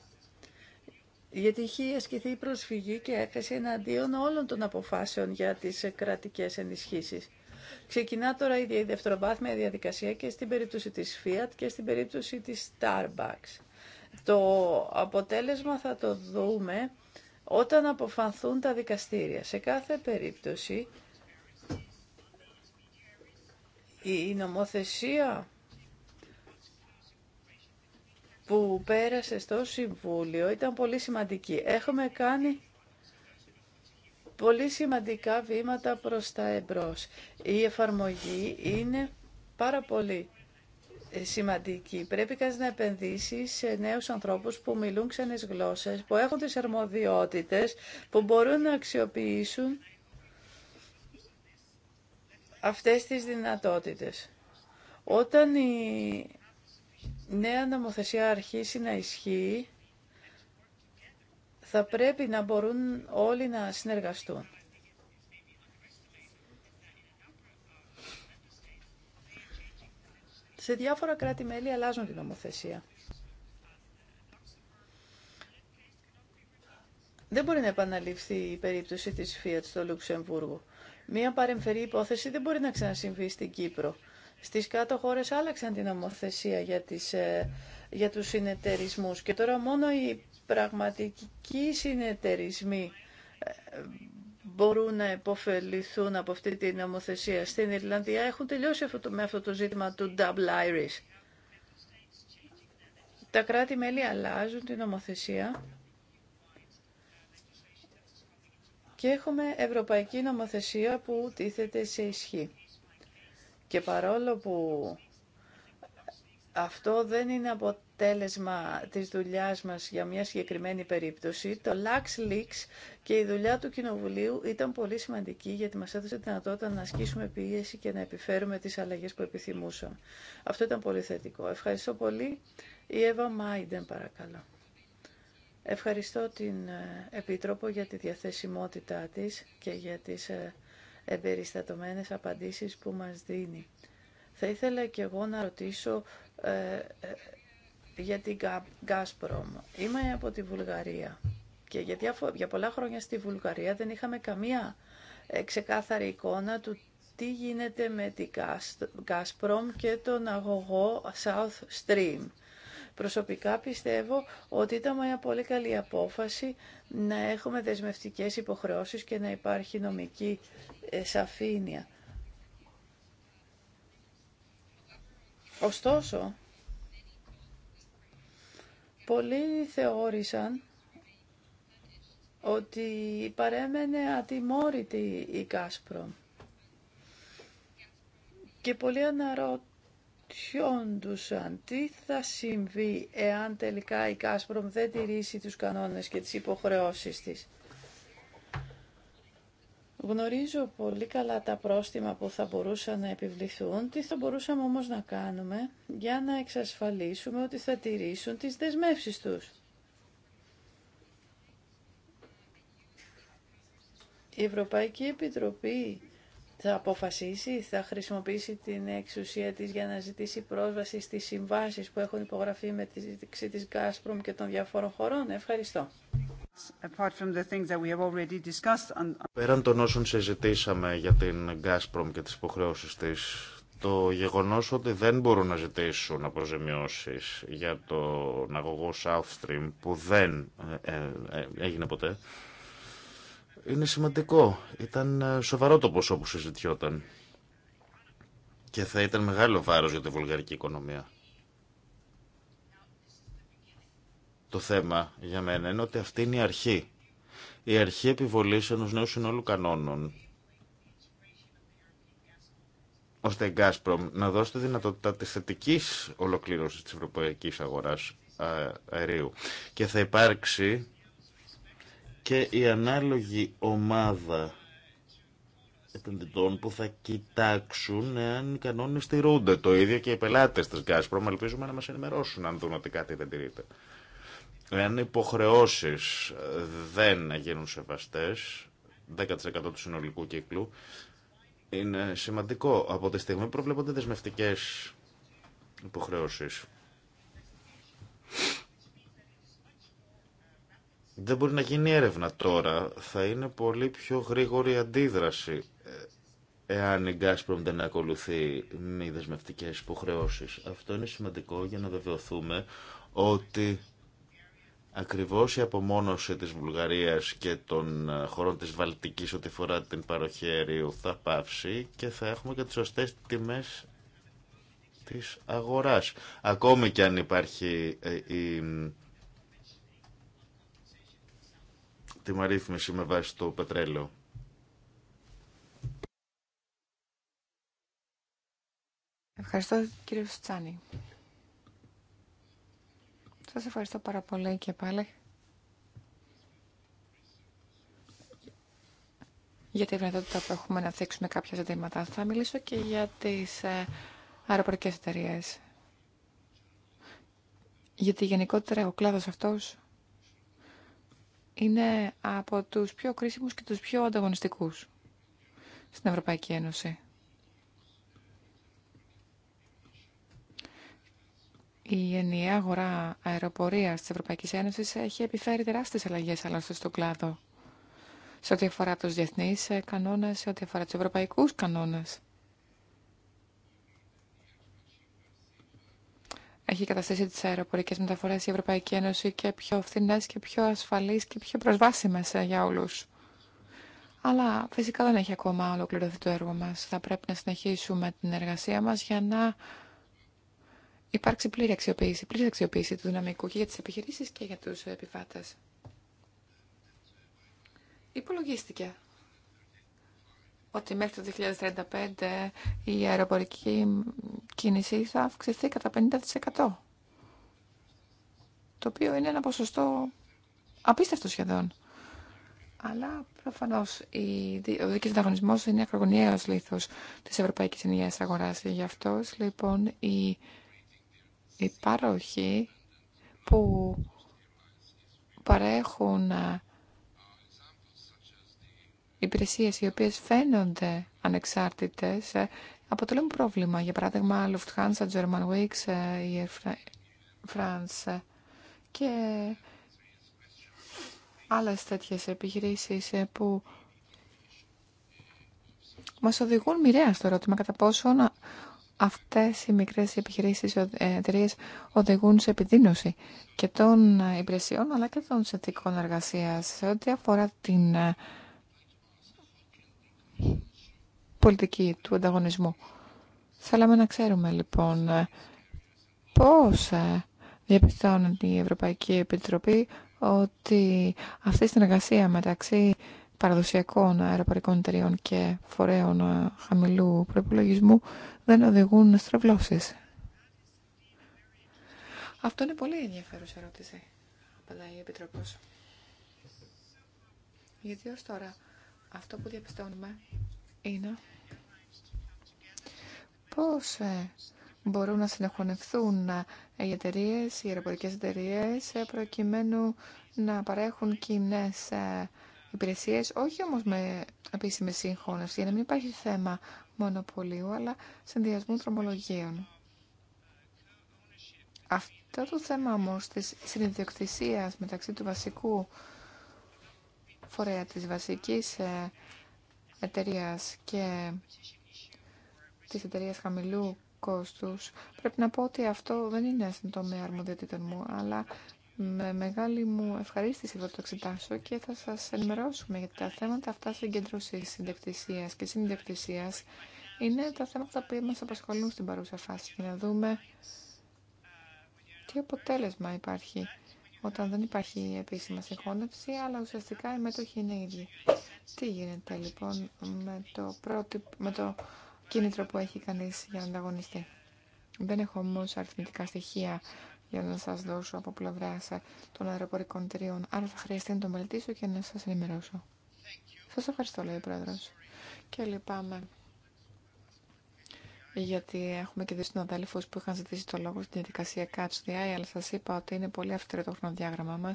γιατί είχε ασκηθεί η προσφυγή και έκθεση εναντίον όλων των αποφάσεων για τις κρατικές ενισχύσεις. Ξεκινά τώρα η δευτεροβάθμια διαδικασία και στην περίπτωση της Fiat και στην περίπτωση της Starbucks. Το αποτέλεσμα θα το δούμε όταν αποφανθούν τα δικαστήρια. Σε κάθε περίπτωση η νομοθεσία που πέρασε στο Συμβούλιο ήταν πολύ σημαντική. Έχουμε κάνει πολύ σημαντικά βήματα προς τα εμπρός. Η εφαρμογή είναι πάρα πολύ σημαντική. Πρέπει κανείς να επενδύσει σε νέους ανθρώπους που μιλούν ξένες γλώσσες, που έχουν τις αρμοδιότητες, που μπορούν να αξιοποιήσουν αυτές τις δυνατότητες. Όταν η νέα νομοθεσία αρχίσει να ισχύει, θα πρέπει να μπορούν όλοι να συνεργαστούν. Σε διάφορα κράτη-μέλη αλλάζουν την νομοθεσία. Δεν μπορεί να επαναληφθεί η περίπτωση της Fiat στο Λουξεμβούργο. Μία παρεμφερή υπόθεση δεν μπορεί να ξανασυμβεί στην Κύπρο. Στις κάτω χώρες άλλαξαν την νομοθεσία για, τις, ε, για τους συνεταιρισμούς και τώρα μόνο οι πραγματικοί συνεταιρισμοί ε, μπορούν να υποφεληθούν από αυτή την νομοθεσία στην Ιρλανδία έχουν τελειώσει αυτό με αυτό το ζήτημα του Double Irish. Τα κράτη-μέλη αλλάζουν την νομοθεσία και έχουμε ευρωπαϊκή νομοθεσία που τίθεται σε ισχύ. Και παρόλο που αυτό δεν είναι αποτέλεσμα της δουλειάς μας για μια συγκεκριμένη περίπτωση. Το Leaks και η δουλειά του Κοινοβουλίου ήταν πολύ σημαντική γιατί μας έδωσε τη δυνατότητα να ασκήσουμε πίεση και να επιφέρουμε τις αλλαγές που επιθυμούσαμε. Αυτό ήταν πολύ θετικό. Ευχαριστώ πολύ. Η Εύα Μάιντεν παρακαλώ. Ευχαριστώ την ε, Επίτροπο για τη διαθεσιμότητά της και για τις ε, εμπεριστατωμένες απαντήσεις που μας δίνει. Θα ήθελα και εγώ να ρωτήσω ε, ε, για την Gazprom. Είμαι από τη Βουλγαρία και για, διάφο... για πολλά χρόνια στη Βουλγαρία δεν είχαμε καμία ε, ξεκάθαρη εικόνα του τι γίνεται με την Gazprom και τον αγωγό South Stream. Προσωπικά πιστεύω ότι ήταν μια πολύ καλή απόφαση να έχουμε δεσμευτικές υποχρεώσεις και να υπάρχει νομική σαφήνεια. Ωστόσο, πολλοί θεώρησαν ότι παρέμενε ατιμόρυτη η Κάσπρο. Και πολλοί αναρωτιόντουσαν τι θα συμβεί εάν τελικά η Κάσπρομ δεν τηρήσει τους κανόνες και τις υποχρεώσεις της. Γνωρίζω πολύ καλά τα πρόστιμα που θα μπορούσαν να επιβληθούν, τι θα μπορούσαμε όμως να κάνουμε για να εξασφαλίσουμε ότι θα τηρήσουν τις δεσμεύσεις τους. Η Ευρωπαϊκή Επιτροπή θα αποφασίσει, θα χρησιμοποιήσει την εξουσία της για να ζητήσει πρόσβαση στις συμβάσεις που έχουν υπογραφεί ζήτηση της Gazprom και των διαφόρων χωρών. Ευχαριστώ. Πέραν των όσων συζητήσαμε για την Gazprom και τις υποχρεώσεις της, το γεγονός ότι δεν μπορούν να ζητήσουν αποζημιώσεις για τον αγωγό South Stream που δεν ε, ε, ε, έγινε ποτέ, είναι σημαντικό. Ήταν σοβαρό το ποσό που συζητιόταν. Και θα ήταν μεγάλο βάρος για τη βουλγαρική οικονομία. το θέμα για μένα είναι ότι αυτή είναι η αρχή. Η αρχή επιβολής ενός νέου συνόλου κανόνων ώστε η Gazprom να δώσει τη δυνατότητα της θετικής ολοκλήρωσης της ευρωπαϊκής αγοράς αερίου και θα υπάρξει και η ανάλογη ομάδα επενδυτών που θα κοιτάξουν εάν οι κανόνε τηρούνται. Το ίδιο και οι πελάτε τη Gazprom. Ελπίζουμε να μα ενημερώσουν αν δουν ότι κάτι δεν τηρείται. Εάν οι υποχρεώσεις ε, δεν γίνουν σεβαστέ, 10% του συνολικού κύκλου, είναι σημαντικό. Από τη στιγμή προβλέπονται δεσμευτικέ υποχρεώσεις. Δεν μπορεί να γίνει έρευνα τώρα. Θα είναι πολύ πιο γρήγορη αντίδραση ε, εάν η Gazprom δεν ακολουθεί μη δεσμευτικέ υποχρεώσει. Αυτό είναι σημαντικό για να βεβαιωθούμε ότι Ακριβώς η απομόνωση της Βουλγαρίας και των ε, χωρών της Βαλτικής ό,τι φορά την παροχή αερίου θα πάψει και θα έχουμε και τις σωστές τιμές της αγοράς. Ακόμη και αν υπάρχει ε, η τιμαρρύθμιση με βάση το πετρέλαιο. Ευχαριστώ κύριε σας ευχαριστώ πάρα πολύ και πάλι. για τη δυνατότητα που έχουμε να θέξουμε κάποια ζητήματα. Θα μιλήσω και για τις ε, αεροπορικές εταιρείε. Γιατί γενικότερα ο κλάδος αυτός είναι από τους πιο κρίσιμους και τους πιο ανταγωνιστικούς στην Ευρωπαϊκή Ένωση. Η ενιαία αγορά αεροπορία τη Ευρωπαϊκή Ένωση έχει επιφέρει τεράστιε αλλαγέ άλλωστε στον κλάδο. Σε ό,τι αφορά του διεθνεί ε, κανόνε, σε ό,τι αφορά του ευρωπαϊκού κανόνε. Έχει καταστήσει τι αεροπορικέ μεταφορέ η Ευρωπαϊκή Ένωση και πιο φθηνέ και πιο ασφαλεί και πιο προσβάσιμε ε, για όλου. Αλλά φυσικά δεν έχει ακόμα ολοκληρωθεί το έργο μα. Θα πρέπει να συνεχίσουμε την εργασία μα για να υπάρξει πλήρη αξιοποίηση, πλήρη αξιοποίηση του δυναμικού και για τις επιχειρήσεις και για τους επιβάτες. Υπολογίστηκε ότι μέχρι το 2035 η αεροπορική κίνηση θα αυξηθεί κατά 50%. Το οποίο είναι ένα ποσοστό απίστευτο σχεδόν. Αλλά προφανώ ο δίκαιο ανταγωνισμό είναι ακρογωνιαίο λήθο τη ευρωπαϊκή ενιαία αγορά. Γι' αυτό λοιπόν η οι παροχοί που παρέχουν ε, υπηρεσίες οι οποίες φαίνονται ανεξάρτητες ε, αποτελούν πρόβλημα. Για παράδειγμα, Lufthansa, Germanwings, ε, η Air France και άλλες τέτοιες επιχειρήσεις που μας οδηγούν μοιραία στο ερώτημα κατά να αυτές οι μικρές επιχειρήσεις, ε, εταιρείε οδηγούν σε επιδείνωση και των ε, υπηρεσιών αλλά και των συνθήκων εργασίας σε ό,τι αφορά την ε, πολιτική του ανταγωνισμού. Θέλαμε να ξέρουμε λοιπόν πώς διαπιστώνει η Ευρωπαϊκή Επιτροπή ότι αυτή η συνεργασία μεταξύ παραδοσιακών αεροπορικών εταιρείων και φορέων ε, χαμηλού προπολογισμού δεν οδηγούν στρεβλώσεις. Αυτό είναι πολύ ενδιαφέρουσα ερώτηση, απαντάει η Επιτροπός. Γιατί ως τώρα αυτό που διαπιστώνουμε είναι πώς ε, μπορούν να συνεχωνευθούν ε, οι εταιρείε, οι αεροπορικές εταιρείε, προκειμένου να παρέχουν κοινέ όχι όμως με επίσημη σύγχρονευση για να μην υπάρχει θέμα μονοπωλίου, αλλά συνδυασμού τρομολογίων. Αυτό το θέμα όμω τη συνδιοκτησία μεταξύ του βασικού φορέα της βασικής ε, εταιρεία και της εταιρεία χαμηλού κόστου, πρέπει να πω ότι αυτό δεν είναι στην τομέα αρμοδιοτήτων μου, αλλά με μεγάλη μου ευχαρίστηση θα το εξετάσω και θα σα ενημερώσουμε γιατί τα θέματα αυτά συγκέντρωση συντεκτησία και συντεκτησία είναι τα θέματα που μα απασχολούν στην παρούσα φάση να δούμε τι αποτέλεσμα υπάρχει όταν δεν υπάρχει επίσημα συγχώνευση, αλλά ουσιαστικά οι μέτοχοι είναι ίδιοι. Τι γίνεται λοιπόν με το, με το κίνητρο που έχει κανεί για να ανταγωνιστεί. Δεν έχω όμω αριθμητικά στοιχεία για να σας δώσω από πλευρά των αεροπορικών εταιριών. Άρα θα χρειαστεί να το μελετήσω και να σας ενημερώσω. Σας ευχαριστώ, λέει ο Πρόεδρος. Και λυπάμαι γιατί έχουμε και δύο συναδέλφου που είχαν ζητήσει το λόγο στην διαδικασία Catch the Eye, αλλά σα είπα ότι είναι πολύ αυστηρό το χρονοδιάγραμμά μα.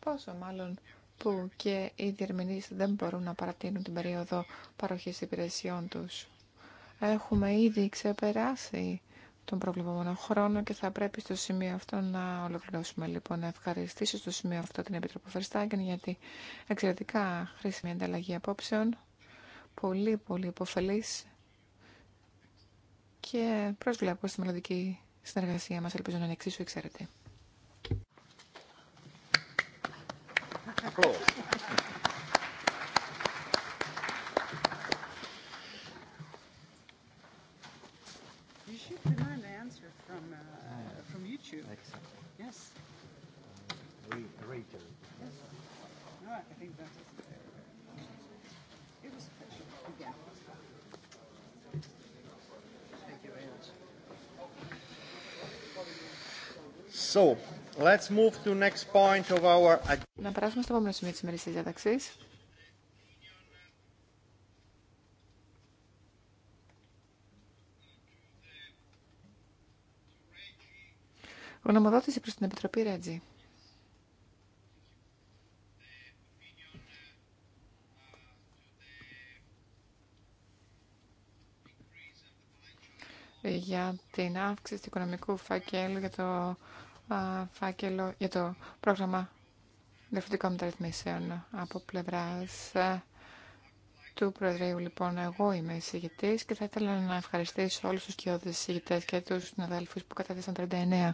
Πόσο μάλλον που και οι διερμηνεί δεν μπορούν να παρατείνουν την περίοδο παροχή υπηρεσιών του έχουμε ήδη ξεπεράσει τον προβλεπόμενο χρόνο και θα πρέπει στο σημείο αυτό να ολοκληρώσουμε. Λοιπόν, να ευχαριστήσω στο σημείο αυτό την Επίτροπο Φερστάγκεν για την εξαιρετικά χρήσιμη ανταλλαγή απόψεων. Πολύ, πολύ υποφελής και προσβλέπω στη μελλοντική συνεργασία μας. Ελπίζω να είναι εξίσου εξαίρετη. later. No, I think that So, let's move to next point of our. Να περάσουμε στο επόμενο σημείο της της διαταξής. Γνωμοδότηση προς την Επιτροπή Ρέτζη. για την αύξηση του οικονομικού φάκελου για το, α, φάκελο, για το πρόγραμμα διαφορετικών μεταρρυθμίσεων από πλευράς ε, του Προεδρείου. Λοιπόν, εγώ είμαι εισηγητή και θα ήθελα να ευχαριστήσω όλου του κοιόδη εισηγητέ και του συναδέλφου που κατέθεσαν 39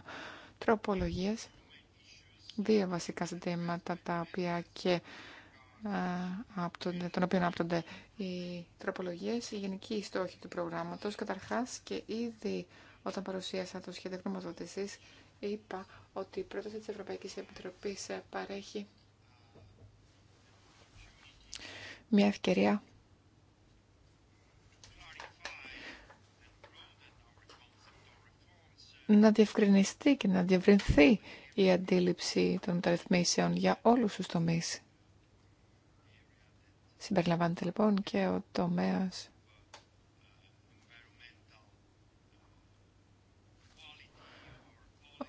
τροπολογίε. Δύο βασικά ζητήματα τα οποία και των οποίων άπτονται οι τροπολογίες, η γενική στόχοι του προγράμματος. Καταρχάς και ήδη όταν παρουσίασα το σχέδιο γνωμοδότησης είπα ότι η πρόταση της Ευρωπαϊκής Επιτροπής παρέχει μια ευκαιρία να διευκρινιστεί και να διευρυνθεί η αντίληψη των μεταρρυθμίσεων για όλους τους τομείς. Συμπεριλαμβάνεται λοιπόν και ο τομέας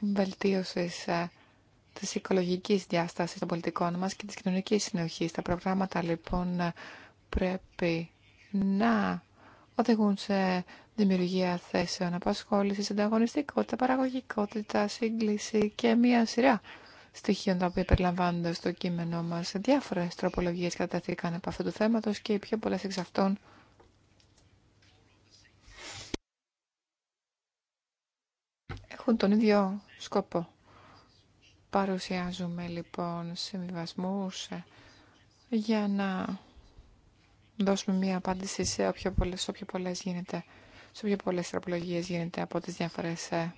βελτίωσης ε, της οικολογικής διάστασης των πολιτικών μας και της κοινωνικής συνοχή. Τα προγράμματα λοιπόν πρέπει να οδηγούν σε δημιουργία θέσεων απασχόλησης, ανταγωνιστικότητα, παραγωγικότητα, σύγκληση και μία σειρά στοιχείων τα οποία περιλαμβάνονται στο κείμενό μας. διάφορε τροπολογίες κατατέθηκαν από αυτού του θέματος και οι πιο πολλέ εξ αυτών έχουν τον ίδιο σκοπό. Παρουσιάζουμε λοιπόν συμβιβασμού για να δώσουμε μία απάντηση σε όποιο πολλές, όποιο πολλές γίνεται, σε όποιο πολλές τροπολογίες γίνεται από τις διάφορες ε,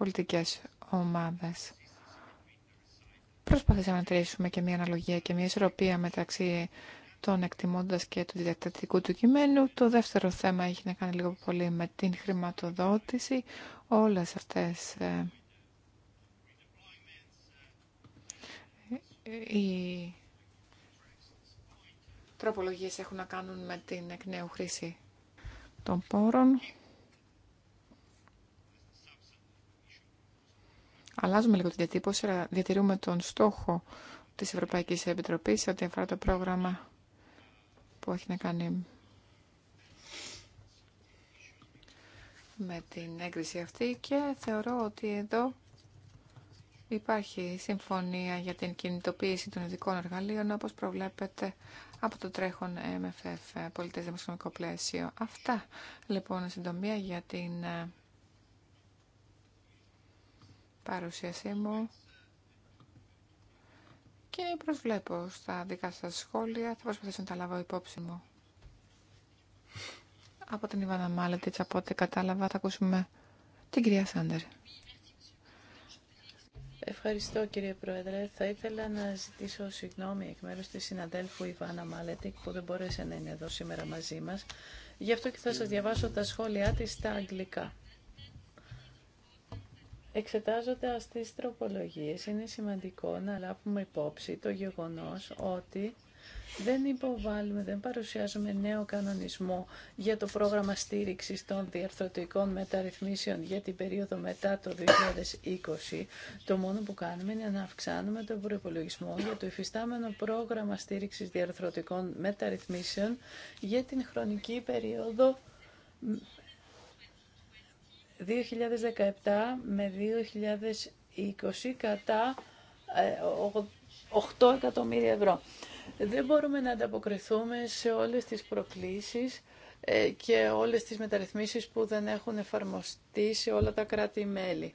πολιτικές ομάδες. Προσπαθήσαμε να τρέσουμε και μια αναλογία και μια ισορροπία μεταξύ των εκτιμώντας και του διακτατικού του κειμένου. Το δεύτερο θέμα έχει να κάνει λίγο πολύ με την χρηματοδότηση. Όλες αυτές ε, οι τροπολογίες έχουν να κάνουν με την εκ νέου χρήση των πόρων. αλλάζουμε λίγο τη διατύπωση, αλλά διατηρούμε τον στόχο της Ευρωπαϊκής Επιτροπής σε ό,τι αφορά το πρόγραμμα που έχει να κάνει με την έγκριση αυτή και θεωρώ ότι εδώ υπάρχει συμφωνία για την κινητοποίηση των ειδικών εργαλείων όπως προβλέπεται από το τρέχον MFF πολιτές δημοσιονομικό πλαίσιο. Αυτά λοιπόν συντομία για την ε, παρουσίασή μου και προσβλέπω στα δικά σας σχόλια, θα προσπαθήσω να τα λάβω υπόψη μου. Από την Ιβάνα Μάλετιτς, από ό,τι κατάλαβα, θα ακούσουμε την κυρία Σάντερ. Ευχαριστώ κύριε Πρόεδρε. Θα ήθελα να ζητήσω συγγνώμη εκ μέρους της συναδέλφου Ιβάνα Μάλετικ που δεν μπόρεσε να είναι εδώ σήμερα μαζί μας. Γι' αυτό και θα σας διαβάσω τα σχόλιά της στα αγγλικά. Εξετάζοντας τις τροπολογίες, είναι σημαντικό να λάβουμε υπόψη το γεγονός ότι δεν υποβάλλουμε, δεν παρουσιάζουμε νέο κανονισμό για το πρόγραμμα στήριξης των διαρθρωτικών μεταρρυθμίσεων για την περίοδο μετά το 2020. Το μόνο που κάνουμε είναι να αυξάνουμε τον προπολογισμό για το υφιστάμενο πρόγραμμα στήριξης διαρθρωτικών μεταρρυθμίσεων για την χρονική περίοδο 2017 με 2020 κατά 8 ε, εκατομμύρια ευρώ. Δεν μπορούμε να ανταποκριθούμε σε όλες τις προκλήσεις ε, και όλες τις μεταρρυθμίσεις που δεν έχουν εφαρμοστεί σε όλα τα κράτη-μέλη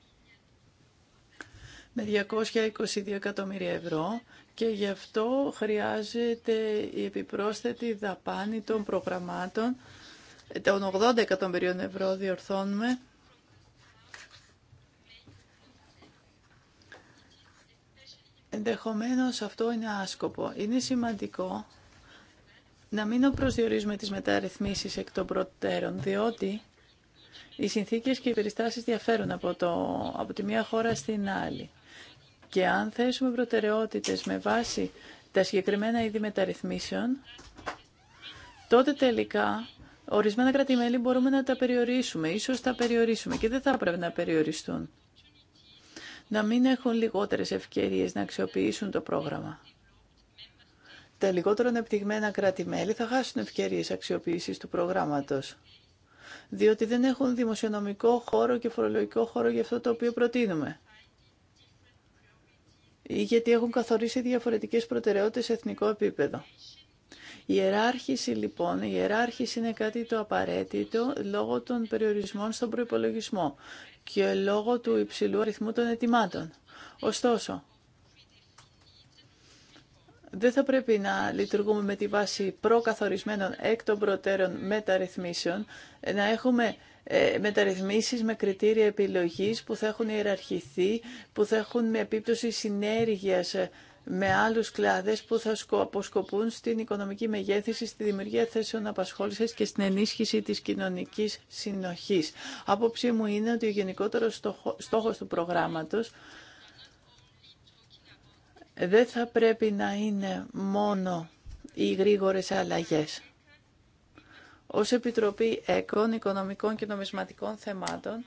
με 222 εκατομμύρια ευρώ και γι' αυτό χρειάζεται η επιπρόσθετη δαπάνη των προγραμμάτων ε, των 80 εκατομμυρίων ευρώ διορθώνουμε Ενδεχομένως αυτό είναι άσκοπο. Είναι σημαντικό να μην προσδιορίζουμε τις μεταρρυθμίσεις εκ των προτέρων, διότι οι συνθήκες και οι περιστάσεις διαφέρουν από, το, από τη μία χώρα στην άλλη. Και αν θέσουμε προτεραιότητες με βάση τα συγκεκριμένα είδη μεταρρυθμίσεων, τότε τελικά ορισμένα κρατημέλη μπορούμε να τα περιορίσουμε, ίσως τα περιορίσουμε και δεν θα πρέπει να περιοριστούν να μην έχουν λιγότερες ευκαιρίες να αξιοποιήσουν το πρόγραμμα. Τα λιγότερο ανεπτυγμένα κράτη-μέλη θα χάσουν ευκαιρίες αξιοποίησης του προγράμματος, διότι δεν έχουν δημοσιονομικό χώρο και φορολογικό χώρο για αυτό το οποίο προτείνουμε ή γιατί έχουν καθορίσει διαφορετικές προτεραιότητες σε εθνικό επίπεδο. Η ιεράρχηση λοιπόν, η ιεράρχηση είναι κάτι το απαραίτητο λόγω των περιορισμών στον προϋπολογισμό και λόγω του υψηλού αριθμού των ετοιμάτων. Ωστόσο, δεν θα πρέπει να λειτουργούμε με τη βάση προκαθορισμένων εκ των προτέρων μεταρρυθμίσεων, να έχουμε ε, μεταρρυθμίσεις με κριτήρια επιλογής που θα έχουν ιεραρχηθεί, που θα έχουν με επίπτωση συνέργειας ε, με άλλους κλάδες που θα αποσκοπούν στην οικονομική μεγέθυνση, στη δημιουργία θέσεων απασχόλησης και στην ενίσχυση της κοινωνικής συνοχής. Απόψη μου είναι ότι ο γενικότερος στόχος του προγράμματος δεν θα πρέπει να είναι μόνο οι γρήγορες αλλαγές. Ως Επιτροπή ΕΚΟΝ, Οικονομικών και Νομισματικών Θεμάτων,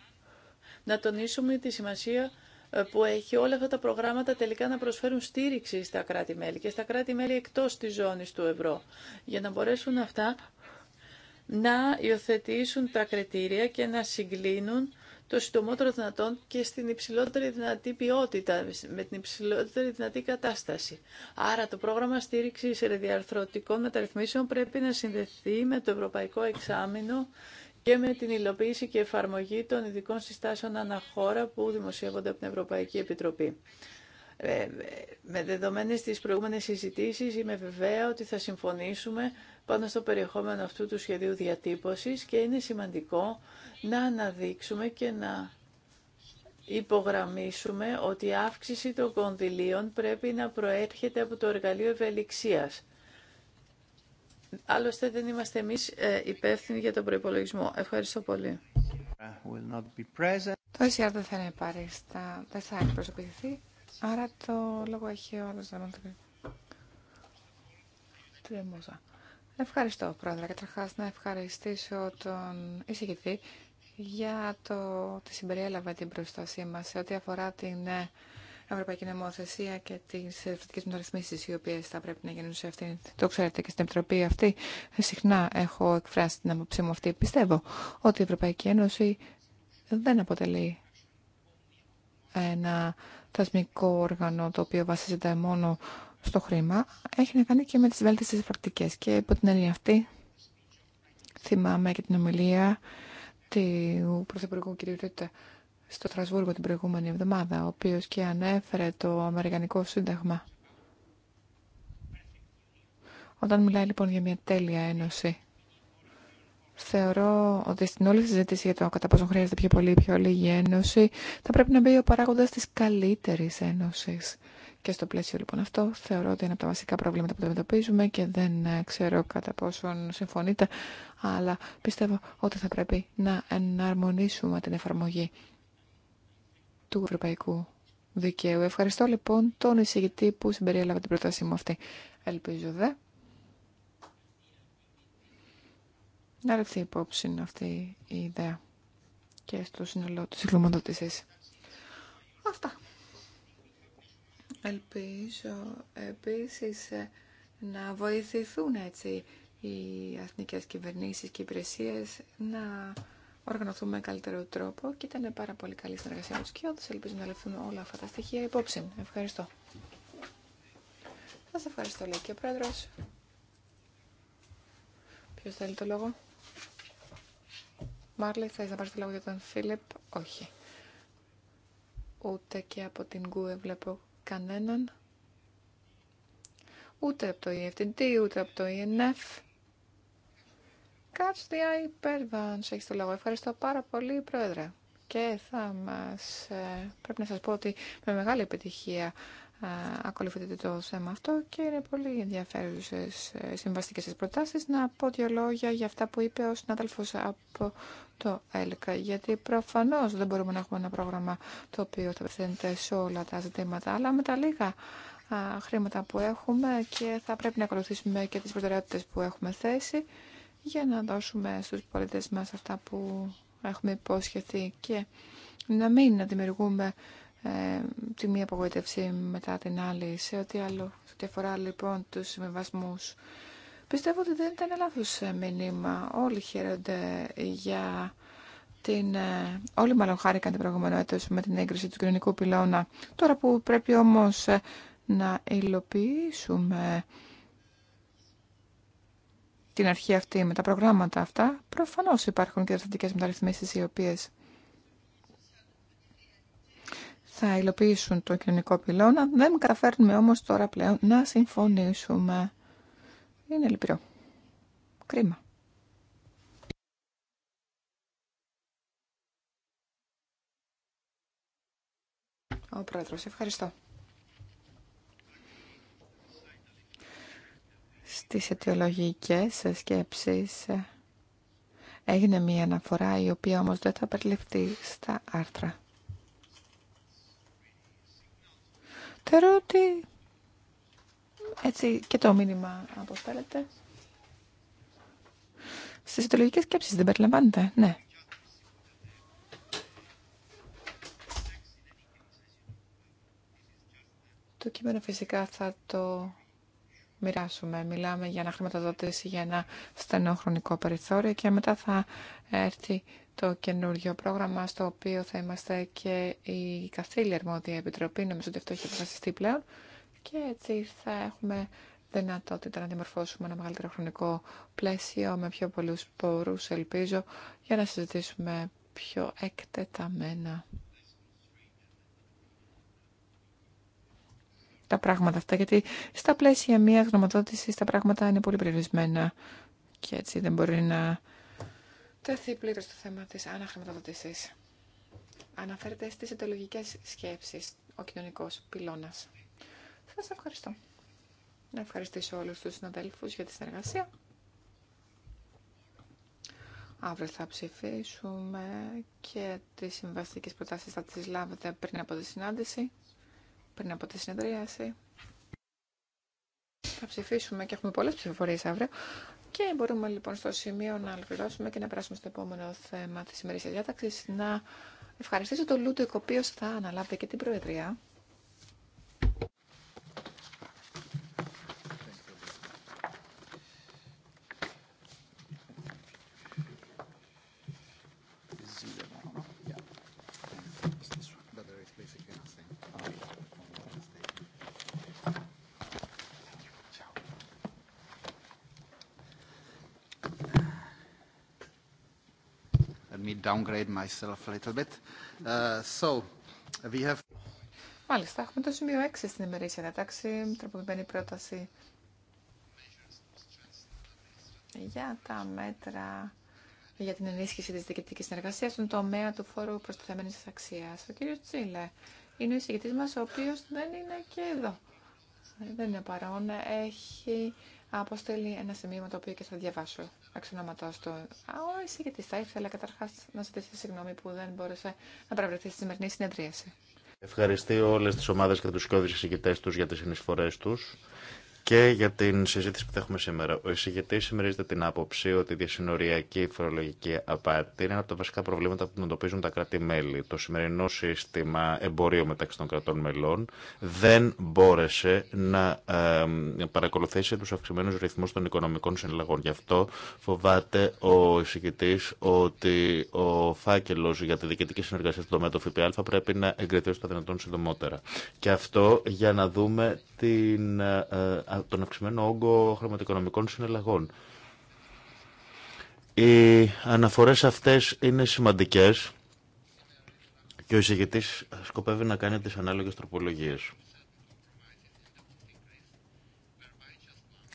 να τονίσουμε τη σημασία ε, που έχει όλα αυτά τα προγράμματα τελικά να προσφέρουν στήριξη στα κράτη-μέλη και στα κράτη-μέλη εκτός της ζώνης του ευρώ, για να μπορέσουν αυτά να υιοθετήσουν τα κριτήρια και να συγκλίνουν το συντομότερο δυνατόν και στην υψηλότερη δυνατή ποιότητα, με την υψηλότερη δυνατή κατάσταση. Άρα το πρόγραμμα στήριξης διαρθρωτικών μεταρρυθμίσεων πρέπει να συνδεθεί με το Ευρωπαϊκό Εξάμεινο και με την υλοποίηση και εφαρμογή των ειδικών συστάσεων αναχώρα που δημοσιεύονται από την Ευρωπαϊκή Επιτροπή. Ε, με δεδομένε τις προηγούμενε συζητήσει, είμαι βεβαία ότι θα συμφωνήσουμε πάνω στο περιεχόμενο αυτού του σχεδίου διατύπωσης και είναι σημαντικό να αναδείξουμε και να υπογραμμίσουμε ότι η αύξηση των κονδυλίων πρέπει να προέρχεται από το εργαλείο ευελιξίας Άλλωστε δεν είμαστε εμείς ε, υπεύθυνοι για τον προϋπολογισμό. Ευχαριστώ πολύ. Το ΕΣΥΑΡ δεν θα είναι παρέστα, εκπροσωπηθεί, άρα το λόγο έχει ο άλλος Τρεμόζα. Ευχαριστώ, Πρόεδρε. Καταρχά να ευχαριστήσω τον εισηγητή για το ότι συμπεριέλαβε την προστασία μας σε ό,τι αφορά την ε, Ευρωπαϊκή Νομοθεσία και τι ευρωπαϊκέ μεταρρυθμίσει οι οποίε θα πρέπει να γίνουν σε αυτήν. Το ξέρετε και στην Επιτροπή αυτή. Συχνά έχω εκφράσει την άποψή μου αυτή. Πιστεύω ότι η Ευρωπαϊκή Ένωση δεν αποτελεί ένα θεσμικό όργανο το οποίο βασίζεται μόνο στο χρήμα. Έχει να κάνει και με τις βέλτιστες πρακτικέ. και υπό την έννοια αυτή θυμάμαι και την ομιλία του Πρωθυπουργού κ. Ρίτα στο Τρασβούργο την προηγούμενη εβδομάδα, ο οποίος και ανέφερε το Αμερικανικό Σύνταγμα. Όταν μιλάει λοιπόν για μια τέλεια ένωση, θεωρώ ότι στην όλη συζήτηση για το κατά πόσο χρειάζεται πιο πολύ ή πιο λίγη ένωση, θα πρέπει να μπει ο παράγοντας της καλύτερης ένωσης. Και στο πλαίσιο λοιπόν αυτό θεωρώ ότι είναι από τα βασικά προβλήματα που αντιμετωπίζουμε και δεν ξέρω κατά πόσον συμφωνείτε, αλλά πιστεύω ότι θα πρέπει να εναρμονίσουμε την εφαρμογή του Ευρωπαϊκού Δικαίου. Ευχαριστώ λοιπόν τον εισηγητή που συμπεριέλαβε την πρότασή μου αυτή. Ελπίζω δε. Να ρευθεί υπόψη αυτή η ιδέα και στο σύνολό της συγκλωματότησης. Αυτά. Ελπίζω επίσης να βοηθηθούν έτσι οι αθνικές κυβερνήσεις και υπηρεσίες να οργανωθούμε καλύτερο τρόπο και ήταν πάρα πολύ καλή συνεργασία με τους κοιόδους. Ελπίζω να λεφθούν όλα αυτά τα στοιχεία υπόψη. Ευχαριστώ. Σας ευχαριστώ λέει και ο Πρόεδρος. Ποιος θέλει το λόγο. Μάρλε, θες να πάρεις το λόγο για τον Φίλιπ. Όχι. Ούτε και από την Γκουε βλέπω κανέναν. Ούτε από το EFTD, ούτε από το ENF. Κάτσε the έχει το λόγο. Ευχαριστώ πάρα πολύ, Πρόεδρε. Και θα μας, ε, πρέπει να σας πω ότι με μεγάλη επιτυχία ε, ακολουθείτε το θέμα αυτό και είναι πολύ ενδιαφέρουσες ε, συμβαστικές σας προτάσεις. Να πω δύο λόγια για αυτά που είπε ο συνάδελφος από το ΕΛΚΑ, γιατί προφανώς δεν μπορούμε να έχουμε ένα πρόγραμμα το οποίο θα απευθύνεται σε όλα τα ζητήματα, αλλά με τα λίγα χρήματα που έχουμε και θα πρέπει να ακολουθήσουμε και τις προτεραιότητες που έχουμε θέσει για να δώσουμε στους πολίτες μας αυτά που έχουμε υπόσχεθεί και να μην δημιουργούμε ε, τη μία απογοήτευση μετά την άλλη σε ό,τι άλλο, σε αφορά λοιπόν τους συμβιβασμού. Πιστεύω ότι δεν ήταν λάθος ε, μήνυμα. Όλοι χαίρονται για την... Ε, όλοι μάλλον χάρηκαν την προηγούμενο έτος με την έγκριση του κοινωνικού πυλώνα. Τώρα που πρέπει όμως ε, να υλοποιήσουμε την αρχή αυτή με τα προγράμματα αυτά, προφανώς υπάρχουν και δραστατικές μεταρρυθμίσεις οι οποίες θα υλοποιήσουν το κοινωνικό πυλώνα. Δεν καταφέρνουμε όμως τώρα πλέον να συμφωνήσουμε. Είναι λυπηρό. Κρίμα. Ο Πρόεδρος, ευχαριστώ. στις αιτιολογικές σκέψεις έγινε μία αναφορά η οποία όμως δεν θα περιληφθεί στα άρθρα. Θεωρώ ότι έτσι και το μήνυμα αποφέρεται. Στις αιτιολογικές σκέψεις δεν περιλαμβάνεται, ναι. Το κείμενο φυσικά θα το μοιράσουμε. Μιλάμε για να χρηματοδοτήσει για ένα στενό χρονικό περιθώριο και μετά θα έρθει το καινούργιο πρόγραμμα στο οποίο θα είμαστε και η καθήλια αρμόδια επιτροπή. Νομίζω ότι αυτό έχει αποφασιστεί πλέον και έτσι θα έχουμε δυνατότητα να δημορφώσουμε ένα μεγαλύτερο χρονικό πλαίσιο με πιο πολλούς πόρους, ελπίζω, για να συζητήσουμε πιο εκτεταμένα τα πράγματα αυτά, γιατί στα πλαίσια μια γνωματότηση τα πράγματα είναι πολύ περιορισμένα και έτσι δεν μπορεί να τεθεί πλήρω το θέμα τη αναχρηματοδότηση. Αναφέρεται στι ιδεολογικέ σκέψει ο κοινωνικό πυλώνα. Σα ευχαριστώ. Να ευχαριστήσω όλου του συναδέλφου για τη συνεργασία. Αύριο θα ψηφίσουμε και τις συμβαστικές προτάσεις θα τις λάβετε πριν από τη συνάντηση πριν από τη συνεδρίαση. Θα ψηφίσουμε και έχουμε πολλές ψηφοφορίες αύριο. Και μπορούμε λοιπόν στο σημείο να ολοκληρώσουμε και να περάσουμε στο επόμενο θέμα της σημερινής διάταξης. Να ευχαριστήσω τον Λούτο, ο οποίο θα αναλάβει και την Προεδρία. downgrade myself a little bit. Uh, so, we have... Μάλιστα, έχουμε το σημείο 6 στην ημερήσια κατάξη, τροποποιημένη πρόταση για τα μέτρα για την ενίσχυση της διοικητικής συνεργασίας στον τομέα του φόρου προστιθέμενης αξίας. Ο κύριος Τσίλε είναι ο εισηγητής μας, ο οποίος δεν είναι και εδώ. Δεν είναι παρόν. Έχει αποστέλει ένα σημείο το οποίο και θα διαβάσω αξιωματό του. εσύ εισηγητή θα ήθελα καταρχά να ζητήσει συγγνώμη που δεν μπόρεσε να παραβρεθεί στη σημερινή συνεδρίαση. Ευχαριστώ όλε τι ομάδε και του σκιώδει εισηγητέ του για τι συνεισφορέ του και για την συζήτηση που θα έχουμε σήμερα. Ο εισηγητή συμμερίζεται την άποψη ότι η διασυνοριακή φορολογική απάτη είναι ένα από τα βασικά προβλήματα που αντιμετωπίζουν τα κράτη-μέλη. Το σημερινό σύστημα εμπορίου μεταξύ των κρατών μελών δεν μπόρεσε να παρακολουθήσει του αυξημένου ρυθμού των οικονομικών συναλλαγών. Γι' αυτό φοβάται ο εισηγητή ότι ο φάκελο για τη διοικητική συνεργασία στον τομέα του ΦΠΑ πρέπει να εγκριθεί ω τα δυνατόν συντομότερα. Και αυτό για να δούμε την ε, τον αυξημένο όγκο χρηματοοικονομικών συνελλαγών. Οι αναφορές αυτές είναι σημαντικές και ο εισηγητής σκοπεύει να κάνει τις ανάλογες τροπολογίες.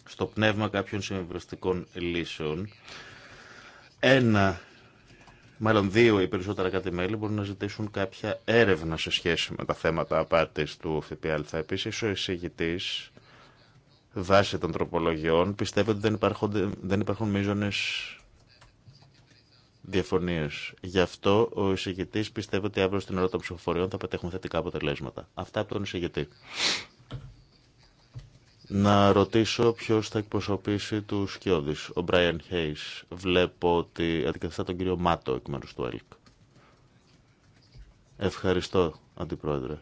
Στο πνεύμα κάποιων συμβιβαστικών λύσεων, ένα, μάλλον δύο ή περισσότερα κάτι μέλη μπορούν να ζητήσουν κάποια έρευνα σε σχέση με τα θέματα απάτης του ΦΠΑ. Επίσης, ο εισηγητής βάσει των τροπολογιών πιστεύω ότι δεν, υπάρχουν, δεν υπάρχουν μείζονες διαφωνίες. Γι' αυτό ο εισηγητής πιστεύει ότι αύριο στην ώρα των ψηφοφοριών θα πετέχουν θετικά αποτελέσματα. Αυτά από τον εισηγητή. Να ρωτήσω ποιο θα εκπροσωπήσει του Σκιώδη. Ο Μπράιαν Χέι. Βλέπω ότι αντικαθιστά τον κύριο Μάτο εκ μέρου του ΕΛΚ. Ευχαριστώ, Αντιπρόεδρε.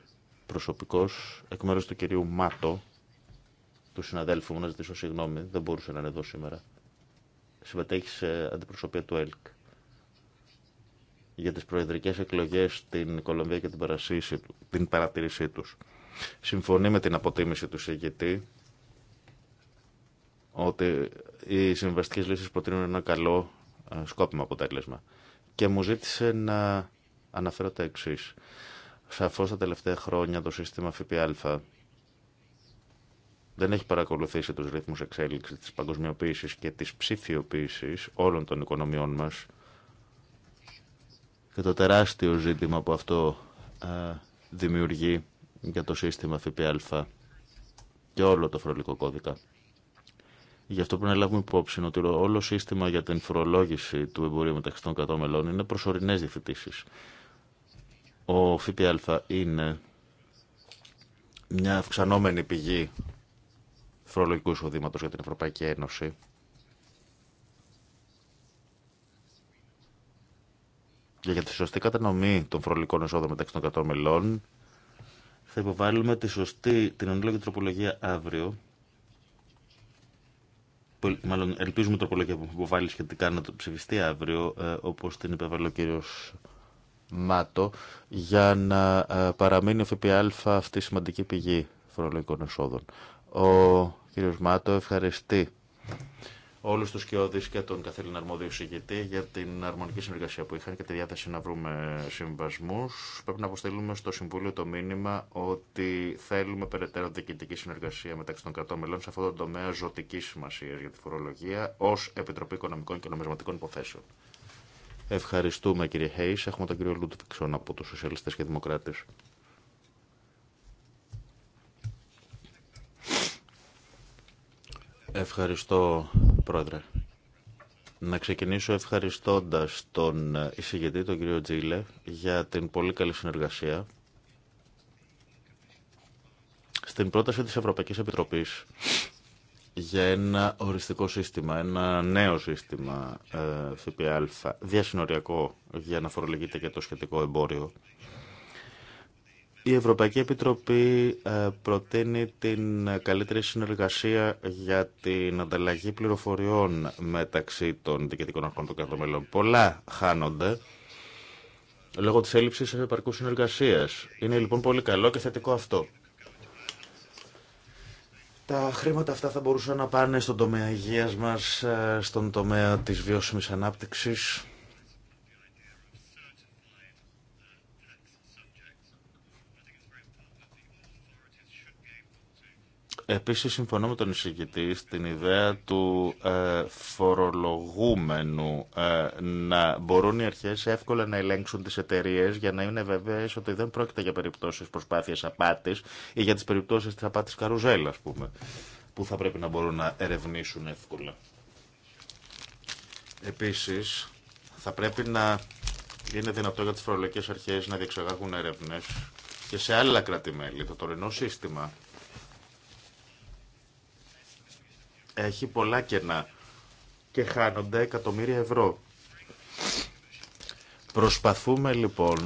Προσωπικό εκ μέρου του κυρίου Μάτο του συναδέλφου μου να ζητήσω συγγνώμη, δεν μπορούσε να είναι εδώ σήμερα. Συμμετέχει σε αντιπροσωπεία του ΕΛΚ για τις προεδρικές εκλογές στην Κολομβία και την, την παρατήρησή τους. Συμφωνεί με την αποτίμηση του συγγητή ότι οι συμβαστικές λύσεις προτείνουν ένα καλό ε, σκόπιμο αποτέλεσμα. Και μου ζήτησε να αναφέρω τα εξή. Σαφώς τα τελευταία χρόνια το σύστημα ΦΠΑ δεν έχει παρακολουθήσει τους ρυθμούς εξέλιξης της παγκοσμιοποίησης και της ψηφιοποίησης όλων των οικονομιών μας και το τεράστιο ζήτημα που αυτό ε, δημιουργεί για το σύστημα ΦΠΑ και όλο το φρολικό κώδικα. Γι' αυτό πρέπει να λάβουμε υπόψη ότι όλο σύστημα για την φορολόγηση του εμπορίου μεταξύ των κρατών είναι προσωρινέ διευθυντήσει. Ο ΦΠΑ είναι μια αυξανόμενη πηγή φορολογικού εισοδήματο για την Ευρωπαϊκή Ένωση. Και για τη σωστή κατανομή των φορολογικών εισόδων μεταξύ των 100 μελών, θα υποβάλουμε τη σωστή, την ονείλογη τροπολογία αύριο. μάλλον ελπίζουμε η τροπολογία που υποβάλλει σχετικά να το ψηφιστεί αύριο, όπω ε, όπως την υπέβαλε ο κύριο ΜΑΤΟ, για να ε, παραμείνει ο ΦΠΑ αυτή η σημαντική πηγή φορολογικών εσόδων. Ο κ. Μάτο ευχαριστεί όλου του σκιώδει και τον καθένα αρμόδιο συγκητή για την αρμονική συνεργασία που είχαν και τη διάθεση να βρούμε συμβασμού. Πρέπει να αποστείλουμε στο Συμβούλιο το μήνυμα ότι θέλουμε περαιτέρω διοικητική συνεργασία μεταξύ των κρατών μελών σε αυτόν τον τομέα ζωτική σημασία για τη φορολογία ω Επιτροπή Οικονομικών και Νομισματικών Υποθέσεων. Ευχαριστούμε κύριε Χέι. Έχουμε τον κύριο Λούτβιξον από του Σοσιαλιστέ και Δημοκράτε. Ευχαριστώ, Πρόεδρε. Να ξεκινήσω ευχαριστώντας τον εισηγητή, τον κύριο Τζίλε, για την πολύ καλή συνεργασία. Στην πρόταση της Ευρωπαϊκής Επιτροπής για ένα οριστικό σύστημα, ένα νέο σύστημα ε, ΦΠΑ, διασυνοριακό για να φορολογείται και το σχετικό εμπόριο, η Ευρωπαϊκή Επιτροπή ε, προτείνει την καλύτερη συνεργασία για την ανταλλαγή πληροφοριών μεταξύ των διοικητικών αρχών των κατομελών. Πολλά χάνονται λόγω της έλλειψης επαρκούς συνεργασίας. Είναι λοιπόν πολύ καλό και θετικό αυτό. Τα χρήματα αυτά θα μπορούσαν να πάνε στον τομέα υγείας μας, ε, στον τομέα της βιώσιμης ανάπτυξης, Επίσης συμφωνώ με τον εισηγητή στην ιδέα του ε, φορολογούμενου ε, να μπορούν οι αρχές εύκολα να ελέγξουν τις εταιρείε για να είναι βέβαιες ότι δεν πρόκειται για περιπτώσεις προσπάθειας απάτης ή για τις περιπτώσεις της απάτης καρουζέλα, ας πούμε, που θα πρέπει να μπορούν να ερευνήσουν εύκολα. Επίσης, θα πρέπει να είναι δυνατό για τις φορολογικές αρχές να διεξαγάγουν έρευνες και σε αλλα κρατημέλη, Το τωρινό σύστημα έχει πολλά κενά και χάνονται εκατομμύρια ευρώ. Προσπαθούμε λοιπόν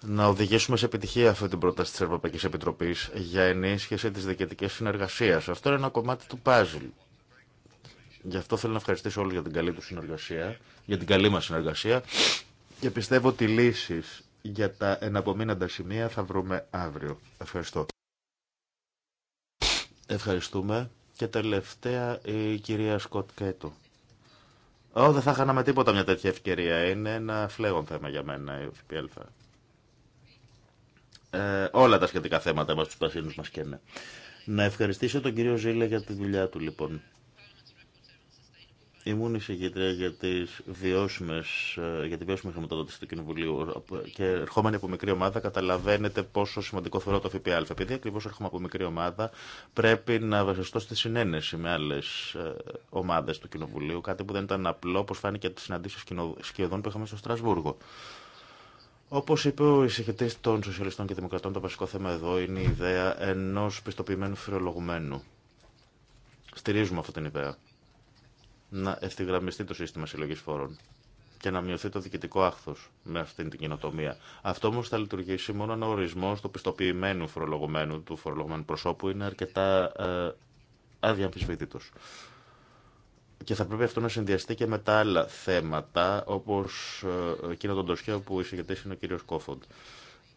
να οδηγήσουμε σε επιτυχία αυτή την πρόταση τη Ευρωπαϊκή Επιτροπή για ενίσχυση της διοικητική συνεργασίας. Αυτό είναι ένα κομμάτι του πάζλ. Γι' αυτό θέλω να ευχαριστήσω όλους για την καλή του συνεργασία, για την καλή μας συνεργασία και πιστεύω ότι λύσεις για τα εναπομείναντα σημεία θα βρούμε αύριο. Ευχαριστώ. Ευχαριστούμε. Και τελευταία η κυρία Σκοτ Κέτου. Ω, δεν θα χάναμε τίποτα μια τέτοια ευκαιρία. Είναι ένα φλέγον θέμα για μένα η ΦΠΑ. Ε, όλα τα σχετικά θέματα μας τους πασίνους μας καίνε. Ναι. Να ευχαριστήσω τον κύριο Ζήλε για τη δουλειά του λοιπόν. Ήμουν η για, τις βιώσιμες, ε, για τη βιώσιμη χρηματοδότηση του Κοινοβουλίου και ερχόμενη από μικρή ομάδα καταλαβαίνετε πόσο σημαντικό θεωρώ το ΦΠΑ. Επειδή ακριβώ έρχομαι από μικρή ομάδα, πρέπει να βασιστώ στη συνένεση με άλλε ομάδε του Κοινοβουλίου. Κάτι που δεν ήταν απλό, όπω φάνηκε από τι συναντήσει σκιωδών που είχαμε στο Στρασβούργο. Όπω είπε ο εισηγητή των Σοσιαλιστών και Δημοκρατών, το βασικό θέμα εδώ είναι η ιδέα ενό πιστοποιημένου φιλολογουμένου. Στηρίζουμε αυτή την ιδέα να ευθυγραμμιστεί το σύστημα συλλογή φόρων και να μειωθεί το διοικητικό άχθο με αυτήν την κοινοτομία. Αυτό όμω θα λειτουργήσει μόνο αν ο ορισμό του πιστοποιημένου φορολογουμένου, του φορολογουμένου προσώπου, είναι αρκετά ε, αδιαμφισβήτητο. Και θα πρέπει αυτό να συνδυαστεί και με τα άλλα θέματα, όπω ε, εκείνο τον τοσχέο που εισηγητή είναι ο κύριο Κόφοντ.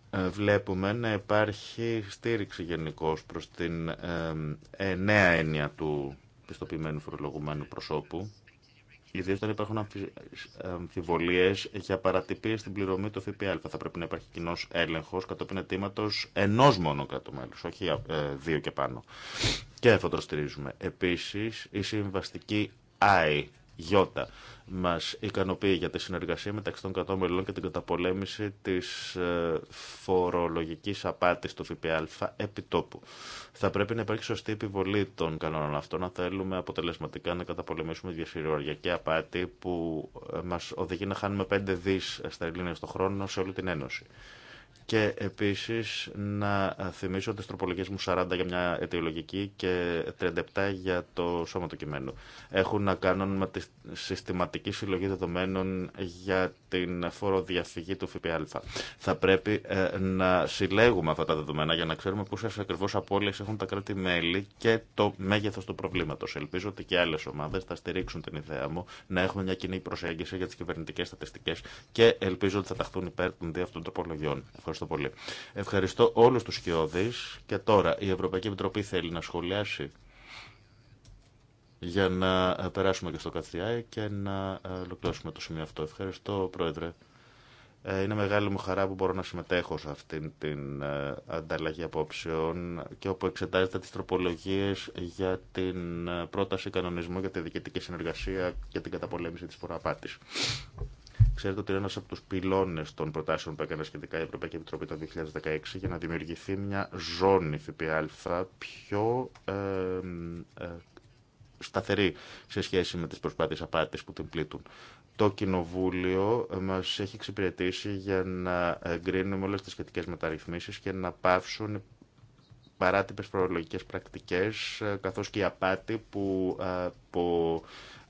Ε, βλέπουμε να υπάρχει στήριξη γενικώ προ την ε, ε, νέα έννοια του πιστοποιημένου φορολογουμένου προσώπου, ιδίω όταν υπάρχουν αμφιβολίε για παρατυπίε στην πληρωμή του ΦΠΑ. Θα πρέπει να υπάρχει κοινό έλεγχο κατόπιν αιτήματο ενό μόνο κράτου μέλου, όχι ε, δύο και πάνω. Και αυτό το στηρίζουμε. Επίση, η συμβαστική I Γιώτα. Μα ικανοποιεί για τη συνεργασία μεταξύ των κρατών μελών και την καταπολέμηση τη ε, φορολογική απάτη του ΦΠΑ επί τόπου. Θα πρέπει να υπάρχει σωστή επιβολή των κανόνων αυτών, να θέλουμε αποτελεσματικά να καταπολεμήσουμε τη διασυρωριακή απάτη που ε, μα οδηγεί να χάνουμε 5 δι στα το χρόνο σε όλη την Ένωση. Και επίση να θυμίσω τι τροπολογίε μου 40 για μια αιτιολογική και 37 για το σώμα του κειμένου. Έχουν να κάνουν με τη συστηματική συλλογή δεδομένων για την φοροδιαφυγή του ΦΠΑ. Θα πρέπει ε, να συλλέγουμε αυτά τα δεδομένα για να ξέρουμε πόσε ακριβώ απώλειε έχουν τα κράτη-μέλη και το μέγεθο του προβλήματο. Ελπίζω ότι και άλλε ομάδε θα στηρίξουν την ιδέα μου να έχουμε μια κοινή προσέγγιση για τι κυβερνητικέ στατιστικέ και ελπίζω ότι θα ταχθούν υπέρ των δύο αυτών τροπολογιών. Ευχαριστώ. Ευχαριστώ πολύ. Ευχαριστώ όλους τους σκιώδεις Και τώρα η Ευρωπαϊκή Επιτροπή θέλει να σχολιάσει για να περάσουμε και στο καθιάι και να ε, ολοκληρώσουμε το σημείο αυτό. Ευχαριστώ, Πρόεδρε. Ε, είναι μεγάλη μου χαρά που μπορώ να συμμετέχω σε αυτήν την ε, ανταλλαγή απόψεων και όπου εξετάζεται τις τροπολογίες για την πρόταση κανονισμού για τη διοικητική συνεργασία και την καταπολέμηση της φοροαπάτης. Ξέρετε ότι ένα από του πυλώνε των προτάσεων που έκανε σχετικά η Ευρωπαϊκή Επιτροπή το 2016 για να δημιουργηθεί μια ζώνη ΦΠΑ πιο ε, σταθερή σε σχέση με τι προσπάθειε απάτη που την πλήττουν. Το Κοινοβούλιο μα έχει εξυπηρετήσει για να εγκρίνουμε όλε τι σχετικέ μεταρρυθμίσει και να πάυσουν παράτυπε προλογικέ πρακτικέ ε, καθώ και η απάτη που από ε,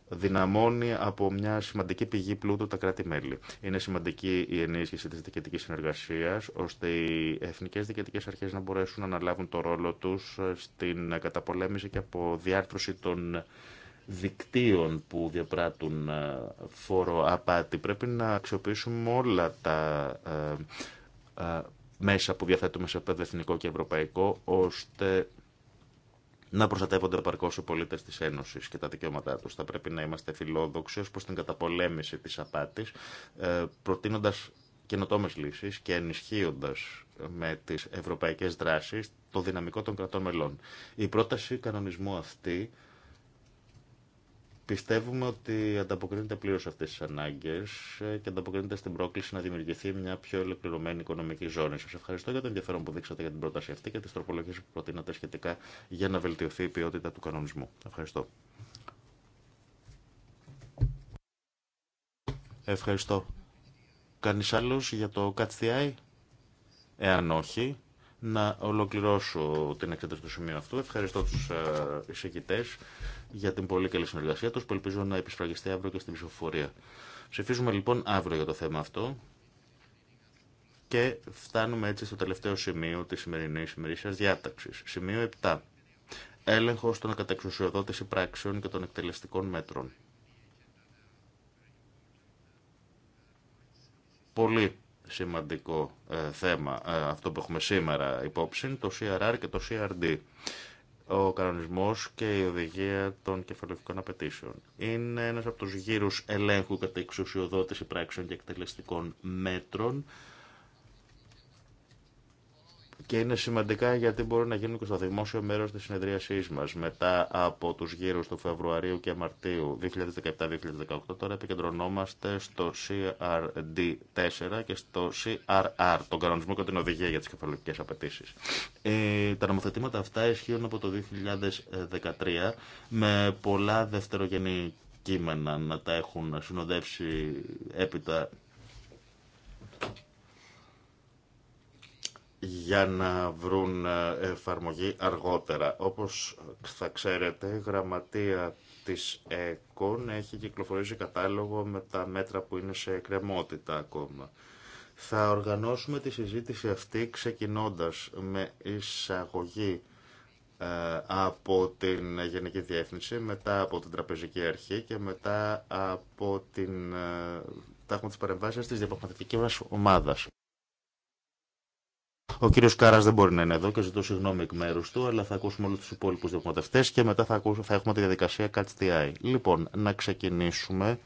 δυναμώνει από μια σημαντική πηγή πλούτου τα κράτη-μέλη. Είναι σημαντική η ενίσχυση της δικαιωτικής συνεργασίας, ώστε οι εθνικές δικαιωτικές αρχές να μπορέσουν να αναλάβουν το ρόλο τους στην καταπολέμηση και αποδιάρθρωση των δικτύων που διαπράττουν ε, φόρο απάτη. Πρέπει να αξιοποιήσουμε όλα τα ε, ε, μέσα που διαθέτουμε σε επίπεδο εθνικό και ευρωπαϊκό, ώστε να προστατεύονται επαρκώ οι πολίτε τη Ένωση και τα δικαιώματά του. Θα πρέπει να είμαστε φιλόδοξοι ω προ την καταπολέμηση τη απάτη, ε, προτείνοντα καινοτόμε λύσει και ενισχύοντα ε, με τι ευρωπαϊκέ δράσει το δυναμικό των κρατών μελών. Η πρόταση κανονισμού αυτή Πιστεύουμε ότι ανταποκρίνεται πλήρως αυτές τις ανάγκες ε, και ανταποκρίνεται στην πρόκληση να δημιουργηθεί μια πιο ολοκληρωμένη οικονομική ζώνη. Σας ευχαριστώ για το ενδιαφέρον που δείξατε για την πρόταση αυτή και τις τροπολογίες που προτείνατε σχετικά για να βελτιωθεί η ποιότητα του κανονισμού. Ευχαριστώ. Ευχαριστώ. Κανείς άλλος για το ΚΑΤΣΤΙΑΙ? Εάν όχι, να ολοκληρώσω την εξέταση του σημείου αυτού. Ευχαριστώ τους ε, εισηγητές για την πολύ καλή συνεργασία τους που ελπίζω να επισφραγιστεί αύριο και στην ψηφοφορία. Ψηφίζουμε λοιπόν αύριο για το θέμα αυτό και φτάνουμε έτσι στο τελευταίο σημείο της σημερινής ημερήσιας διάταξης. Σημείο 7. Έλεγχος των κατεξουσιοδότηση πράξεων και των εκτελεστικών μέτρων. Πολύ σημαντικό ε, θέμα ε, αυτό που έχουμε σήμερα υπόψη, το CRR και το CRD ο κανονισμός και η οδηγία των κεφαλαιοφικών απαιτήσεων. Είναι ένας από τους γύρους ελέγχου κατά εξουσιοδότηση πράξεων και εκτελεστικών μέτρων και είναι σημαντικά γιατί μπορεί να γίνουν και στο δημόσιο μέρος της συνεδρίασή μα. Μετά από τους γύρους του Φεβρουαρίου και Μαρτίου 2017-2018 τώρα επικεντρωνόμαστε στο CRD4 και στο CRR, τον κανονισμό και την οδηγία για τις κεφαλαιοκτικέ απαιτήσει. Ε, τα νομοθετήματα αυτά ισχύουν από το 2013 με πολλά δευτερογενή κείμενα να τα έχουν συνοδεύσει έπειτα για να βρουν ε, εφαρμογή αργότερα. Όπως θα ξέρετε, η γραμματεία της ΕΚΟΝ έχει κυκλοφορήσει κατάλογο με τα μέτρα που είναι σε εκκρεμότητα ακόμα. Θα οργανώσουμε τη συζήτηση αυτή ξεκινώντας με εισαγωγή ε, από την Γενική Διεύθυνση, μετά από την Τραπεζική Αρχή και μετά από την... Ε, τα έχουμε τις παρεμβάσεις της διαπραγματευτικής ομάδας. Ο κύριο Κάρα δεν μπορεί να είναι εδώ και ζητώ συγγνώμη εκ μέρου του, αλλά θα ακούσουμε όλου του υπόλοιπου διαπραγματευτέ και μετά θα, ακούσουμε, θα έχουμε τη διαδικασία Catch the Eye. Λοιπόν, να ξεκινήσουμε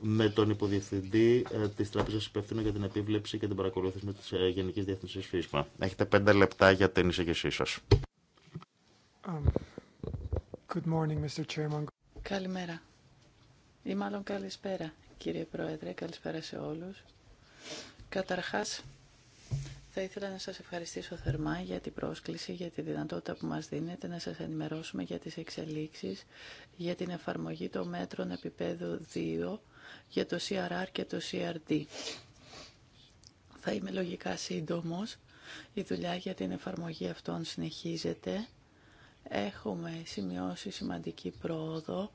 με τον υποδιευθυντή ε, τη Τράπεζα Υπεύθυνο για την Επίβλεψη και την Παρακολούθηση τη ε, Γενική Διεθνή ΦΥΣΜΑ. Έχετε πέντε λεπτά για την εισηγησή σα. Um, Καλημέρα. Ή μάλλον καλησπέρα, κύριε Πρόεδρε. Καλησπέρα σε όλους. Καταρχάς, θα ήθελα να σας ευχαριστήσω θερμά για την πρόσκληση, για τη δυνατότητα που μας δίνετε να σας ενημερώσουμε για τις εξελίξεις, για την εφαρμογή των μέτρων επίπεδου 2, για το CRR και το CRD. Θα είμαι λογικά σύντομος. Η δουλειά για την εφαρμογή αυτών συνεχίζεται. Έχουμε σημειώσει σημαντική πρόοδο.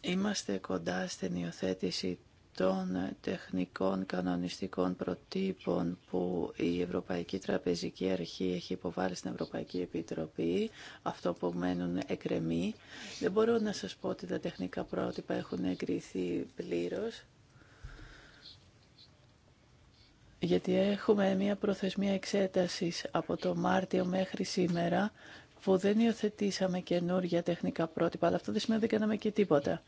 Είμαστε κοντά στην υιοθέτηση των τεχνικών κανονιστικών προτύπων που η Ευρωπαϊκή Τραπεζική Αρχή έχει υποβάλει στην Ευρωπαϊκή Επιτροπή, αυτό που μένουν εκρεμεί. Δεν μπορώ να σας πω ότι τα τεχνικά πρότυπα έχουν εγκριθεί πλήρως, γιατί έχουμε μια προθεσμία εξέτασης από το Μάρτιο μέχρι σήμερα που δεν υιοθετήσαμε καινούργια τεχνικά πρότυπα, αλλά αυτό δεν σημαίνει ότι δεν κάναμε και τίποτα.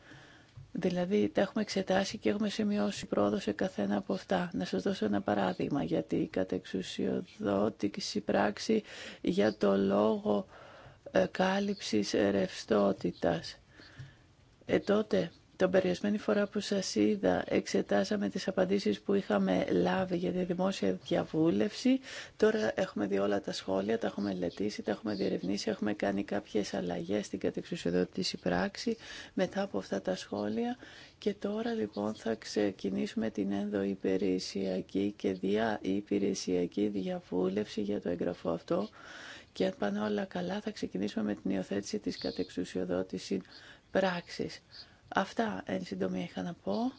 Δηλαδή τα έχουμε εξετάσει και έχουμε σημειώσει πρόοδο σε καθένα από αυτά. Να σας δώσω ένα παράδειγμα γιατί η κατεξουσιοδότηση πράξη για το λόγο ε, κάλυψης ρευστότητας. Ε, τότε την περιασμένη φορά που σας είδα εξετάσαμε τις απαντήσεις που είχαμε λάβει για τη δημόσια διαβούλευση. Τώρα έχουμε δει όλα τα σχόλια, τα έχουμε μελετήσει, τα έχουμε διερευνήσει, έχουμε κάνει κάποιες αλλαγές στην κατεξουσιοδότηση πράξη μετά από αυτά τα σχόλια και τώρα λοιπόν θα ξεκινήσουμε την ενδοϊπηρεσιακή και διαϋπηρεσιακή διαβούλευση για το εγγραφό αυτό και αν πάνε όλα καλά θα ξεκινήσουμε με την υιοθέτηση της κατεξουσιοδότησης πράξη Αυτά εν συντομία είχα να πω.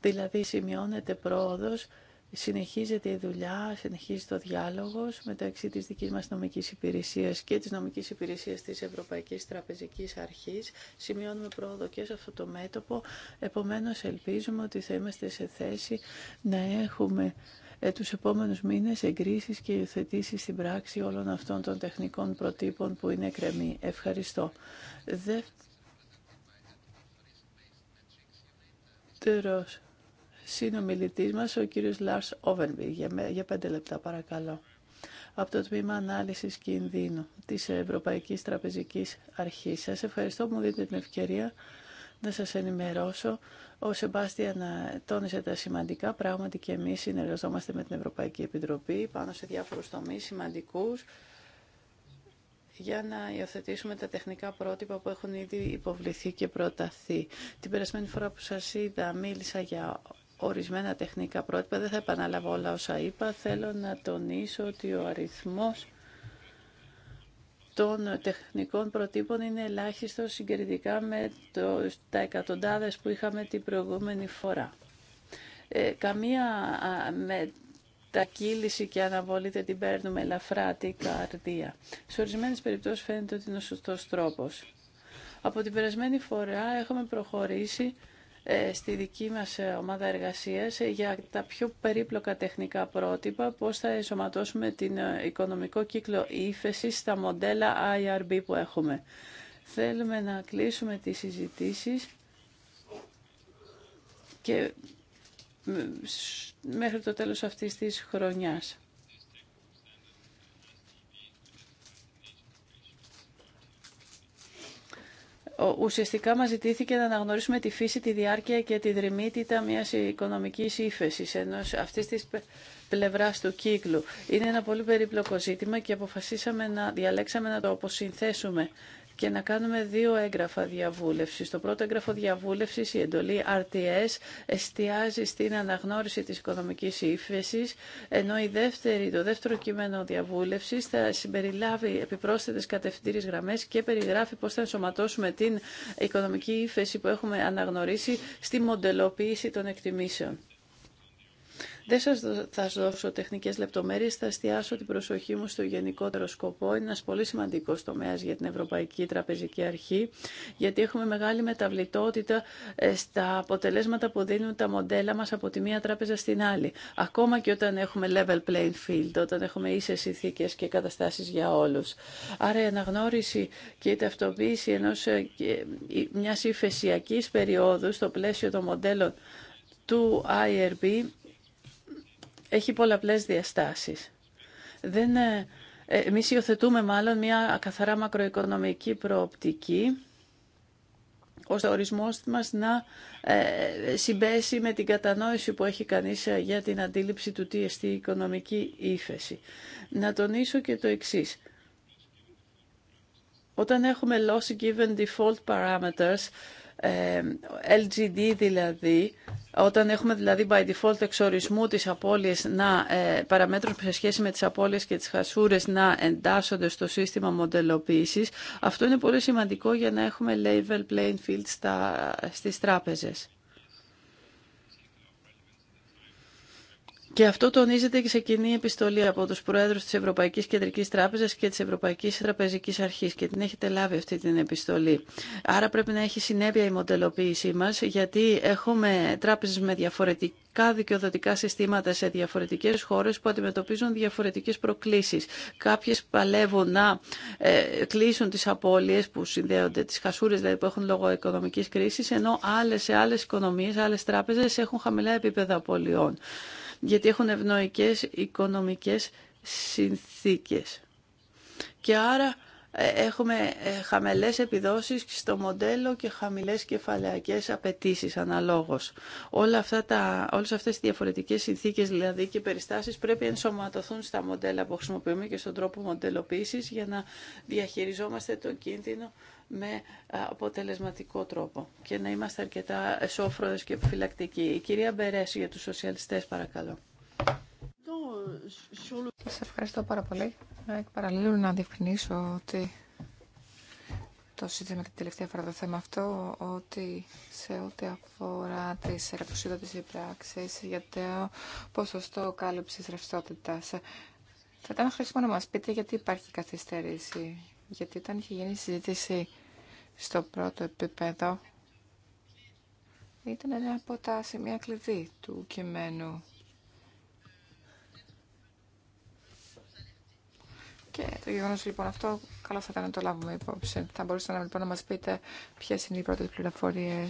Δηλαδή σημειώνεται πρόοδος, συνεχίζεται η δουλειά, συνεχίζει το διάλογος μεταξύ της δικής μας νομικής υπηρεσίας και της νομικής υπηρεσίας της Ευρωπαϊκής Τραπεζικής Αρχής. Σημειώνουμε πρόοδο και σε αυτό το μέτωπο. Επομένως ελπίζουμε ότι θα είμαστε σε θέση να έχουμε ε, τους επόμενους μήνες εγκρίσεις και υιοθετήσει στην πράξη όλων αυτών των τεχνικών προτύπων που είναι κρεμή. Ευχαριστώ. δεύτερος συνομιλητής μας, ο κύριος Λάρς Όβενβι. για πέντε λεπτά παρακαλώ, από το Τμήμα Ανάλυσης Κινδύνου της Ευρωπαϊκής Τραπεζικής Αρχής. Σας ευχαριστώ που μου δίνετε την ευκαιρία να σας ενημερώσω. Ο Σεμπάστια να τόνισε τα σημαντικά. πράγματα και εμείς συνεργαζόμαστε με την Ευρωπαϊκή Επιτροπή πάνω σε διάφορους τομείς σημαντικούς για να υιοθετήσουμε τα τεχνικά πρότυπα που έχουν ήδη υποβληθεί και προταθεί. Την περασμένη φορά που σας είδα μίλησα για ορισμένα τεχνικά πρότυπα. Δεν θα επαναλάβω όλα όσα είπα. Θέλω να τονίσω ότι ο αριθμός των τεχνικών προτύπων είναι ελάχιστο συγκριτικά με το, τα εκατοντάδες που είχαμε την προηγούμενη φορά. Ε, καμία τα κύληση και δεν την παίρνουμε ελαφρά την καρδία. Σε ορισμένε περιπτώσει φαίνεται ότι είναι ο σωστό τρόπο. Από την περασμένη φορά έχουμε προχωρήσει ε, στη δική μας ε, ομάδα εργασίας ε, για τα πιο περίπλοκα τεχνικά πρότυπα, πώς θα εσωματώσουμε την οικονομικό κύκλο ύφεση στα μοντέλα IRB που έχουμε. Θέλουμε να κλείσουμε τις συζητήσεις μέχρι το τέλος αυτής της χρονιάς. Ουσιαστικά μας ζητήθηκε να αναγνωρίσουμε τη φύση, τη διάρκεια και τη δρυμύτητα μιας οικονομικής ύφεσης ενός αυτής της πλευράς του κύκλου. Είναι ένα πολύ περίπλοκο ζήτημα και αποφασίσαμε να διαλέξαμε να το αποσυνθέσουμε και να κάνουμε δύο έγγραφα διαβούλευσης. Το πρώτο έγγραφο διαβούλευσης, η εντολή RTS, εστιάζει στην αναγνώριση της οικονομικής ύφεση, ενώ η δεύτερη, το δεύτερο κείμενο διαβούλευσης θα συμπεριλάβει επιπρόσθετες κατευθυντήριες γραμμές και περιγράφει πώς θα ενσωματώσουμε την οικονομική ύφεση που έχουμε αναγνωρίσει στη μοντελοποίηση των εκτιμήσεων. Δεν σας θα σας δώσω τεχνικές λεπτομέρειες, θα εστιάσω την προσοχή μου στο γενικότερο σκοπό. Είναι ένας πολύ σημαντικός τομέας για την Ευρωπαϊκή Τραπεζική Αρχή, γιατί έχουμε μεγάλη μεταβλητότητα ε, στα αποτελέσματα που δίνουν τα μοντέλα μας από τη μία τράπεζα στην άλλη. Ακόμα και όταν έχουμε level playing field, όταν έχουμε ίσες συνθήκες και καταστάσεις για όλους. Άρα η αναγνώριση και η ταυτοποίηση ενός, ε, ε, μιας ύφεσιακής περίοδου στο πλαίσιο των μοντέλων του IRB έχει πολλαπλές διαστάσεις. Δεν, ε, εμείς υιοθετούμε μάλλον μια καθαρά μακροοικονομική προοπτική ώστε ο ορισμός μας να ε, συμπέσει με την κατανόηση που έχει κανείς ε, για την αντίληψη του τι εστί οικονομική ύφεση. Να τονίσω και το εξής. Όταν έχουμε loss given default parameters, ε, LGD δηλαδή, όταν έχουμε δηλαδή by default εξορισμού τις απώλειες να, ε, παραμέτρους σε σχέση με τις απώλειες και τις χασούρες να εντάσσονται στο σύστημα μοντελοποίησης, αυτό είναι πολύ σημαντικό για να έχουμε level playing field στα, στις τράπεζες. Και αυτό τονίζεται και σε κοινή επιστολή από τους Προέδρους της Ευρωπαϊκής Κεντρικής Τράπεζας και της Ευρωπαϊκής Τραπεζικής Αρχής και την έχετε λάβει αυτή την επιστολή. Άρα πρέπει να έχει συνέπεια η μοντελοποίησή μας γιατί έχουμε τράπεζες με διαφορετικά δικαιοδοτικά συστήματα σε διαφορετικές χώρες που αντιμετωπίζουν διαφορετικές προκλήσεις. Κάποιες παλεύουν να ε, κλείσουν τις απώλειες που συνδέονται, τις χασούρες δηλαδή που έχουν λόγω οικονομικής κρίσης, ενώ άλλες σε άλλες οικονομίες, άλλες τράπεζες έχουν χαμηλά επίπεδα απώλειών γιατί έχουν ευνοϊκές οικονομικές συνθήκες. Και άρα ε, έχουμε ε, χαμελές επιδόσεις στο μοντέλο και χαμηλές κεφαλαιακές απαιτήσεις αναλόγως. Όλα αυτά τα, όλες αυτές τις διαφορετικές συνθήκες δηλαδή και περιστάσεις πρέπει να ενσωματωθούν στα μοντέλα που χρησιμοποιούμε και στον τρόπο μοντελοποίησης για να διαχειριζόμαστε τον κίνδυνο με ε, αποτελεσματικό τρόπο και να είμαστε αρκετά σόφροδες και επιφυλακτικοί. Η κυρία Μπερέση για τους σοσιαλιστές παρακαλώ. Σας ευχαριστώ πάρα πολύ. Ε, εκ παραλλήλου να διευκρινίσω ότι το σύντομα την τελευταία φορά το θέμα αυτό, ότι σε ό,τι αφορά τι κατουσίδωτες πράξει για το ποσοστό κάλυψης ρευστότητα. θα ήταν χρήσιμο να μα πείτε γιατί υπάρχει καθυστέρηση. Γιατί όταν είχε γίνει συζήτηση στο πρώτο επίπεδο ήταν ένα από τα σημεία κλειδί του κειμένου. Και το γεγονό λοιπόν αυτό, καλό θα ήταν να το λάβουμε υπόψη. Θα μπορούσατε να, λοιπόν, να μα πείτε ποιε είναι οι πρώτε πληροφορίε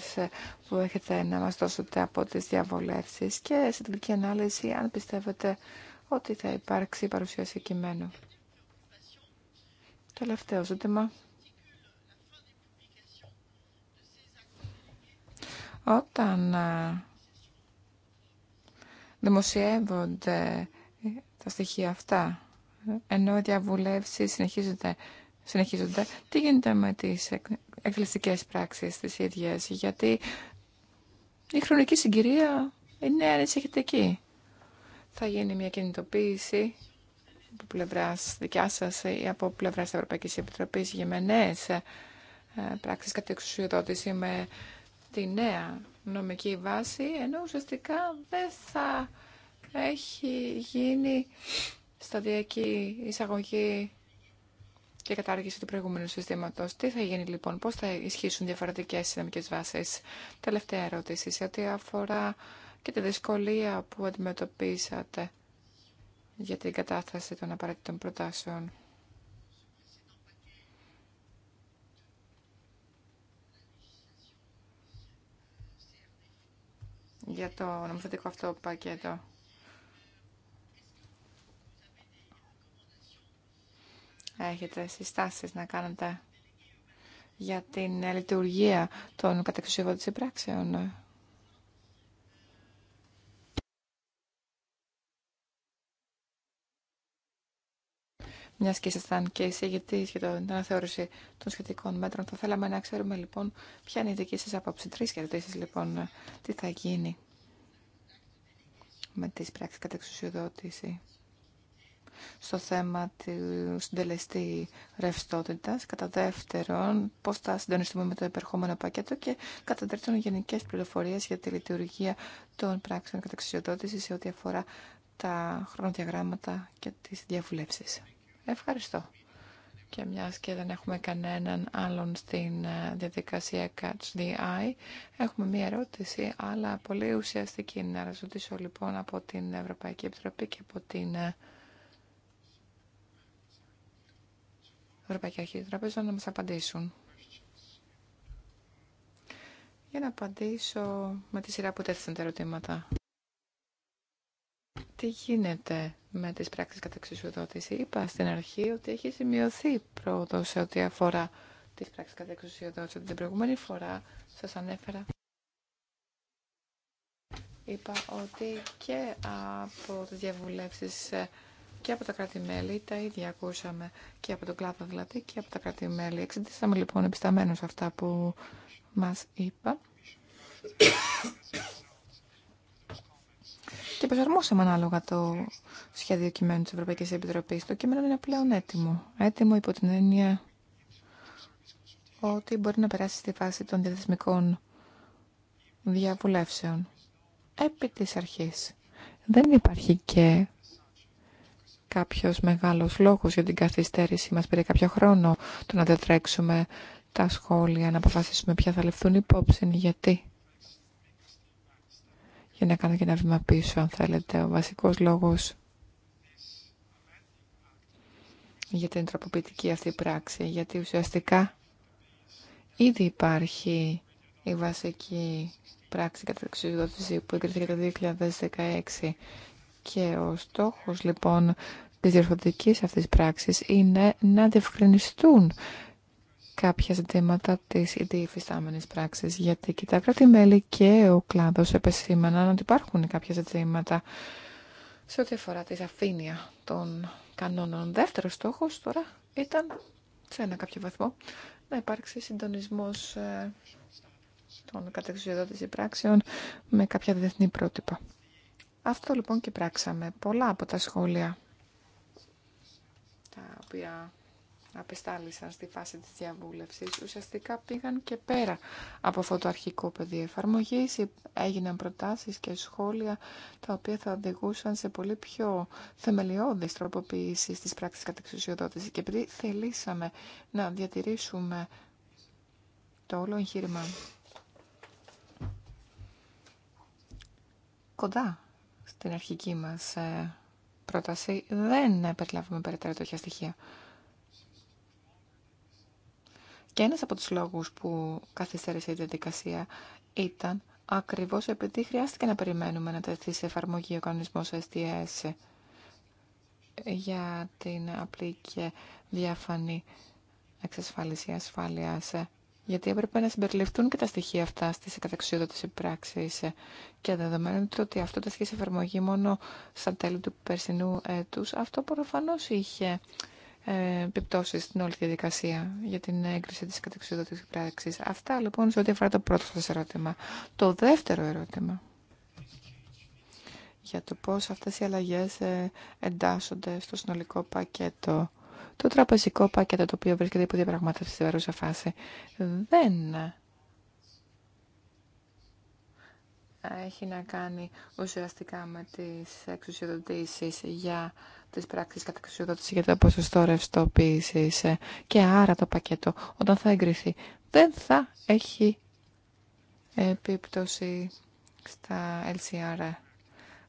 που έχετε να μα δώσετε από τι διαβολεύσει και στην τελική ανάλυση, αν πιστεύετε ότι θα υπάρξει παρουσίαση κειμένου. Τελευταίο ζήτημα Όταν ε, δημοσιεύονται τα στοιχεία αυτά, ενώ οι διαβουλεύσεις συνεχίζονται, συνεχίζονται, τι γίνεται με τις εκκλησικές πράξεις τις ίδιες, γιατί η χρονική συγκυρία είναι ανησυχητική. Θα γίνει μια κινητοποίηση από πλευρά δικιά σα ή από πλευρά Ευρωπαϊκή Επιτροπή για μενέ ε, ε, πράξει κατά εξουσιοδότηση με τη νέα νομική βάση, ενώ ουσιαστικά δεν θα έχει γίνει σταδιακή εισαγωγή και κατάργηση του προηγούμενου συστήματο. Τι θα γίνει λοιπόν, πώ θα ισχύσουν διαφορετικέ νομικές βάσει. Τελευταία ερώτηση σε ό,τι αφορά και τη δυσκολία που αντιμετωπίσατε για την κατάσταση των απαραίτητων προτάσεων. για το νομοθετικό αυτό πακέτο. Έχετε συστάσεις να κάνετε για την λειτουργία των της πράξεων Μια και ήσασταν και εισηγητή για την αναθεώρηση των σχετικών μέτρων, θα θέλαμε να ξέρουμε λοιπόν ποια είναι η δική σα άποψη. Τρει ερωτήσει λοιπόν. Τι θα γίνει με πράξει κατά εξουσιοδότηση στο θέμα του συντελεστή ρευστότητα. Κατά δεύτερον, πώ θα συντονιστούμε με το επερχόμενο πακέτο και κατά τρίτον, γενικέ πληροφορίε για τη λειτουργία των πράξεων κατά σε ό,τι αφορά τα χρονοδιαγράμματα και τις διαβουλεύσει. Ευχαριστώ. Και μια και δεν έχουμε κανέναν άλλον στην ε, διαδικασία Catch the Eye, έχουμε μία ερώτηση, αλλά πολύ ουσιαστική. Να ρωτήσω λοιπόν από την Ευρωπαϊκή Επιτροπή και από την ε, Ευρωπαϊκή Αρχή Τραπέζων να μας απαντήσουν. Για να απαντήσω με τη σειρά που τέθησαν τα ερωτήματα τι γίνεται με τις πράξεις κατά εξουσιοδότηση. Είπα στην αρχή ότι έχει σημειωθεί πρόοδο σε ό,τι αφορά τις πράξεις κατά εξουσιοδότηση. Την προηγούμενη φορά σας ανέφερα. Είπα ότι και από τις διαβουλεύσεις και από τα κράτη-μέλη τα ίδια ακούσαμε και από τον κλάδο δηλαδή και από τα κράτη-μέλη. Εξεντήσαμε λοιπόν επισταμένως αυτά που μας είπα και προσαρμόσαμε ανάλογα το σχέδιο κειμένου της Ευρωπαϊκής Επιτροπής. Το κείμενο είναι πλέον έτοιμο. Έτοιμο υπό την έννοια ότι μπορεί να περάσει στη φάση των διαθεσμικών διαβουλεύσεων. Επί της αρχής. Δεν υπάρχει και κάποιος μεγάλος λόγος για την καθυστέρηση μας πήρε κάποιο χρόνο το να διατρέξουμε τα σχόλια, να αποφασίσουμε ποια θα λεφθούν υπόψη, γιατί για να κάνω και ένα βήμα πίσω, αν θέλετε. Ο βασικός λόγος για την τροποποιητική αυτή πράξη, γιατί ουσιαστικά ήδη υπάρχει η βασική πράξη κατά εξουσιοδότηση που εγκρίθηκε το 2016 και ο στόχος λοιπόν της διορθωτικής αυτής πράξης είναι να διευκρινιστούν κάποια ζητήματα τη ήδη υφιστάμενη γιατί και τα κράτη-μέλη και ο κλάδο επεσήμαναν ότι υπάρχουν κάποια ζητήματα σε ό,τι αφορά τη σαφήνεια των κανόνων. Δεύτερο στόχο τώρα ήταν, σε ένα κάποιο βαθμό, να υπάρξει συντονισμός ε, των κατεξουσιοδότηση πράξεων με κάποια διεθνή πρότυπα. Αυτό λοιπόν και πράξαμε. Πολλά από τα σχόλια τα οποία απεστάλησαν στη φάση της διαβούλευσης ουσιαστικά πήγαν και πέρα από αυτό το αρχικό πεδίο εφαρμογής έγιναν προτάσεις και σχόλια τα οποία θα οδηγούσαν σε πολύ πιο θεμελιώδης τροποποίησεις της πράξης κατεξουσιοδότηση και επειδή θελήσαμε να διατηρήσουμε το όλο εγχείρημα κοντά στην αρχική μας ε, πρόταση δεν περιλάβουμε περαιτέρω τέτοια στοιχεία. Και ένας από τους λόγους που καθυστέρησε η διαδικασία ήταν ακριβώς επειδή χρειάστηκε να περιμένουμε να τεθεί σε εφαρμογή ο κανονισμός STS για την απλή και διαφανή εξασφάλιση ασφάλειας. Γιατί έπρεπε να συμπεριληφθούν και τα στοιχεία αυτά στι καταξιοδότηση πράξη. Και δεδομένου ότι αυτό τεθεί σε εφαρμογή μόνο στα τέλη του περσινού έτου, αυτό προφανώ είχε ε, επιπτώσει στην όλη τη διαδικασία για την έγκριση τη κατεξοδότηση πράξη. Αυτά λοιπόν σε ό,τι αφορά το πρώτο σα ερώτημα. Το δεύτερο ερώτημα για το πώς αυτές οι αλλαγές ε, εντάσσονται στο συνολικό πακέτο, το τραπεζικό πακέτο το οποίο βρίσκεται υπό διαπραγμάτευση στην παρούσα φάση, δεν έχει να κάνει ουσιαστικά με τις εξουσιοδοτήσεις για Τη πράξη κατά για το ποσοστό ρευστοποίηση ε, και άρα το πακέτο όταν θα εγκριθεί δεν θα έχει επίπτωση στα LCR.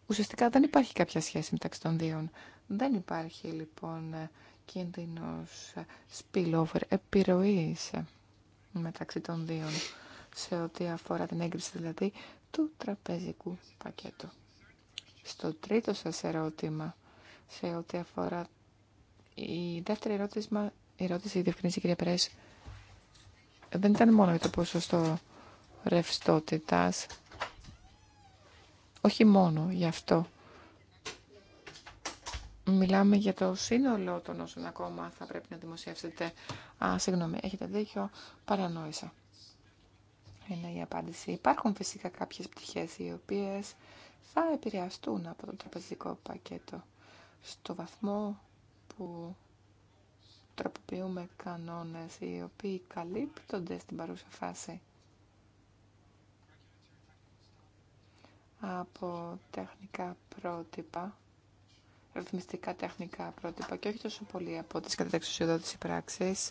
Ουσιαστικά δεν υπάρχει κάποια σχέση μεταξύ των δύο. Δεν υπάρχει λοιπόν ε, κίνδυνος ε, spillover επιρροή μεταξύ των δύο σε ό,τι αφορά την έγκριση δηλαδή του τραπεζικού πακέτου. Στο τρίτο σας ερώτημα σε ό,τι αφορά η δεύτερη ερώτηση, η ερώτηση κυρία Περές, δεν ήταν μόνο για το ποσοστό ρευστότητα. όχι μόνο γι' αυτό. Μιλάμε για το σύνολο των όσων ακόμα θα πρέπει να δημοσιεύσετε. Α, συγγνώμη, έχετε δίκιο, παρανόησα. Είναι η απάντηση. Υπάρχουν φυσικά κάποιες πτυχές οι οποίες θα επηρεαστούν από το τραπεζικό πακέτο στο βαθμό που τροποποιούμε κανόνες οι οποίοι καλύπτονται στην παρούσα φάση από τεχνικά πρότυπα, ρυθμιστικά τεχνικά πρότυπα και όχι τόσο πολύ από τις καταταξιοδότηση πράξεις,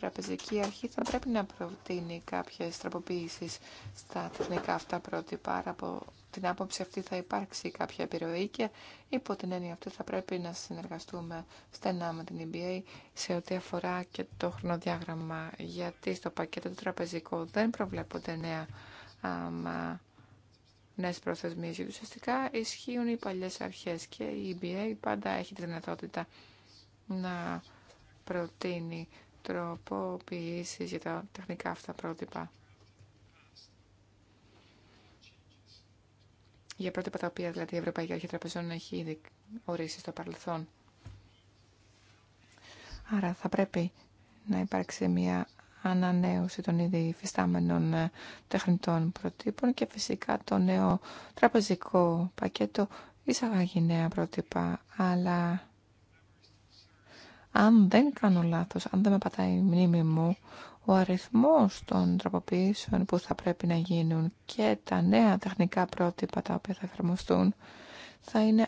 τραπεζική αρχή θα πρέπει να προτείνει κάποιες τροποποίησεις στα τεχνικά αυτά πρότυπα. Από την άποψη αυτή θα υπάρξει κάποια επιρροή και υπό την έννοια αυτή θα πρέπει να συνεργαστούμε στενά με την EBA σε ό,τι αφορά και το χρονοδιάγραμμα. Γιατί στο πακέτο του τραπεζικού δεν προβλέπονται νέα αμα, νέες προθεσμίες γιατί ουσιαστικά ισχύουν οι παλιέ αρχέ και η EBA πάντα έχει τη δυνατότητα να προτείνει τροποποιήσει για τα τεχνικά αυτά πρότυπα. Για πρότυπα τα οποία δηλαδή η Ευρωπαϊκή Αρχή Τραπεζών έχει ήδη ορίσει στο παρελθόν. Άρα θα πρέπει να υπάρξει μια ανανέωση των ήδη φυστάμενων ε, τεχνητών προτύπων και φυσικά το νέο τραπεζικό πακέτο εισαγάγει νέα πρότυπα, αλλά αν δεν κάνω λάθος, αν δεν με πατάει η μνήμη μου, ο αριθμός των τροποποιήσεων που θα πρέπει να γίνουν και τα νέα τεχνικά πρότυπα τα οποία θα εφαρμοστούν θα είναι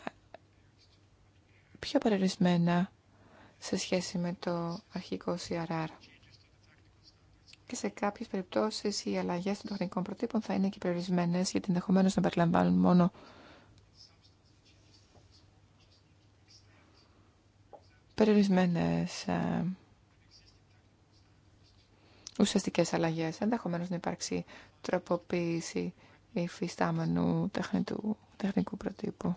πιο περιορισμένα σε σχέση με το αρχικό CRR. Και σε κάποιες περιπτώσεις οι αλλαγές των τεχνικών προτύπων θα είναι και περιορισμένες γιατί ενδεχομένω να περιλαμβάνουν μόνο περιορισμένες ε, ουσιαστικές αλλαγές. Ενδεχομένως να υπάρξει τροποποίηση υφιστάμενου τεχνητού, τεχνικού προτύπου.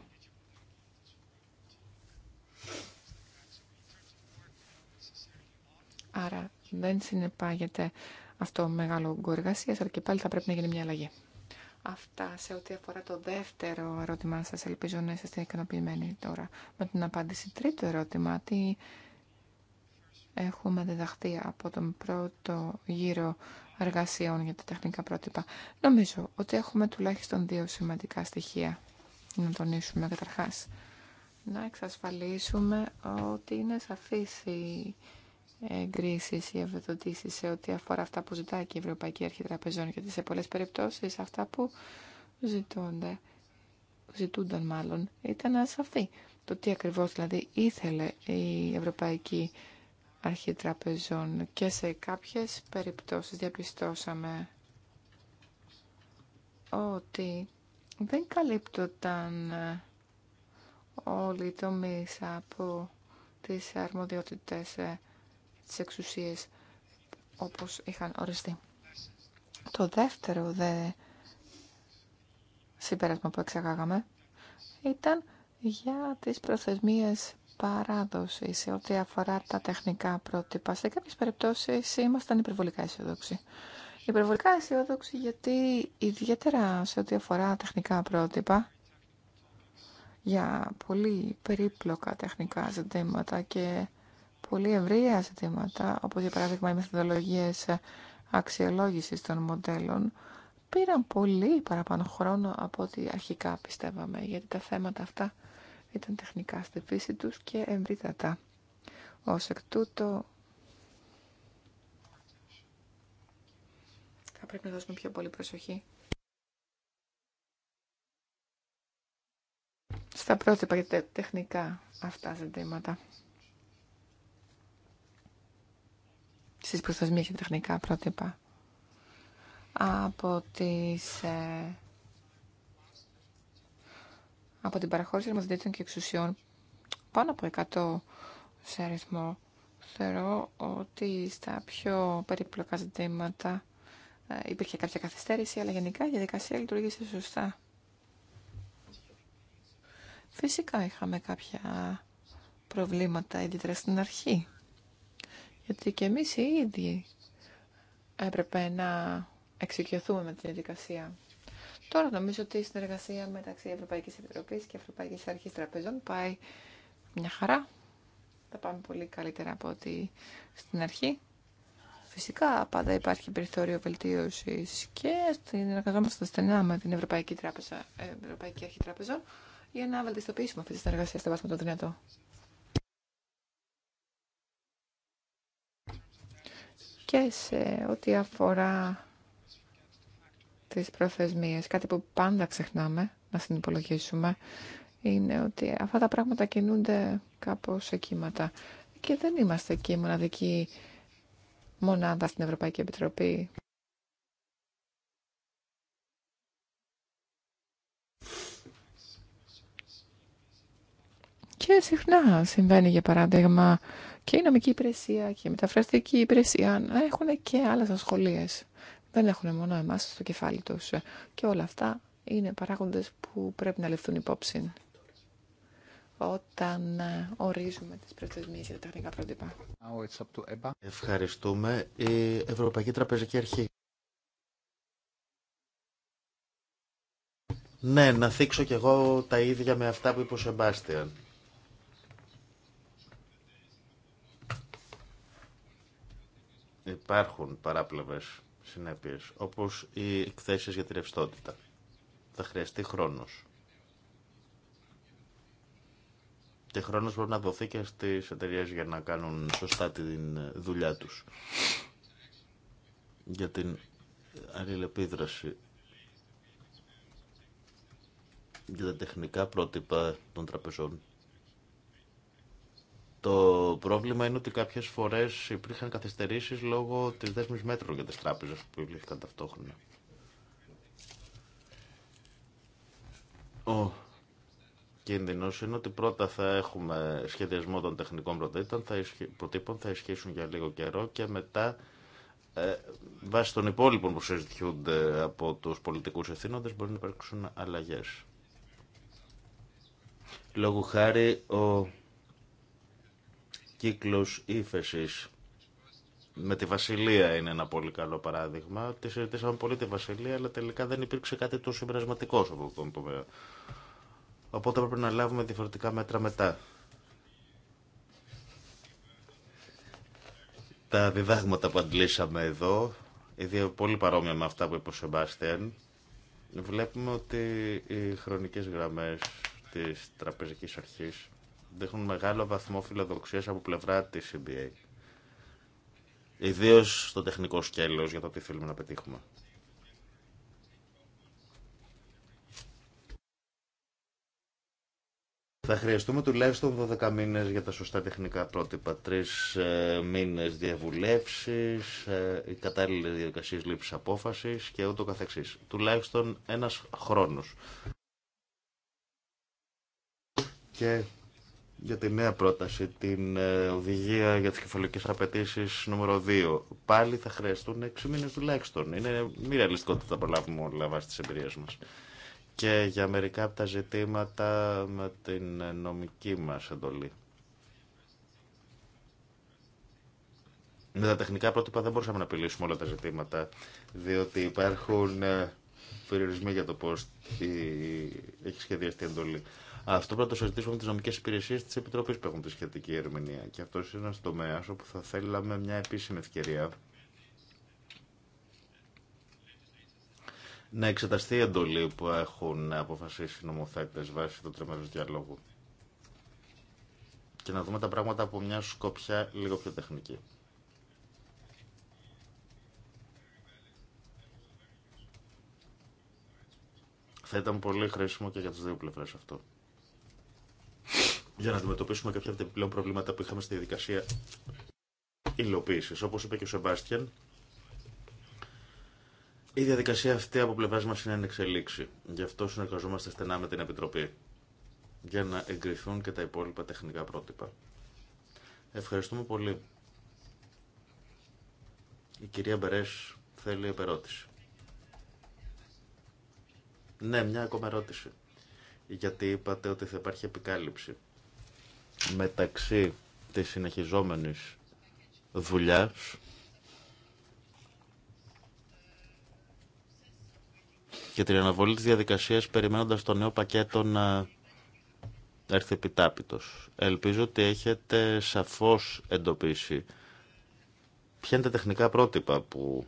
Άρα δεν συνεπάγεται αυτό μεγάλο γκοργασίας, αλλά και πάλι θα πρέπει να γίνει μια αλλαγή. Αυτά σε ό,τι αφορά το δεύτερο ερώτημά σα Ελπίζω να είστε ικανοποιημένοι τώρα με την απάντηση. Τρίτο ερώτημα, τι έχουμε διδαχθεί από τον πρώτο γύρο εργασιών για τα τεχνικά πρότυπα. Νομίζω ότι έχουμε τουλάχιστον δύο σημαντικά στοιχεία να τονίσουμε καταρχάς. Να εξασφαλίσουμε ότι είναι σαφή εγκρίσει ή ευδοτήσει σε ό,τι αφορά αυτά που ζητάει και η Ευρωπαϊκή Αρχή Τραπεζών, γιατί σε πολλέ περιπτώσει, αυτά που ζητούνται, ζητούνταν μάλλον, ήταν ασαφή. Το τι ακριβώς δηλαδή ήθελε η Ευρωπαϊκή Αρχή Τραπεζών και σε κάποιες περιπτώσεις διαπιστώσαμε ότι δεν καλύπτονταν όλοι οι τομείς από τις αρμοδιότητες ε, τις εξουσίες όπως είχαν οριστεί. Το δεύτερο δε συμπέρασμα που εξαγάγαμε ήταν για τις προθεσμίες παράδοση σε ό,τι αφορά τα τεχνικά πρότυπα. Σε κάποιες περιπτώσεις ήμασταν υπερβολικά αισιοδόξοι. Υπερβολικά αισιοδόξοι γιατί ιδιαίτερα σε ό,τι αφορά τεχνικά πρότυπα για πολύ περίπλοκα τεχνικά ζητήματα και πολύ ευρεία ζητήματα, όπω για παράδειγμα οι μεθοδολογίες αξιολόγηση των μοντέλων, πήραν πολύ παραπάνω χρόνο από ό,τι αρχικά πιστεύαμε, γιατί τα θέματα αυτά ήταν τεχνικά στη φύση τους και ευρύτατα. Ως εκ τούτου, θα πρέπει να δώσουμε πιο πολύ προσοχή στα πρότυπα για τεχνικά αυτά ζητήματα. στις προστασμίες και τεχνικά πρότυπα από, τις, ε, από την παραχώρηση αρμοδιτήτων και εξουσιών πάνω από 100 σε αριθμό. Θεωρώ ότι στα πιο περίπλοκα ζητήματα ε, υπήρχε κάποια καθυστέρηση, αλλά γενικά η διαδικασία λειτουργήσε σωστά. Φυσικά είχαμε κάποια προβλήματα, ιδιαίτερα στην αρχή. Γιατί και εμείς οι ίδιοι έπρεπε να εξοικειωθούμε με τη διαδικασία. Τώρα νομίζω ότι η συνεργασία μεταξύ Ευρωπαϊκής Επιτροπής και Ευρωπαϊκής Αρχής Τραπεζών πάει μια χαρά. Θα πάμε πολύ καλύτερα από ότι στην αρχή. Φυσικά πάντα υπάρχει περιθώριο βελτίωση και στην εργαζόμαστε στενά με την Ευρωπαϊκή, Τράπεζα, Ευρωπαϊκή Αρχή Τραπεζών για να βελτιστοποιήσουμε αυτή τη συνεργασία στο βάθμο το δυνατό. και σε ό,τι αφορά τις προθεσμίες. Κάτι που πάντα ξεχνάμε να συνυπολογίσουμε είναι ότι αυτά τα πράγματα κινούνται κάπως σε κύματα. Και δεν είμαστε εκεί μοναδική μονάδα στην Ευρωπαϊκή Επιτροπή. Και συχνά συμβαίνει για παράδειγμα και η νομική υπηρεσία και η μεταφραστική υπηρεσία έχουν και άλλες ασχολίες. Δεν έχουν μόνο εμάς στο κεφάλι τους. Και όλα αυτά είναι παράγοντες που πρέπει να ληφθούν υπόψη όταν ε, ορίζουμε τις προθεσμίες για τα τεχνικά πρότυπα. Ευχαριστούμε. Η Ευρωπαϊκή Τραπεζική Αρχή. Ναι, να θίξω κι εγώ τα ίδια με αυτά που είπε ο Σεμπάστιαν. υπάρχουν παράπλευρες συνέπειες, όπως οι εκθέσεις για τη ρευστότητα. Θα χρειαστεί χρόνος. Και χρόνος μπορεί να δοθεί και στις εταιρείες για να κάνουν σωστά τη δουλειά τους. Για την αλληλεπίδραση για τα τεχνικά πρότυπα των τραπεζών το πρόβλημα είναι ότι κάποιε φορέ υπήρχαν καθυστερήσει λόγω τη δέσμη μέτρων για τι τράπεζε που υπήρχαν ταυτόχρονα. Ο κίνδυνο είναι ότι πρώτα θα έχουμε σχεδιασμό των τεχνικών προτύπων, θα, ισχύ, θα ισχύσουν για λίγο καιρό και μετά ε, βάσει των υπόλοιπων που συζητιούνται από τους πολιτικούς ευθύνοντες μπορεί να υπάρξουν αλλαγές. Λόγω χάρη ο κύκλους ύφεση. Με τη Βασιλεία είναι ένα πολύ καλό παράδειγμα. Τη συζητήσαμε πολύ τη Βασιλεία, αλλά τελικά δεν υπήρξε κάτι τόσο συμπερασματικό σε αυτό το τομέα. Οπότε πρέπει να λάβουμε διαφορετικά μέτρα μετά. Τα διδάγματα που αντλήσαμε εδώ, ήδη πολύ παρόμοια με αυτά που είπε ο Σεμπάστιαν, βλέπουμε ότι οι χρονικές γραμμές της τραπεζικής αρχής δείχνουν μεγάλο βαθμό φιλοδοξία από πλευρά της CBA. Ιδίω στο τεχνικό σκέλος για το τι θέλουμε να πετύχουμε. Θα χρειαστούμε τουλάχιστον 12 μήνε για τα σωστά τεχνικά πρότυπα. Τρει ε, μήνες διαβουλεύσεις, ε, οι διαδικασίες λήψης απόφασης και ούτω καθεξής. Τουλάχιστον ένα χρόνο. Και για τη νέα πρόταση, την ε, οδηγία για τις κεφαλικές απαιτήσει νούμερο 2. Πάλι θα χρειαστούν 6 μήνες τουλάχιστον. Είναι μη ρεαλιστικό ότι θα προλάβουμε όλα βάσει τις εμπειρίες μας. Και για μερικά από τα ζητήματα με την ε, νομική μας εντολή. Με τα τεχνικά πρότυπα δεν μπορούσαμε να απειλήσουμε όλα τα ζητήματα, διότι υπάρχουν ε, περιορισμοί για το πώ έχει σχεδιαστεί η εντολή. Αυτό πρέπει να το συζητήσουμε με τι νομικέ υπηρεσίε τη Επιτροπή που έχουν τη σχετική ερμηνεία. Και αυτό είναι ένα τομέα όπου θα θέλαμε μια επίσημη ευκαιρία να εξεταστεί η εντολή που έχουν αποφασίσει οι νομοθέτε βάσει του τρεμερού διαλόγου. Και να δούμε τα πράγματα από μια σκοπιά λίγο πιο τεχνική. Θα ήταν πολύ χρήσιμο και για τις δύο πλευρές αυτό για να αντιμετωπίσουμε κάποια από τα επιπλέον προβλήματα που είχαμε στη διαδικασία υλοποίηση. Όπω είπε και ο Σεμπάστιαν, η διαδικασία αυτή από πλευρά μα είναι εν εξελίξη. Γι' αυτό συνεργαζόμαστε στενά με την Επιτροπή για να εγκριθούν και τα υπόλοιπα τεχνικά πρότυπα. Ευχαριστούμε πολύ. Η κυρία Μπερές θέλει επερώτηση. Ναι, μια ακόμα ερώτηση. Γιατί είπατε ότι θα υπάρχει επικάλυψη μεταξύ της συνεχιζόμενης δουλειάς και την αναβολή της διαδικασίας περιμένοντας το νέο πακέτο να έρθει επιτάπητος. Ελπίζω ότι έχετε σαφώς εντοπίσει ποια είναι τα τεχνικά πρότυπα που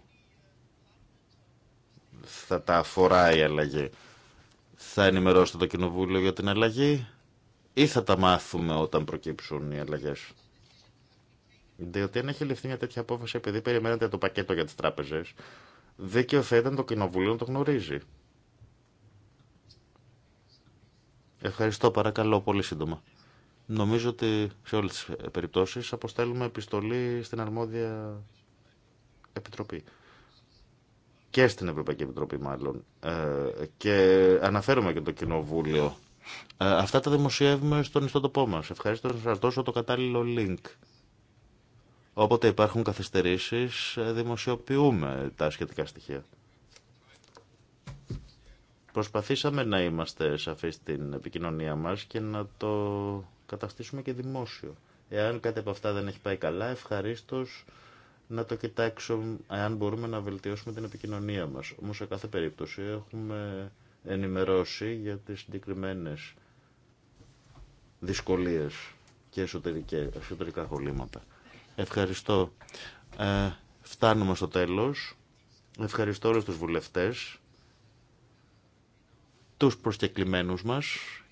θα τα αφορά η αλλαγή. Θα ενημερώσετε το Κοινοβούλιο για την αλλαγή ή θα τα μάθουμε όταν προκύψουν οι αλλαγέ. Διότι αν έχει ληφθεί μια τέτοια απόφαση επειδή περιμένετε το πακέτο για τι τράπεζε, δίκαιο θα ήταν το κοινοβούλιο να το γνωρίζει. Ευχαριστώ, παρακαλώ, πολύ σύντομα. Νομίζω ότι σε όλες τις περιπτώσεις αποστέλουμε επιστολή στην αρμόδια επιτροπή. Και στην Ευρωπαϊκή Επιτροπή μάλλον. Ε, και αναφέρουμε και το Κοινοβούλιο ε, αυτά τα δημοσιεύουμε στον ιστοτοπό μας. Ευχαριστώ να σα δώσω το κατάλληλο link. Όποτε υπάρχουν καθυστερήσεις, ε, δημοσιοποιούμε τα σχετικά στοιχεία. Προσπαθήσαμε να είμαστε σαφείς στην επικοινωνία μας και να το καταστήσουμε και δημόσιο. Εάν κάτι από αυτά δεν έχει πάει καλά, ευχαριστώ να το κοιτάξω εάν μπορούμε να βελτιώσουμε την επικοινωνία μας. Όμως σε κάθε περίπτωση έχουμε ενημερώσει για τις συγκεκριμένε δυσκολίες και εσωτερικά χωλήματα. Ευχαριστώ. Ε, φτάνουμε στο τέλος. Ευχαριστώ όλους τους βουλευτές, τους προσκεκλημένους μας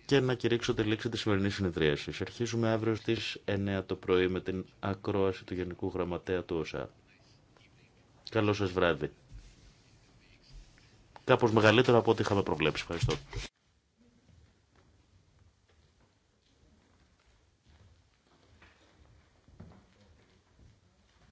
και να κηρύξω τη λήξη της σημερινής συνεδρίασης. Αρχίζουμε αύριο στις 9 το πρωί με την ακρόαση του Γενικού Γραμματέα του ΩΣΑ. Καλό σας βράδυ κάπως μεγαλύτερο από ό,τι είχαμε προβλέψει. Ευχαριστώ.